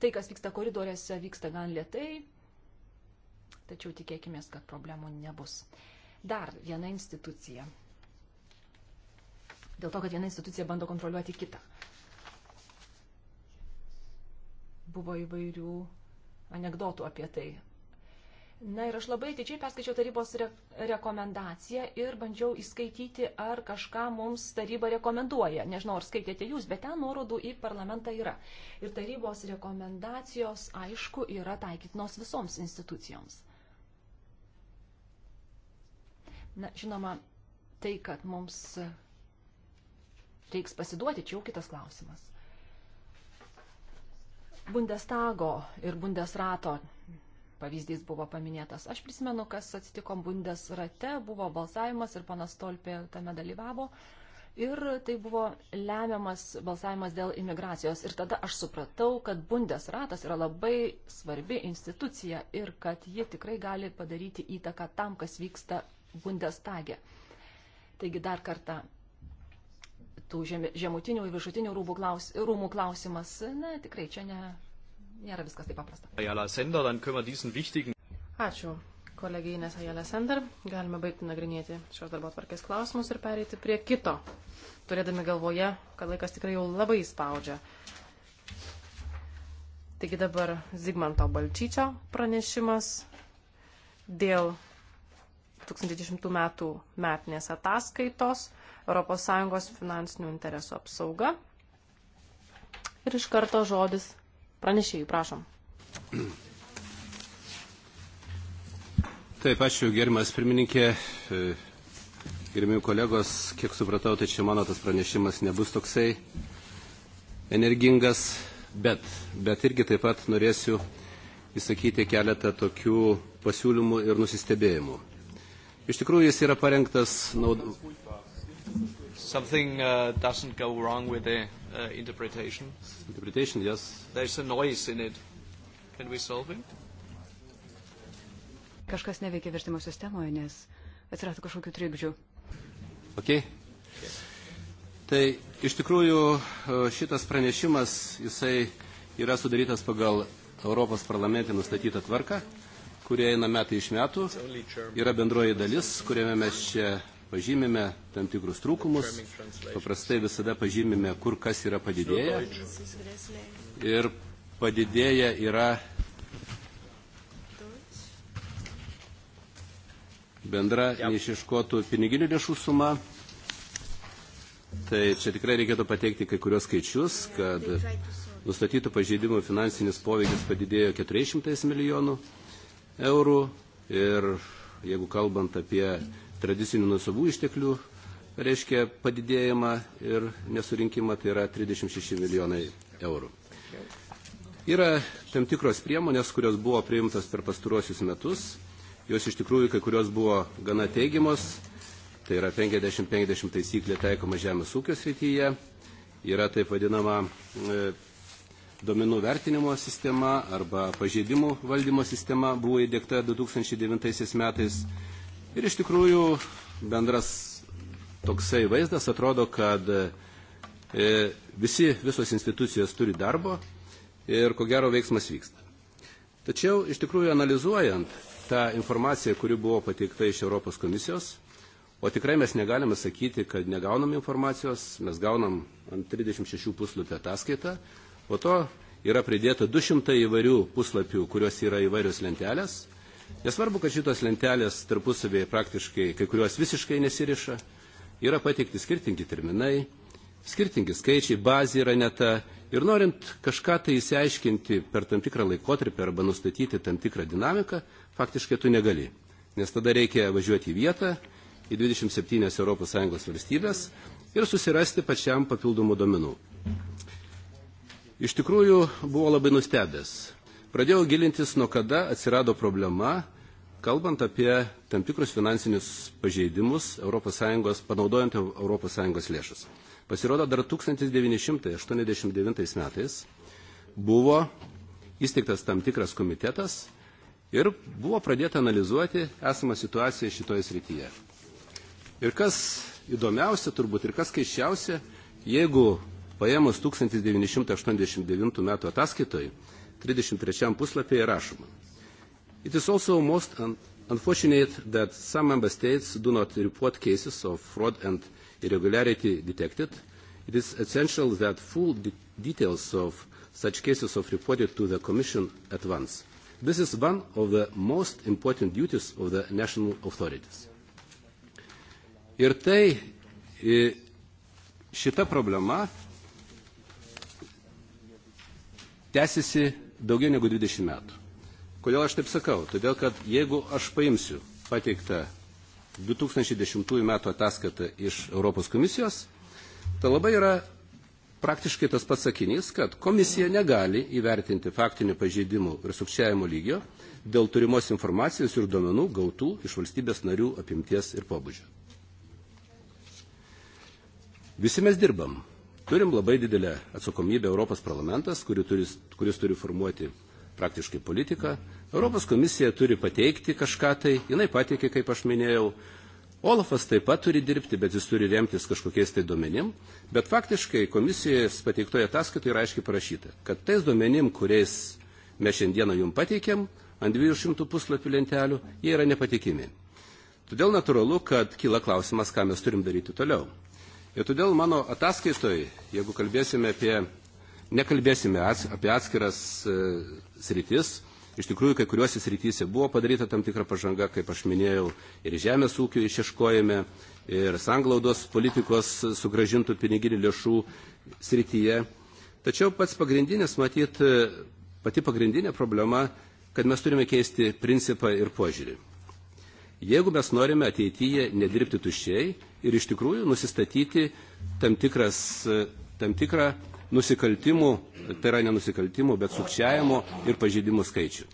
tai, kas vyksta koridorėse, vyksta gan lietai, tačiau tikėkime, kad problemų nebus. Dar viena institucija. Dėl to, kad viena institucija bando kontroliuoti kitą. Buvo įvairių anegdotų apie tai. Na ir aš labai tyčiai perskaičiau tarybos re rekomendaciją ir bandžiau įskaityti, ar kažką mums taryba rekomenduoja. Nežinau, ar skaitėte jūs, bet ten nuorodų į parlamentą yra. Ir tarybos rekomendacijos, aišku, yra taikytinos visoms institucijoms. Na, žinoma, tai, kad mums reiks pasiduoti, čia jau kitas klausimas. Bundestago ir Bundesrato pavyzdys buvo paminėtas. Aš prisimenu, kas atsitiko Bundesrate, buvo balsavimas ir panas Tolpė tame dalyvavo. Ir tai buvo lemiamas balsavimas dėl imigracijos. Ir tada aš supratau, kad Bundesratas yra labai svarbi institucija ir kad ji tikrai gali padaryti įtaką tam, kas vyksta Bundestage. Taigi dar kartą tų žemutinių ir viršutinių rūmų, klaus, rūmų klausimas, na, tikrai čia ne, nėra viskas taip paprasta. Ačiū kolegijai Nesajelė Sender. Galime baigti nagrinėti šios darbo atvarkės klausimus ir pereiti prie kito, turėdami galvoje, kad laikas tikrai jau labai spaudžia. Taigi dabar Zigmanto Balčyčio pranešimas dėl 2010 metų metinės ataskaitos ES finansinių interesų apsauga. Ir iš karto žodis pranešėjai, prašom. Taip, ačiū, gerimas pirmininkė. E, Gerimiai kolegos, kiek supratau, tai čia mano tas pranešimas nebus toksai energingas, bet, bet irgi taip pat norėsiu įsakyti keletą tokių pasiūlymų ir nusistebėjimų. Iš tikrųjų jis yra parengtas naudu. Something uh, doesn't go wrong with the uh, interpretation. Interpretation, yes. There's a noise in it. Can we solve it? Kažkas neveikia vertimo sistemoje, nes atsirado kažkokių trikdžių. Okay. okay. Tai iš tikrųjų uh, šitas pranešimas, jisai yra sudarytas pagal Europos parlamente nustatytą tvarką kurie eina metai iš metų, yra bendroji dalis, kuriame mes čia pažymime tam tikrus trūkumus, paprastai visada pažymime, kur kas yra padidėję. Ir padidėję yra bendra neišiškotų piniginių lėšų suma. Tai čia tikrai reikėtų pateikti kai kurios skaičius, kad nustatytų pažeidimų finansinis poveikis padidėjo 400 milijonų, eurų ir jeigu kalbant apie tradicinių nusavų išteklių, reiškia padidėjimą ir nesurinkimą, tai yra 36 milijonai eurų. Yra tam tikros priemonės, kurios buvo priimtas per pastaruosius metus. Jos iš tikrųjų kai kurios buvo gana teigiamos. Tai yra 50-50 taisyklė taikoma žemės ūkio srityje. Yra taip vadinama e, duomenų vertinimo sistema arba pažeidimų valdymo sistema buvo įdėkta 2009 metais. Ir iš tikrųjų bendras toksai vaizdas atrodo, kad e, visi, visos institucijos turi darbo ir ko gero veiksmas vyksta. Tačiau iš tikrųjų analizuojant tą informaciją, kuri buvo pateikta iš Europos komisijos, o tikrai mes negalime sakyti, kad negaunam informacijos, mes gaunam ant 36 puslapį ataskaitą, Po to yra pridėta 200 įvairių puslapių, kurios yra įvairios lentelės. Nesvarbu, kad šitos lentelės tarpusavėje praktiškai kai kurios visiškai nesiriša. Yra pateikti skirtingi terminai, skirtingi skaičiai, bazė yra ne ta. Ir norint kažką tai įsiaiškinti per tam tikrą laikotarpį arba nustatyti tam tikrą dinamiką, faktiškai tu negali. Nes tada reikia važiuoti į vietą, į 27 ES valstybės ir susirasti pačiam papildomų domenų. Iš tikrųjų, buvo labai nustebęs. Pradėjau gilintis, nuo kada atsirado problema, kalbant apie tam tikrus finansinius pažeidimus ES, panaudojant ES lėšas. Pasirodo, dar 1989 metais buvo įsteigtas tam tikras komitetas ir buvo pradėta analizuoti esamą situaciją šitoje srityje. Ir kas įdomiausia turbūt ir kas keiščiausia, jeigu Paėmus 1989 metų ataskaitoje, 33 puslapyje rašoma. It is also most un unfortunate that some member states do not report cases of fraud and irregularity detected. It is essential that full de details of such cases are reported to the Commission at once. This is one of the most important duties of the national authorities. Ir tai šita problema tęsiasi daugiau negu 20 metų. Kodėl aš taip sakau? Todėl, kad jeigu aš paimsiu pateiktą 2010 metų ataskaitą iš Europos komisijos, tai labai yra praktiškai tas pats sakinys, kad komisija negali įvertinti faktinių pažeidimų ir sukčiavimo lygio dėl turimos informacijos ir duomenų gautų iš valstybės narių apimties ir pobūdžio. Visi mes dirbam. Turim labai didelę atsakomybę Europos parlamentas, kuris turi, kuris turi formuoti praktiškai politiką. Europos komisija turi pateikti kažką tai, jinai pateikė, kaip aš minėjau. Olafas taip pat turi dirbti, bet jis turi remtis kažkokiais tai duomenim. Bet faktiškai komisijos pateiktoje ataskaitoje yra aiškiai parašyta, kad tais duomenim, kuriais mes šiandieną jum pateikėm, ant 200 puslapių lentelių, jie yra nepatikimi. Todėl natūralu, kad kyla klausimas, ką mes turim daryti toliau. Ir todėl mano ataskaitoj, jeigu kalbėsime apie, nekalbėsime ats, apie atskiras e, sritis, iš tikrųjų kai kuriuose srityse buvo padaryta tam tikra pažanga, kaip aš minėjau, ir žemės ūkio išieškojame, ir sanglaudos politikos sugražintų piniginių lėšų srityje. Tačiau pats pagrindinis, matyt, pati pagrindinė problema, kad mes turime keisti principą ir požiūrį jeigu mes norime ateityje nedirbti tuščiai ir iš tikrųjų nusistatyti tam, tikras, e, tam tikrą nusikaltimų, tai yra nenusikaltimų, bet sukčiavimo ir pažeidimų skaičių.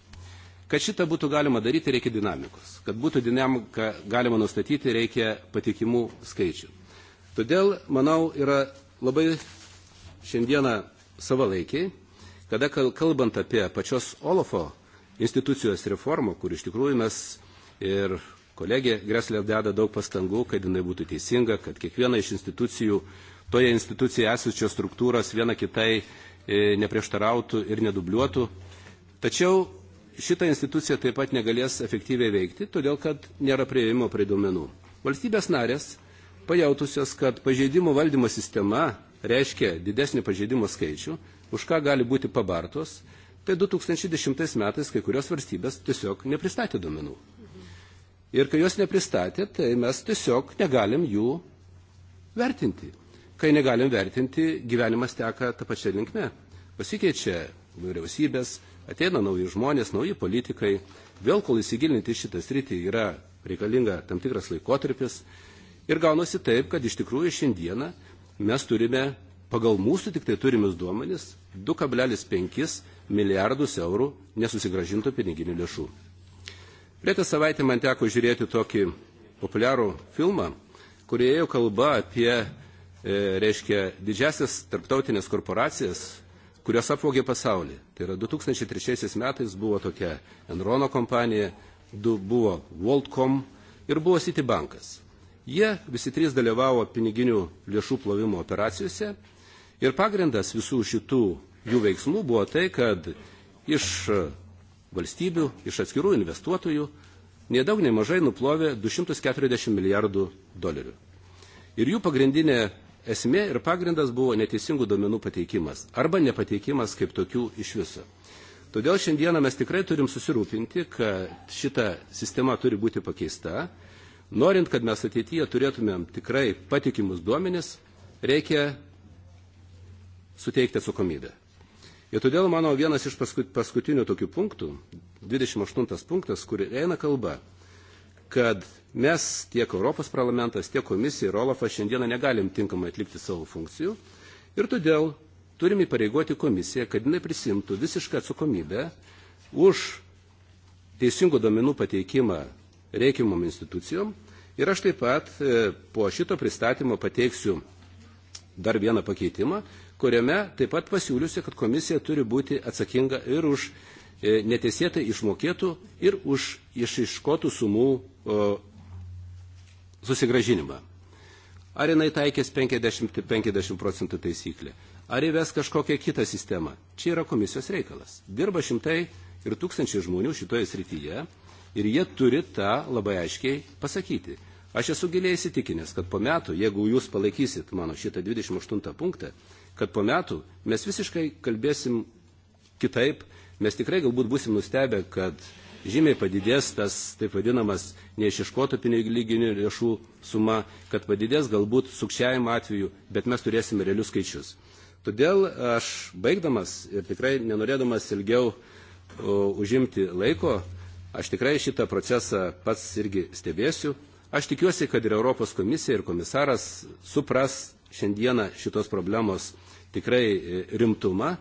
Kad šitą būtų galima daryti, reikia dinamikos. Kad būtų dinamiką galima nustatyti, reikia patikimų skaičių. Todėl, manau, yra labai šiandieną savalaikiai, kada kalbant apie pačios Olofo institucijos reformą, kur iš tikrųjų mes ir Kolegė Greslė deda daug pastangų, kad jinai būtų teisinga, kad kiekviena iš institucijų, toje institucijoje esančios struktūros viena kitai e, neprieštarautų ir nedubliuotų. Tačiau šita institucija taip pat negalės efektyviai veikti, todėl kad nėra prieimimo prie duomenų. Valstybės narės, pajautusios, kad pažeidimų valdymo sistema reiškia didesnį pažeidimo skaičių, už ką gali būti pabartos, tai 2010 metais kai kurios valstybės tiesiog nepristatė duomenų. Ir kai jos nepristatė, tai mes tiesiog negalim jų vertinti. Kai negalim vertinti, gyvenimas teka tą pačią linkmę. Pasikeičia vyriausybės, ateina nauji žmonės, nauji politikai. Vėl, kol įsigilinti šitą sritį, yra reikalinga tam tikras laikotarpis. Ir gaunasi taip, kad iš tikrųjų šiandieną mes turime, pagal mūsų tik tai turimus duomenis, 2,5 milijardus eurų nesusigražintų piniginių lėšų. Prietą savaitę man teko žiūrėti tokį populiarų filmą, kurioje jau kalba apie, e, reiškia, didžiasias tarptautinės korporacijas, kurios apvogė pasaulį. Tai yra 2003 metais buvo tokia Enrono kompanija, du buvo WorldCom ir buvo Citibankas. Jie visi trys dalyvavo piniginių lėšų plovimo operacijose ir pagrindas visų šitų jų veiksmų buvo tai, kad iš valstybių, iš atskirų investuotojų, nedaug nemažai nuplovė 240 milijardų dolerių. Ir jų pagrindinė esmė ir pagrindas buvo neteisingų domenų pateikimas arba nepateikimas kaip tokių iš viso. Todėl šiandieną mes tikrai turim susirūpinti, kad šita sistema turi būti pakeista. Norint, kad mes ateityje turėtumėm tikrai patikimus duomenis, reikia suteikti atsakomybę. Ir todėl, mano, vienas iš paskutinių tokių punktų, 28 punktas, kur eina kalba, kad mes tiek Europos parlamentas, tiek komisija ir Olafas šiandieną negalim tinkamai atlikti savo funkcijų ir todėl turime įpareigoti komisiją, kad jinai prisimtų visišką atsakomybę už teisingų domenų pateikimą reikimom institucijom. Ir aš taip pat e, po šito pristatymo pateiksiu dar vieną pakeitimą, kuriame taip pat pasiūliusi, kad komisija turi būti atsakinga ir už e, neteisėtai išmokėtų ir už išiškotų sumų susigražinimą. Ar jinai taikės 50, 50 procentų taisyklę, ar įves kažkokią kitą sistemą. Čia yra komisijos reikalas. Dirba šimtai ir tūkstančiai žmonių šitoje srityje ir jie turi tą labai aiškiai pasakyti. Aš esu giliai įsitikinęs, kad po metų, jeigu jūs palaikysit mano šitą 28 punktą, kad po metų mes visiškai kalbėsim kitaip, mes tikrai galbūt busim nustebę, kad žymiai padidės tas taip vadinamas neišiškotų piniginių lėšų suma, kad padidės galbūt sukčiavimo atveju, bet mes turėsime realius skaičius. Todėl aš baigdamas ir tikrai nenorėdamas ilgiau o, užimti laiko, aš tikrai šitą procesą pats irgi stebėsiu. Aš tikiuosi, kad ir Europos komisija ir komisaras supras šiandieną šitos problemos tikrai e, rimtumą,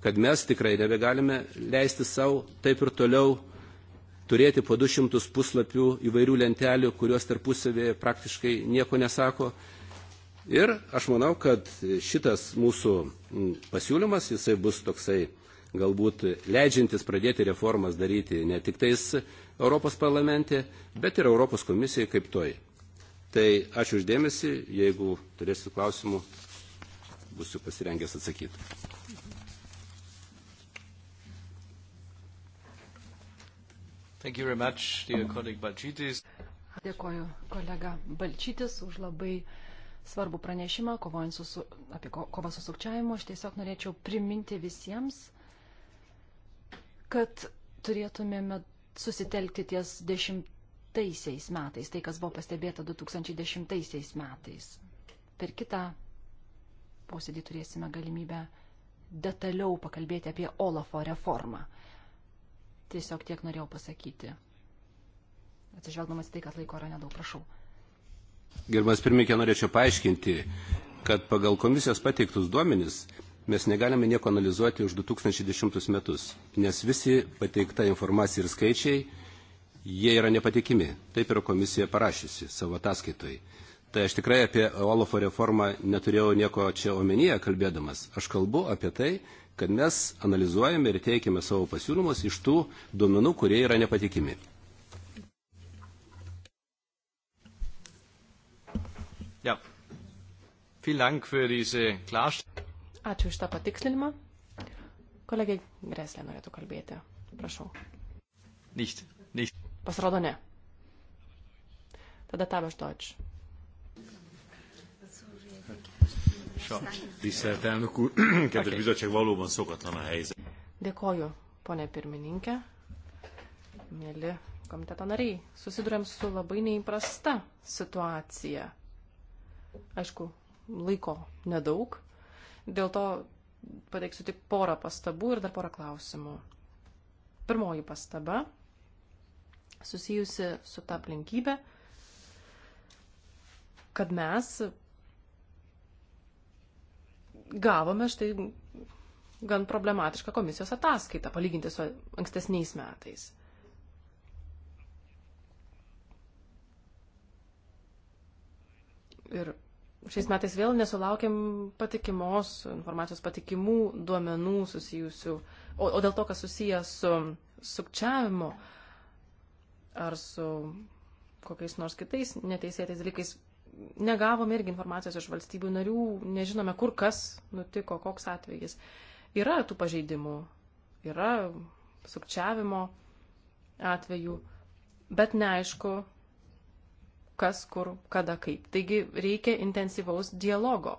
kad mes tikrai nebegalime leisti savo taip ir toliau turėti po 200 puslapių įvairių lentelių, kurios tarpusavėje praktiškai nieko nesako. Ir aš manau, kad šitas mūsų pasiūlymas, jisai bus toksai galbūt leidžiantis pradėti reformas daryti ne tik tais Europos parlamente, bet ir Europos komisijai kaip toj. Tai ačiū uždėmesi, jeigu turėsit klausimų, būsiu pasirengęs atsakyti. Thank you very much, dear colleague Balčytis. Dėkoju kolega Balčytis už labai svarbų pranešimą kovojant su, su, apie ko, kovą su sukčiavimu. Aš tiesiog norėčiau priminti visiems, kad turėtumėme susitelkti ties dešimtaisiais metais, tai kas buvo pastebėta 2010 metais. Per kitą posėdį turėsime galimybę detaliau pakalbėti apie Olafo reformą. Tiesiog tiek norėjau pasakyti. Atsižvelgdamas tai, kad laiko yra nedaug, prašau. Gerbiamas pirmininkė, norėčiau paaiškinti, kad pagal komisijos pateiktus duomenis mes negalime nieko analizuoti už 2010 metus, nes visi pateikta informacija ir skaičiai, jie yra nepatikimi. Taip yra komisija parašysi savo ataskaitoj. Tai aš tikrai apie Olafo reformą neturėjau nieko čia omenyje kalbėdamas. Aš kalbu apie tai, kad mes analizuojame ir teikiame savo pasiūlymus iš tų duomenų, kurie yra nepatikimi. Ja. Ačiū iš tą patikslinimą. Kolegė Greslė norėtų kalbėti. Prašau. Nicht. Nicht. Pasirodo ne. Tada Tabež Deutsch. elfogadása. Tisztelt elnök úr, [clears throat] kedves okay. bizottság, valóban szokatlan a helyzet. Dėkoju, ponė pirmininkė. Mėly komiteto nariai, susidurėm su labai neįprasta situacija. Aišku, laiko nedaug, dėl to pateiksiu tik porą pastabų ir dar porą klausimų. Pirmoji pastaba susijusi su ta aplinkybė, kad mes gavome štai gan problematišką komisijos ataskaitą palyginti su ankstesniais metais. Ir šiais metais vėl nesulaukėm patikimos informacijos, patikimų duomenų susijusių, o, o dėl to, kas susijęs su sukčiavimu ar su kokiais nors kitais neteisėtais dalykais, negavom irgi informacijos iš valstybių narių, nežinome, kur kas nutiko, koks atvejis. Yra tų pažeidimų, yra sukčiavimo atvejų, bet neaišku, kas, kur, kada, kaip. Taigi reikia intensyvaus dialogo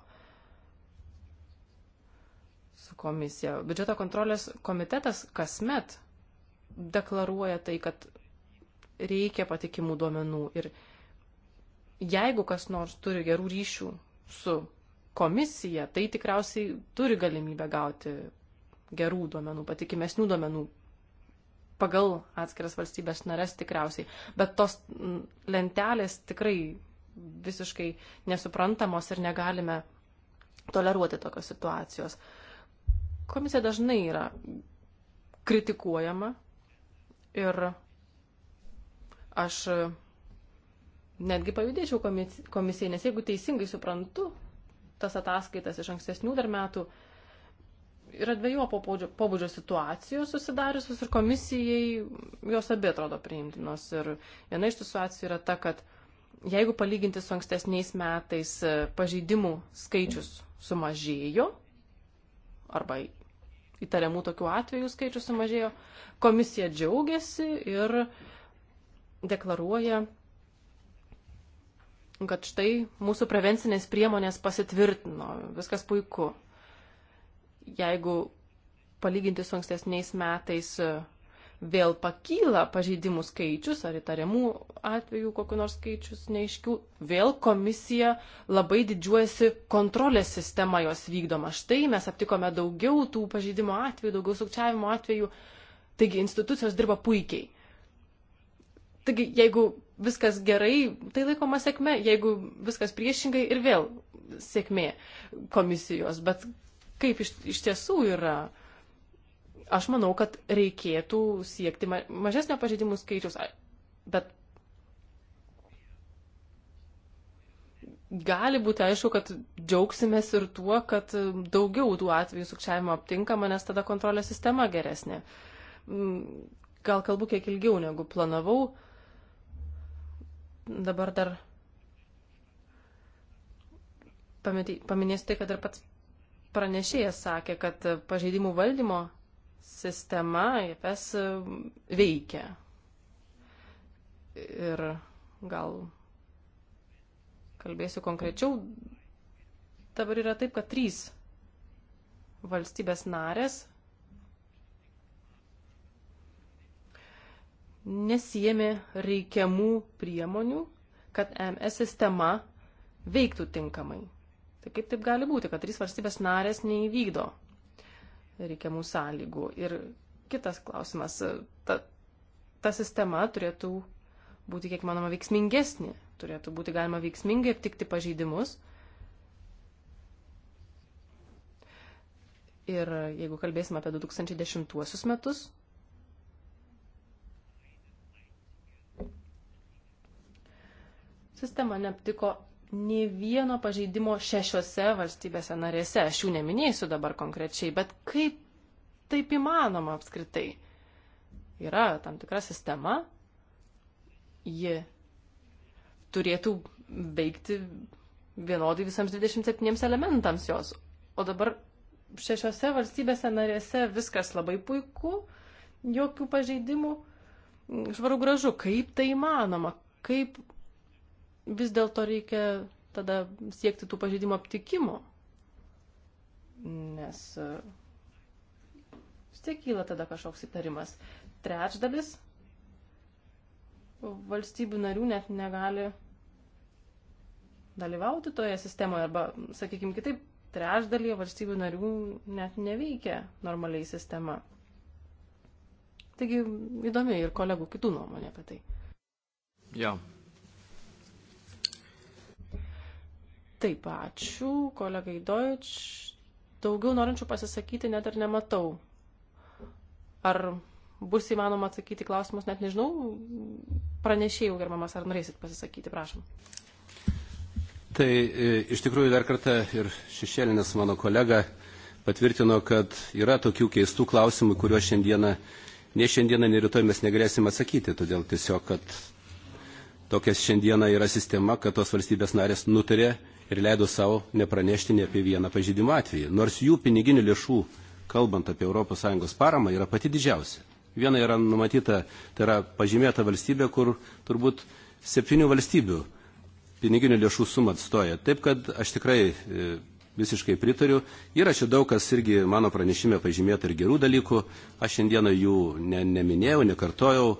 su komisija. Biudžeto kontrolės komitetas kasmet deklaruoja tai, kad reikia patikimų duomenų ir jeigu kas nors turi gerų ryšių su komisija, tai tikriausiai turi galimybę gauti gerų duomenų, patikimesnių duomenų pagal atskiras valstybės nares tikriausiai. Bet tos lentelės tikrai visiškai nesuprantamos ir negalime toleruoti tokios situacijos. Komisija dažnai yra kritikuojama ir aš netgi pavydėčiau komisijai, nes jeigu teisingai suprantu tas ataskaitas iš ankstesnių dar metų, yra dviejopo pobūdžio situacijos susidariusios ir komisijai jos abi atrodo priimtinos. Ir viena iš tų situacijų yra ta, kad jeigu palyginti su ankstesniais metais e, pažeidimų skaičius sumažėjo, arba įtariamų tokių atvejų skaičius sumažėjo, komisija džiaugiasi ir deklaruoja kad štai mūsų prevencinės priemonės pasitvirtino, viskas puiku. Jeigu palyginti su ankstesniais metais vėl pakyla pažeidimų skaičius ar įtariamų atvejų kokiu nors skaičius neiškių, vėl komisija labai didžiuojasi kontrolės sistema jos vykdoma. Štai mes aptikome daugiau tų pažeidimo atvejų, daugiau sukčiavimo atvejų, taigi institucijos dirba puikiai. Taigi, jeigu viskas gerai, tai laikoma sėkme, jeigu viskas priešingai ir vėl sėkmė komisijos. Bet kaip iš, iš tiesų yra? Aš manau, kad reikėtų siekti mažesnio pažeidimų skaičiaus, bet gali būti aišku, kad džiaugsimės ir tuo, kad daugiau tų atvejų sukčiavimo aptinkama, nes tada kontrolės sistema geresnė. Mm, gal kalbu kiek ilgiau negu planavau dabar dar paminėsiu tai, kad ir pats pranešėjas sakė, kad pažeidimų valdymo sistema IFS veikia. Ir gal kalbėsiu konkrečiau, dabar yra taip, kad trys valstybės narės nesijėmė reikiamų priemonių, kad e MS sistema veiktų tinkamai. Tai kaip taip gali būti, kad trys valstybės narės neįvykdo reikiamų sąlygų. Ir kitas klausimas, ta, ta sistema turėtų būti kiek manoma veiksmingesnė, turėtų būti galima veiksmingai aptikti pažeidimus. Ir jeigu kalbėsime apie 2010 metus, sistema neaptiko nei vieno pažeidimo šešiose valstybėse narėse. Aš jų neminėsiu dabar konkrečiai, bet kaip taip įmanoma apskritai? Yra tam tikra sistema, ji turėtų veikti vienodai visams 27 elementams jos. O dabar šešiose valstybėse narėse viskas labai puiku, jokių pažeidimų, švaru gražu, kaip tai įmanoma, kaip vis dėlto reikia tada siekti tų pažeidimų aptikimo. Nes e, vis tiek kyla tada kažkoks įtarimas. Trečdalis valstybių narių net negali dalyvauti toje sistemoje arba, sakykime, kitaip, trečdalyje valstybių narių net neveikia normaliai sistema. Taigi įdomi ir kolegų kitų nuomonė apie tai. Ja, Taip, ačiū kolegai Deutsch. Daugiau norinčių pasisakyti net ir nematau. Ar bus įmanoma atsakyti klausimus, net nežinau. Pranešėjau, gerbamas, ar norėsit pasisakyti, prašom. Tai e, iš tikrųjų dar kartą ir šešėlinis mano kolega patvirtino, kad yra tokių keistų klausimų, kuriuos šiandieną, ne šiandieną, ne rytoj mes negalėsim atsakyti. Todėl tiesiog, kad tokia šiandiena yra sistema, kad tos valstybės narės nutarė ir leido savo nepranešti ne apie vieną pažydimą atvejį, nors jų piniginių lėšų, kalbant apie ES paramą, yra pati didžiausia. Viena yra numatyta, tai yra pažymėta valstybė, kur turbūt septynių valstybių piniginių lėšų sumą atstoja. Taip kad aš tikrai e, visiškai pritariu. Yra čia daug kas irgi mano pranešime pažymėta ir gerų dalykų. Aš šiandieną jų ne, neminėjau, nekartojau.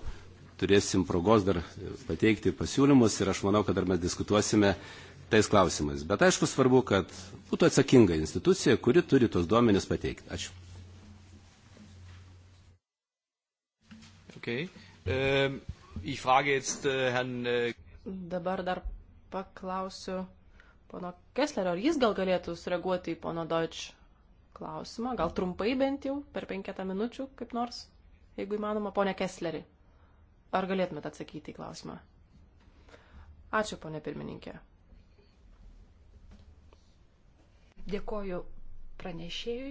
Turėsim progos dar e, pateikti pasiūlymus ir aš manau, kad dar mes diskutuosime tais klausimais. Bet aišku svarbu, kad būtų atsakinga institucija, kuri turi tos duomenis pateikti. Ačiū. Okay. Um, ich frage jetzt uh, Herrn. Uh... Dabar dar paklausiu pono Kesslerio, ar jis gal galėtų sureaguoti į pono Deutsch klausimą, gal trumpai bent jau, per penketą minučių kaip nors, jeigu įmanoma, ponė Kessleri. Ar galėtumėt atsakyti į klausimą? Ačiū, ponė pirmininkė. Dėkoju pranešėjui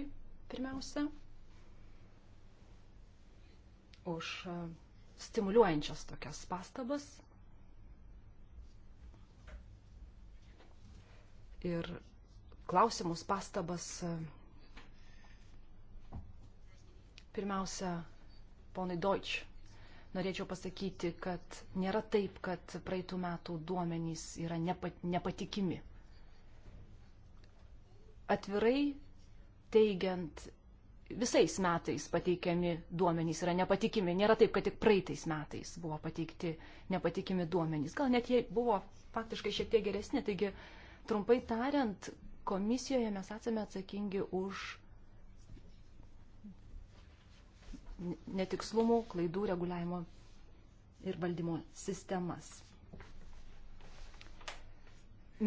pirmiausia už e, stimuliuojančias tokias pastabas. Ir klausimus, pastabas e, pirmiausia ponai Deutsch norėčiau pasakyti, kad nėra taip, kad praeitų metų duomenys yra nepatikimi atvirai teigiant, visais metais pateikiami duomenys yra nepatikimi. Nėra taip, kad tik praeitais metais buvo pateikti nepatikimi duomenys. Gal net jie buvo faktiškai šiek tiek geresni. Taigi, trumpai tariant, komisijoje mes esame atsakingi už netikslumų, klaidų reguliavimo ir valdymo sistemas.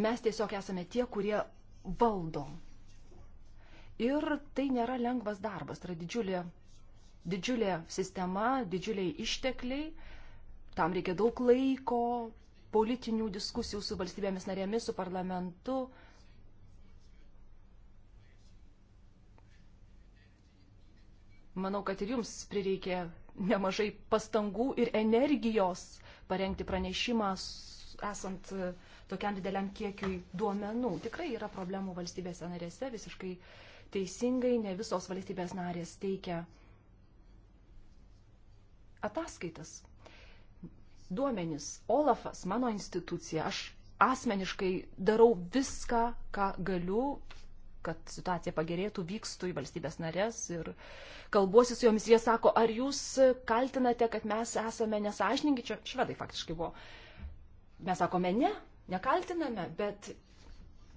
Mes tiesiog esame tie, kurie valdo Ir tai nėra lengvas darbas, tai yra didžiulė, didžiulė sistema, didžiuliai ištekliai, tam reikia daug laiko, politinių diskusijų su valstybėmis narėmis, su parlamentu. Manau, kad ir jums prireikė nemažai pastangų ir energijos parengti pranešimą esant e, tokiam dideliam kiekiui duomenų. Tikrai yra problemų valstybėse narėse, visiškai uh, teisingai ne visos valstybės narės teikia ataskaitas, duomenis. Olafas, mano institucija, aš asmeniškai darau viską, ką galiu, kad situacija pagerėtų, vykstu į valstybės narės ir kalbuosi su jomis. Jie sako, ar jūs kaltinate, kad mes esame nesažininkai, čia švedai faktiškai buvo. Mes sakome, ne, nekaltiname, bet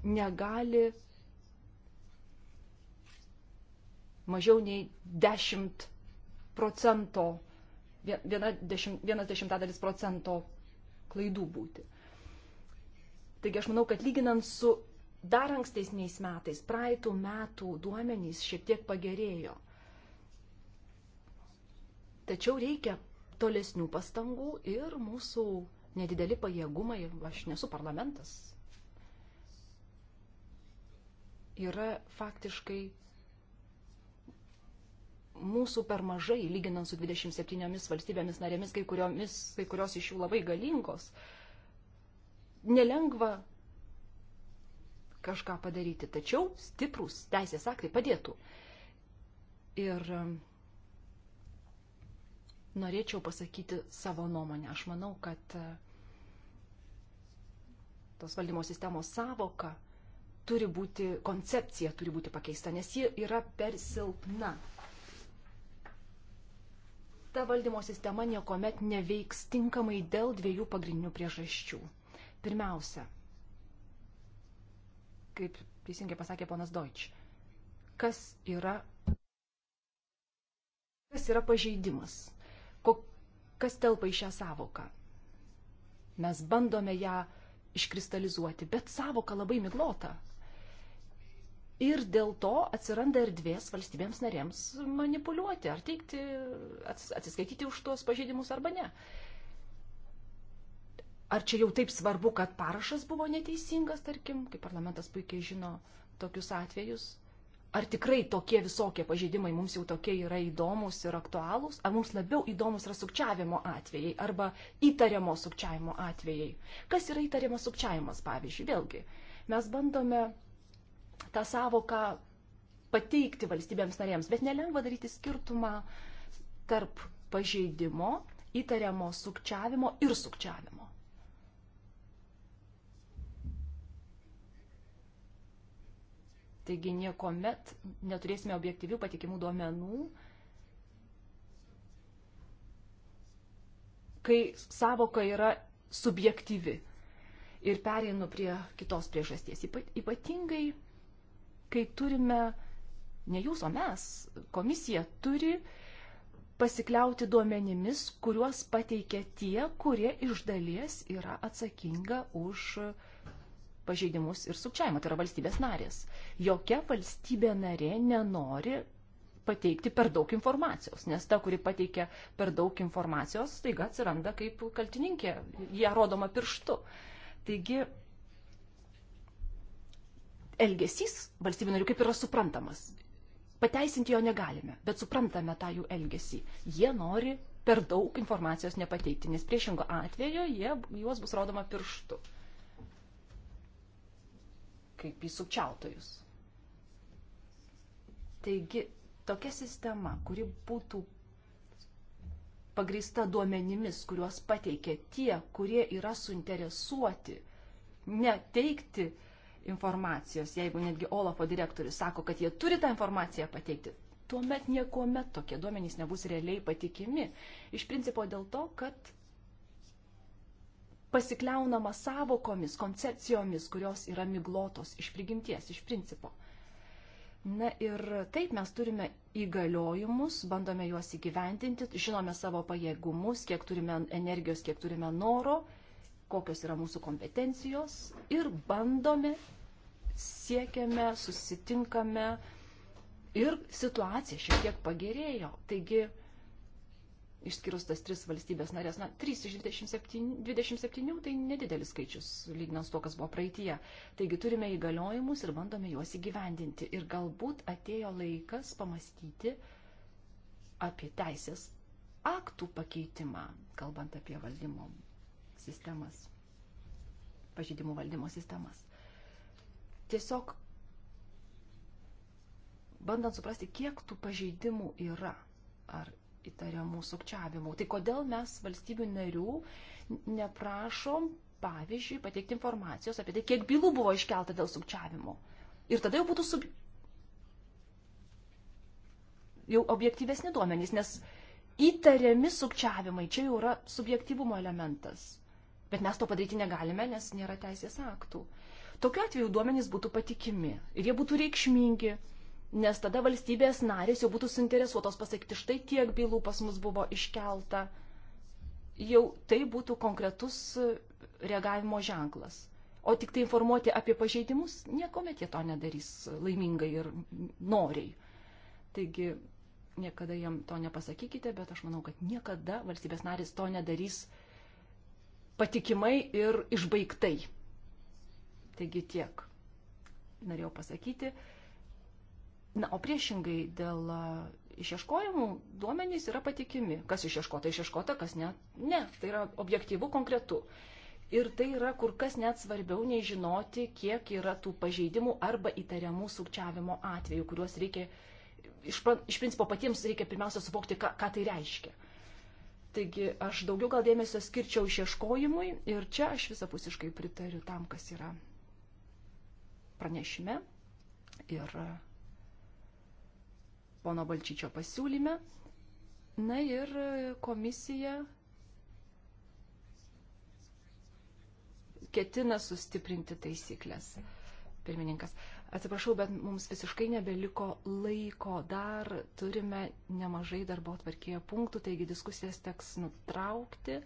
negali mažiau nei 10 procento, viena dešimt, vienas dešimtadalis procento klaidų būti. Taigi aš manau, kad lyginant su dar ankstesniais metais, praeitų metų duomenys šiek tiek pagerėjo. Tačiau reikia tolesnių pastangų ir mūsų nedideli pajėgumai, aš nesu parlamentas, yra faktiškai mūsų per mažai, lyginant su 27 valstybėmis narėmis, kai, kuriomis, kai kurios iš jų labai galingos. Nelengva kažką padaryti, tačiau stiprus teisės aktai padėtų. Ir um, norėčiau pasakyti savo nuomonę. Aš manau, kad uh, tos valdymo sistemos savoka turi būti, koncepcija turi būti pakeista, nes ji yra per silpna ta valdymo sistema niekuomet neveiks tinkamai dėl dviejų pagrindinių priežasčių. Pirmiausia, kaip teisingai pasakė ponas Deutsch, kas yra, kas yra pažeidimas, Ko, kas telpa į šią savoką. Mes bandome ją iškristalizuoti, bet savoka labai miglota. Ir dėl to atsiranda erdvės valstybėms narėms manipuliuoti, ar teikti, atsiskaityti už tuos pažeidimus arba ne. Ar čia jau taip svarbu, kad parašas buvo neteisingas, tarkim, kaip parlamentas puikiai žino tokius atvejus? Ar tikrai tokie visokie pažeidimai mums jau tokie yra įdomus ir aktualūs? Ar mums labiau įdomus yra sukčiavimo atvejai arba įtariamo sukčiavimo atvejai? Kas yra įtariamas sukčiavimas, pavyzdžiui? Vėlgi, mes bandome tą savoką pateikti valstybėms narėms, bet nelengva daryti skirtumą tarp pažeidimo, įtariamo sukčiavimo ir sukčiavimo. Taigi niekuomet neturėsime objektyvių patikimų duomenų, kai savoka yra subjektyvi. Ir pereinu prie kitos priežasties. Ypatingai kai turime, ne jūs, o mes, komisija turi pasikliauti duomenimis, kuriuos pateikia tie, kurie iš dalies yra atsakinga už pažeidimus ir sukčiavimą, tai yra valstybės narės. Jokia valstybė narė nenori pateikti per daug informacijos, nes ta, kuri pateikia per daug informacijos, taiga atsiranda kaip kaltininkė, ją rodoma pirštu. Taigi elgesys valstybių narių kaip yra suprantamas. Pateisinti jo negalime, bet suprantame tą jų elgesį. Jie nori per daug informacijos nepateikti, nes priešingo atveju jie, juos bus rodoma pirštu. Kaip į sukčiautojus. Taigi, tokia sistema, kuri būtų pagrįsta duomenimis, kuriuos pateikia tie, kurie yra suinteresuoti neteikti informacijos, jeigu netgi Olafo direktorius sako, kad jie turi tą informaciją pateikti, tuomet niekuomet tokie duomenys nebus realiai patikimi. Iš principo dėl to, kad pasikliaunama savokomis, koncepcijomis, kurios yra miglotos iš prigimties, iš principo. Na ir taip mes turime įgaliojimus, bandome juos įgyventinti, žinome savo pajėgumus, kiek turime energijos, kiek turime noro, kokios yra mūsų kompetencijos ir bandome siekiame, susitinkame ir situacija šiek tiek pagerėjo. Taigi, išskyrus tas tris valstybės narės, na, 3 iš 27, 27 tai nedidelis skaičius, lyginant su to, kas buvo praeitie. Taigi turime įgaliojimus ir bandome juos įgyvendinti. Ir galbūt atėjo laikas pamastyti apie teisės aktų pakeitimą, kalbant apie valdymo sistemas, pažydimų valdymo sistemas tiesiog bandant suprasti, kiek tų pažeidimų yra ar įtariamų sukčiavimų. Tai kodėl mes valstybių narių neprašom, pavyzdžiui, pateikti informacijos apie tai, kiek bylų buvo iškelta dėl sukčiavimo. Ir tada jau būtų sub... jau objektyvesni duomenys, nes įtariami sukčiavimai čia jau yra subjektivumo elementas. Bet mes to padaryti negalime, nes nėra teisės aktų. Uh, Tokiu atveju duomenys būtų patikimi ir jie būtų reikšmingi, nes tada valstybės narės jau būtų suinteresuotos pasakyti, štai tiek bylų pas mus buvo iškelta. Jau tai būtų konkretus e, reagavimo ženklas. O tik tai informuoti apie pažeidimus, niekuomet jie to nedarys laimingai ir noriai. Taigi niekada jam to nepasakykite, bet aš manau, kad niekada valstybės narys to nedarys patikimai ir išbaigtai. Taigi tiek norėjau pasakyti. Na, o priešingai dėl išieškojimų duomenys yra patikimi. Kas išieškota, išieškota, kas ne. Ne, tai yra objektyvu, konkretu. Ir tai yra kur kas net svarbiau nei žinoti, kiek yra tų pažeidimų arba įtariamų sukčiavimo atvejų, kuriuos reikia, iš, iš principo patiems reikia pirmiausia suvokti, ką, ką tai reiškia. Taigi aš daugiau gal dėmesio skirčiau išieškojimui ir čia aš visapusiškai pritariu tam, kas yra pranešime ir pono Balčyčio pasiūlyme. Na ir komisija ketina sustiprinti taisyklės. Pirmininkas, atsiprašau, bet mums visiškai nebeliko laiko, dar turime nemažai darbo atvarkėje punktų, taigi diskusijas teks nutraukti.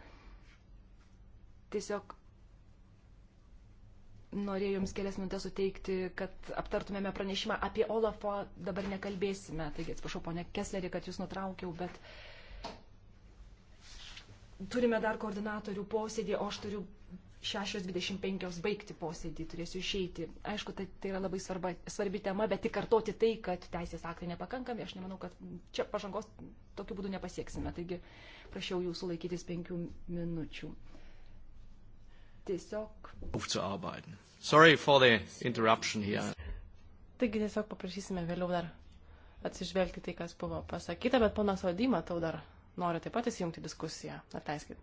Tiesiog norėjau Jums kelias minutės suteikti, kad aptartumėme pranešimą apie Olafo, dabar nekalbėsime. Taigi atsiprašau, ponė Keslerį, kad Jūs nutraukiau, bet turime dar koordinatorių posėdį, o aš turiu 6.25 baigti posėdį, turėsiu išeiti. Aišku, tai, tai yra labai svarba, svarbi tema, bet tik kartoti tai, kad teisės aktai nepakankami, aš nemanau, kad čia pažangos tokiu būdu nepasieksime. Taigi prašiau Jūsų laikytis penkių minučių tiesiog. Sorry for the interruption here. Taigi tiesiog paprašysime vėliau dar atsižvelgti tai, kas buvo pasakyta, bet ponas Vadima tau dar nori taip pat įsijungti diskusiją. Atleiskit.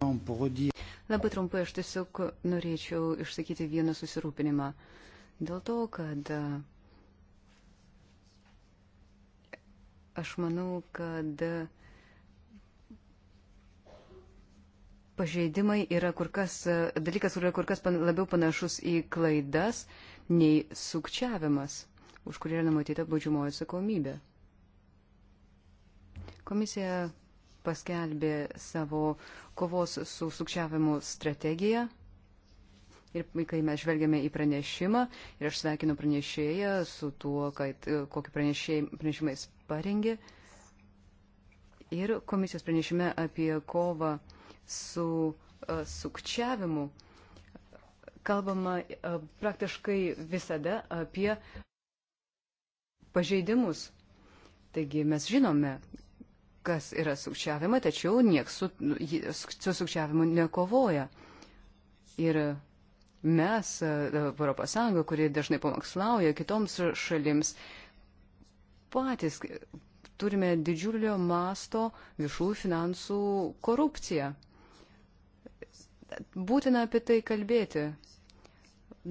Labai trumpai aš tiesiog norėčiau išsakyti vieną susirūpinimą. Dėl to, kad e, aš manau, kad pažeidimai yra kur kas, dalykas yra kur kas pan, labiau panašus į klaidas nei sukčiavimas, už kurį yra numatyta baudžiamoji atsakomybė. Komisija paskelbė savo kovos su sukčiavimu strategiją. Ir kai mes žvelgiame į pranešimą, ir aš sveikinu pranešėją su tuo, kad, kokį pranešimą jis parengė. Ir komisijos pranešime apie kovą uh, su e, sukčiavimu, kalbama e, praktiškai visada apie pažeidimus. Taigi mes žinome, kas yra sukčiavimą, tačiau nieks su, su sukčiavimu nekovoja. Ir mes, e, Europos Sąjunga, kuri dažnai pamokslauja kitoms šalims, patys turime didžiulio masto viešų finansų korupciją būtina apie tai kalbėti.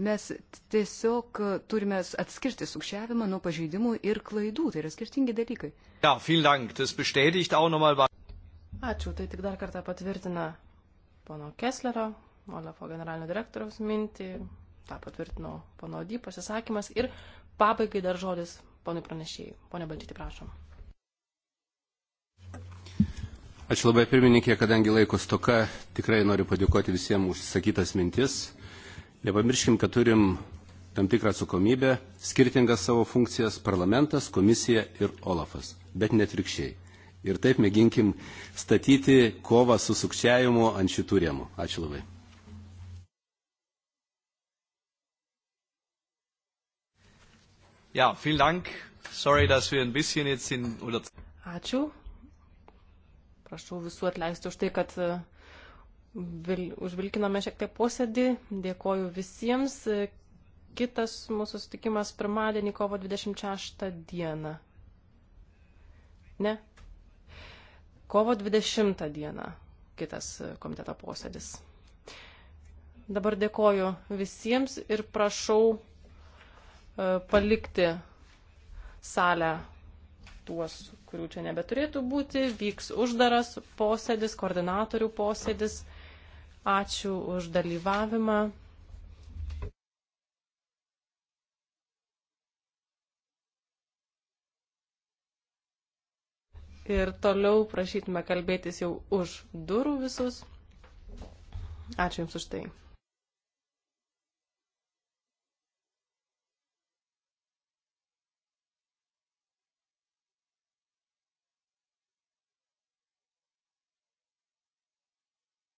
Mes tiesiog turime atskirti sukčiavimą nuo pažeidimų ir klaidų. Tai yra skirtingi dalykai. Ja, dank. Das auch nochmal... Ačiū. Tai tik dar kartą patvirtina pono Kesslerio, Olafo generalinio direktoriaus mintį. Ta patvirtino pono Dy pasisakymas. Ir pabaigai dar žodis ponui pranešėjai. Pone Balčyti, prašom. Ačiū labai pirmininkė, kadangi laiko stoka, tikrai noriu padėkoti visiems užsakytas mintis. Nepamirškim, kad turim tam tikrą atsakomybę, skirtingas savo funkcijas parlamentas, komisija ir Olafas, bet netvirkščiai. Ir taip mėginkim statyti kovą su sukčiavimu ant šitų rėmų. Ačiū labai. Ja, vielen Dank. Sorry, dass wir ein bisschen jetzt in oder Ačiū. Prašau visų atleisti už tai, kad e, vil, užvilkinome šiek tiek posėdį. Dėkoju visiems. Kitas mūsų sutikimas pirmadienį, kovo 26 dieną. Ne? Kovo 20 dieną kitas komiteto posėdis. Dabar dėkoju visiems ir prašau e, palikti salę tuos, kurių čia nebeturėtų būti. Vyks uždaras posėdis, koordinatorių posėdis. Ačiū už dalyvavimą. Ir toliau prašytume kalbėtis jau už durų visus. Ačiū Jums už tai.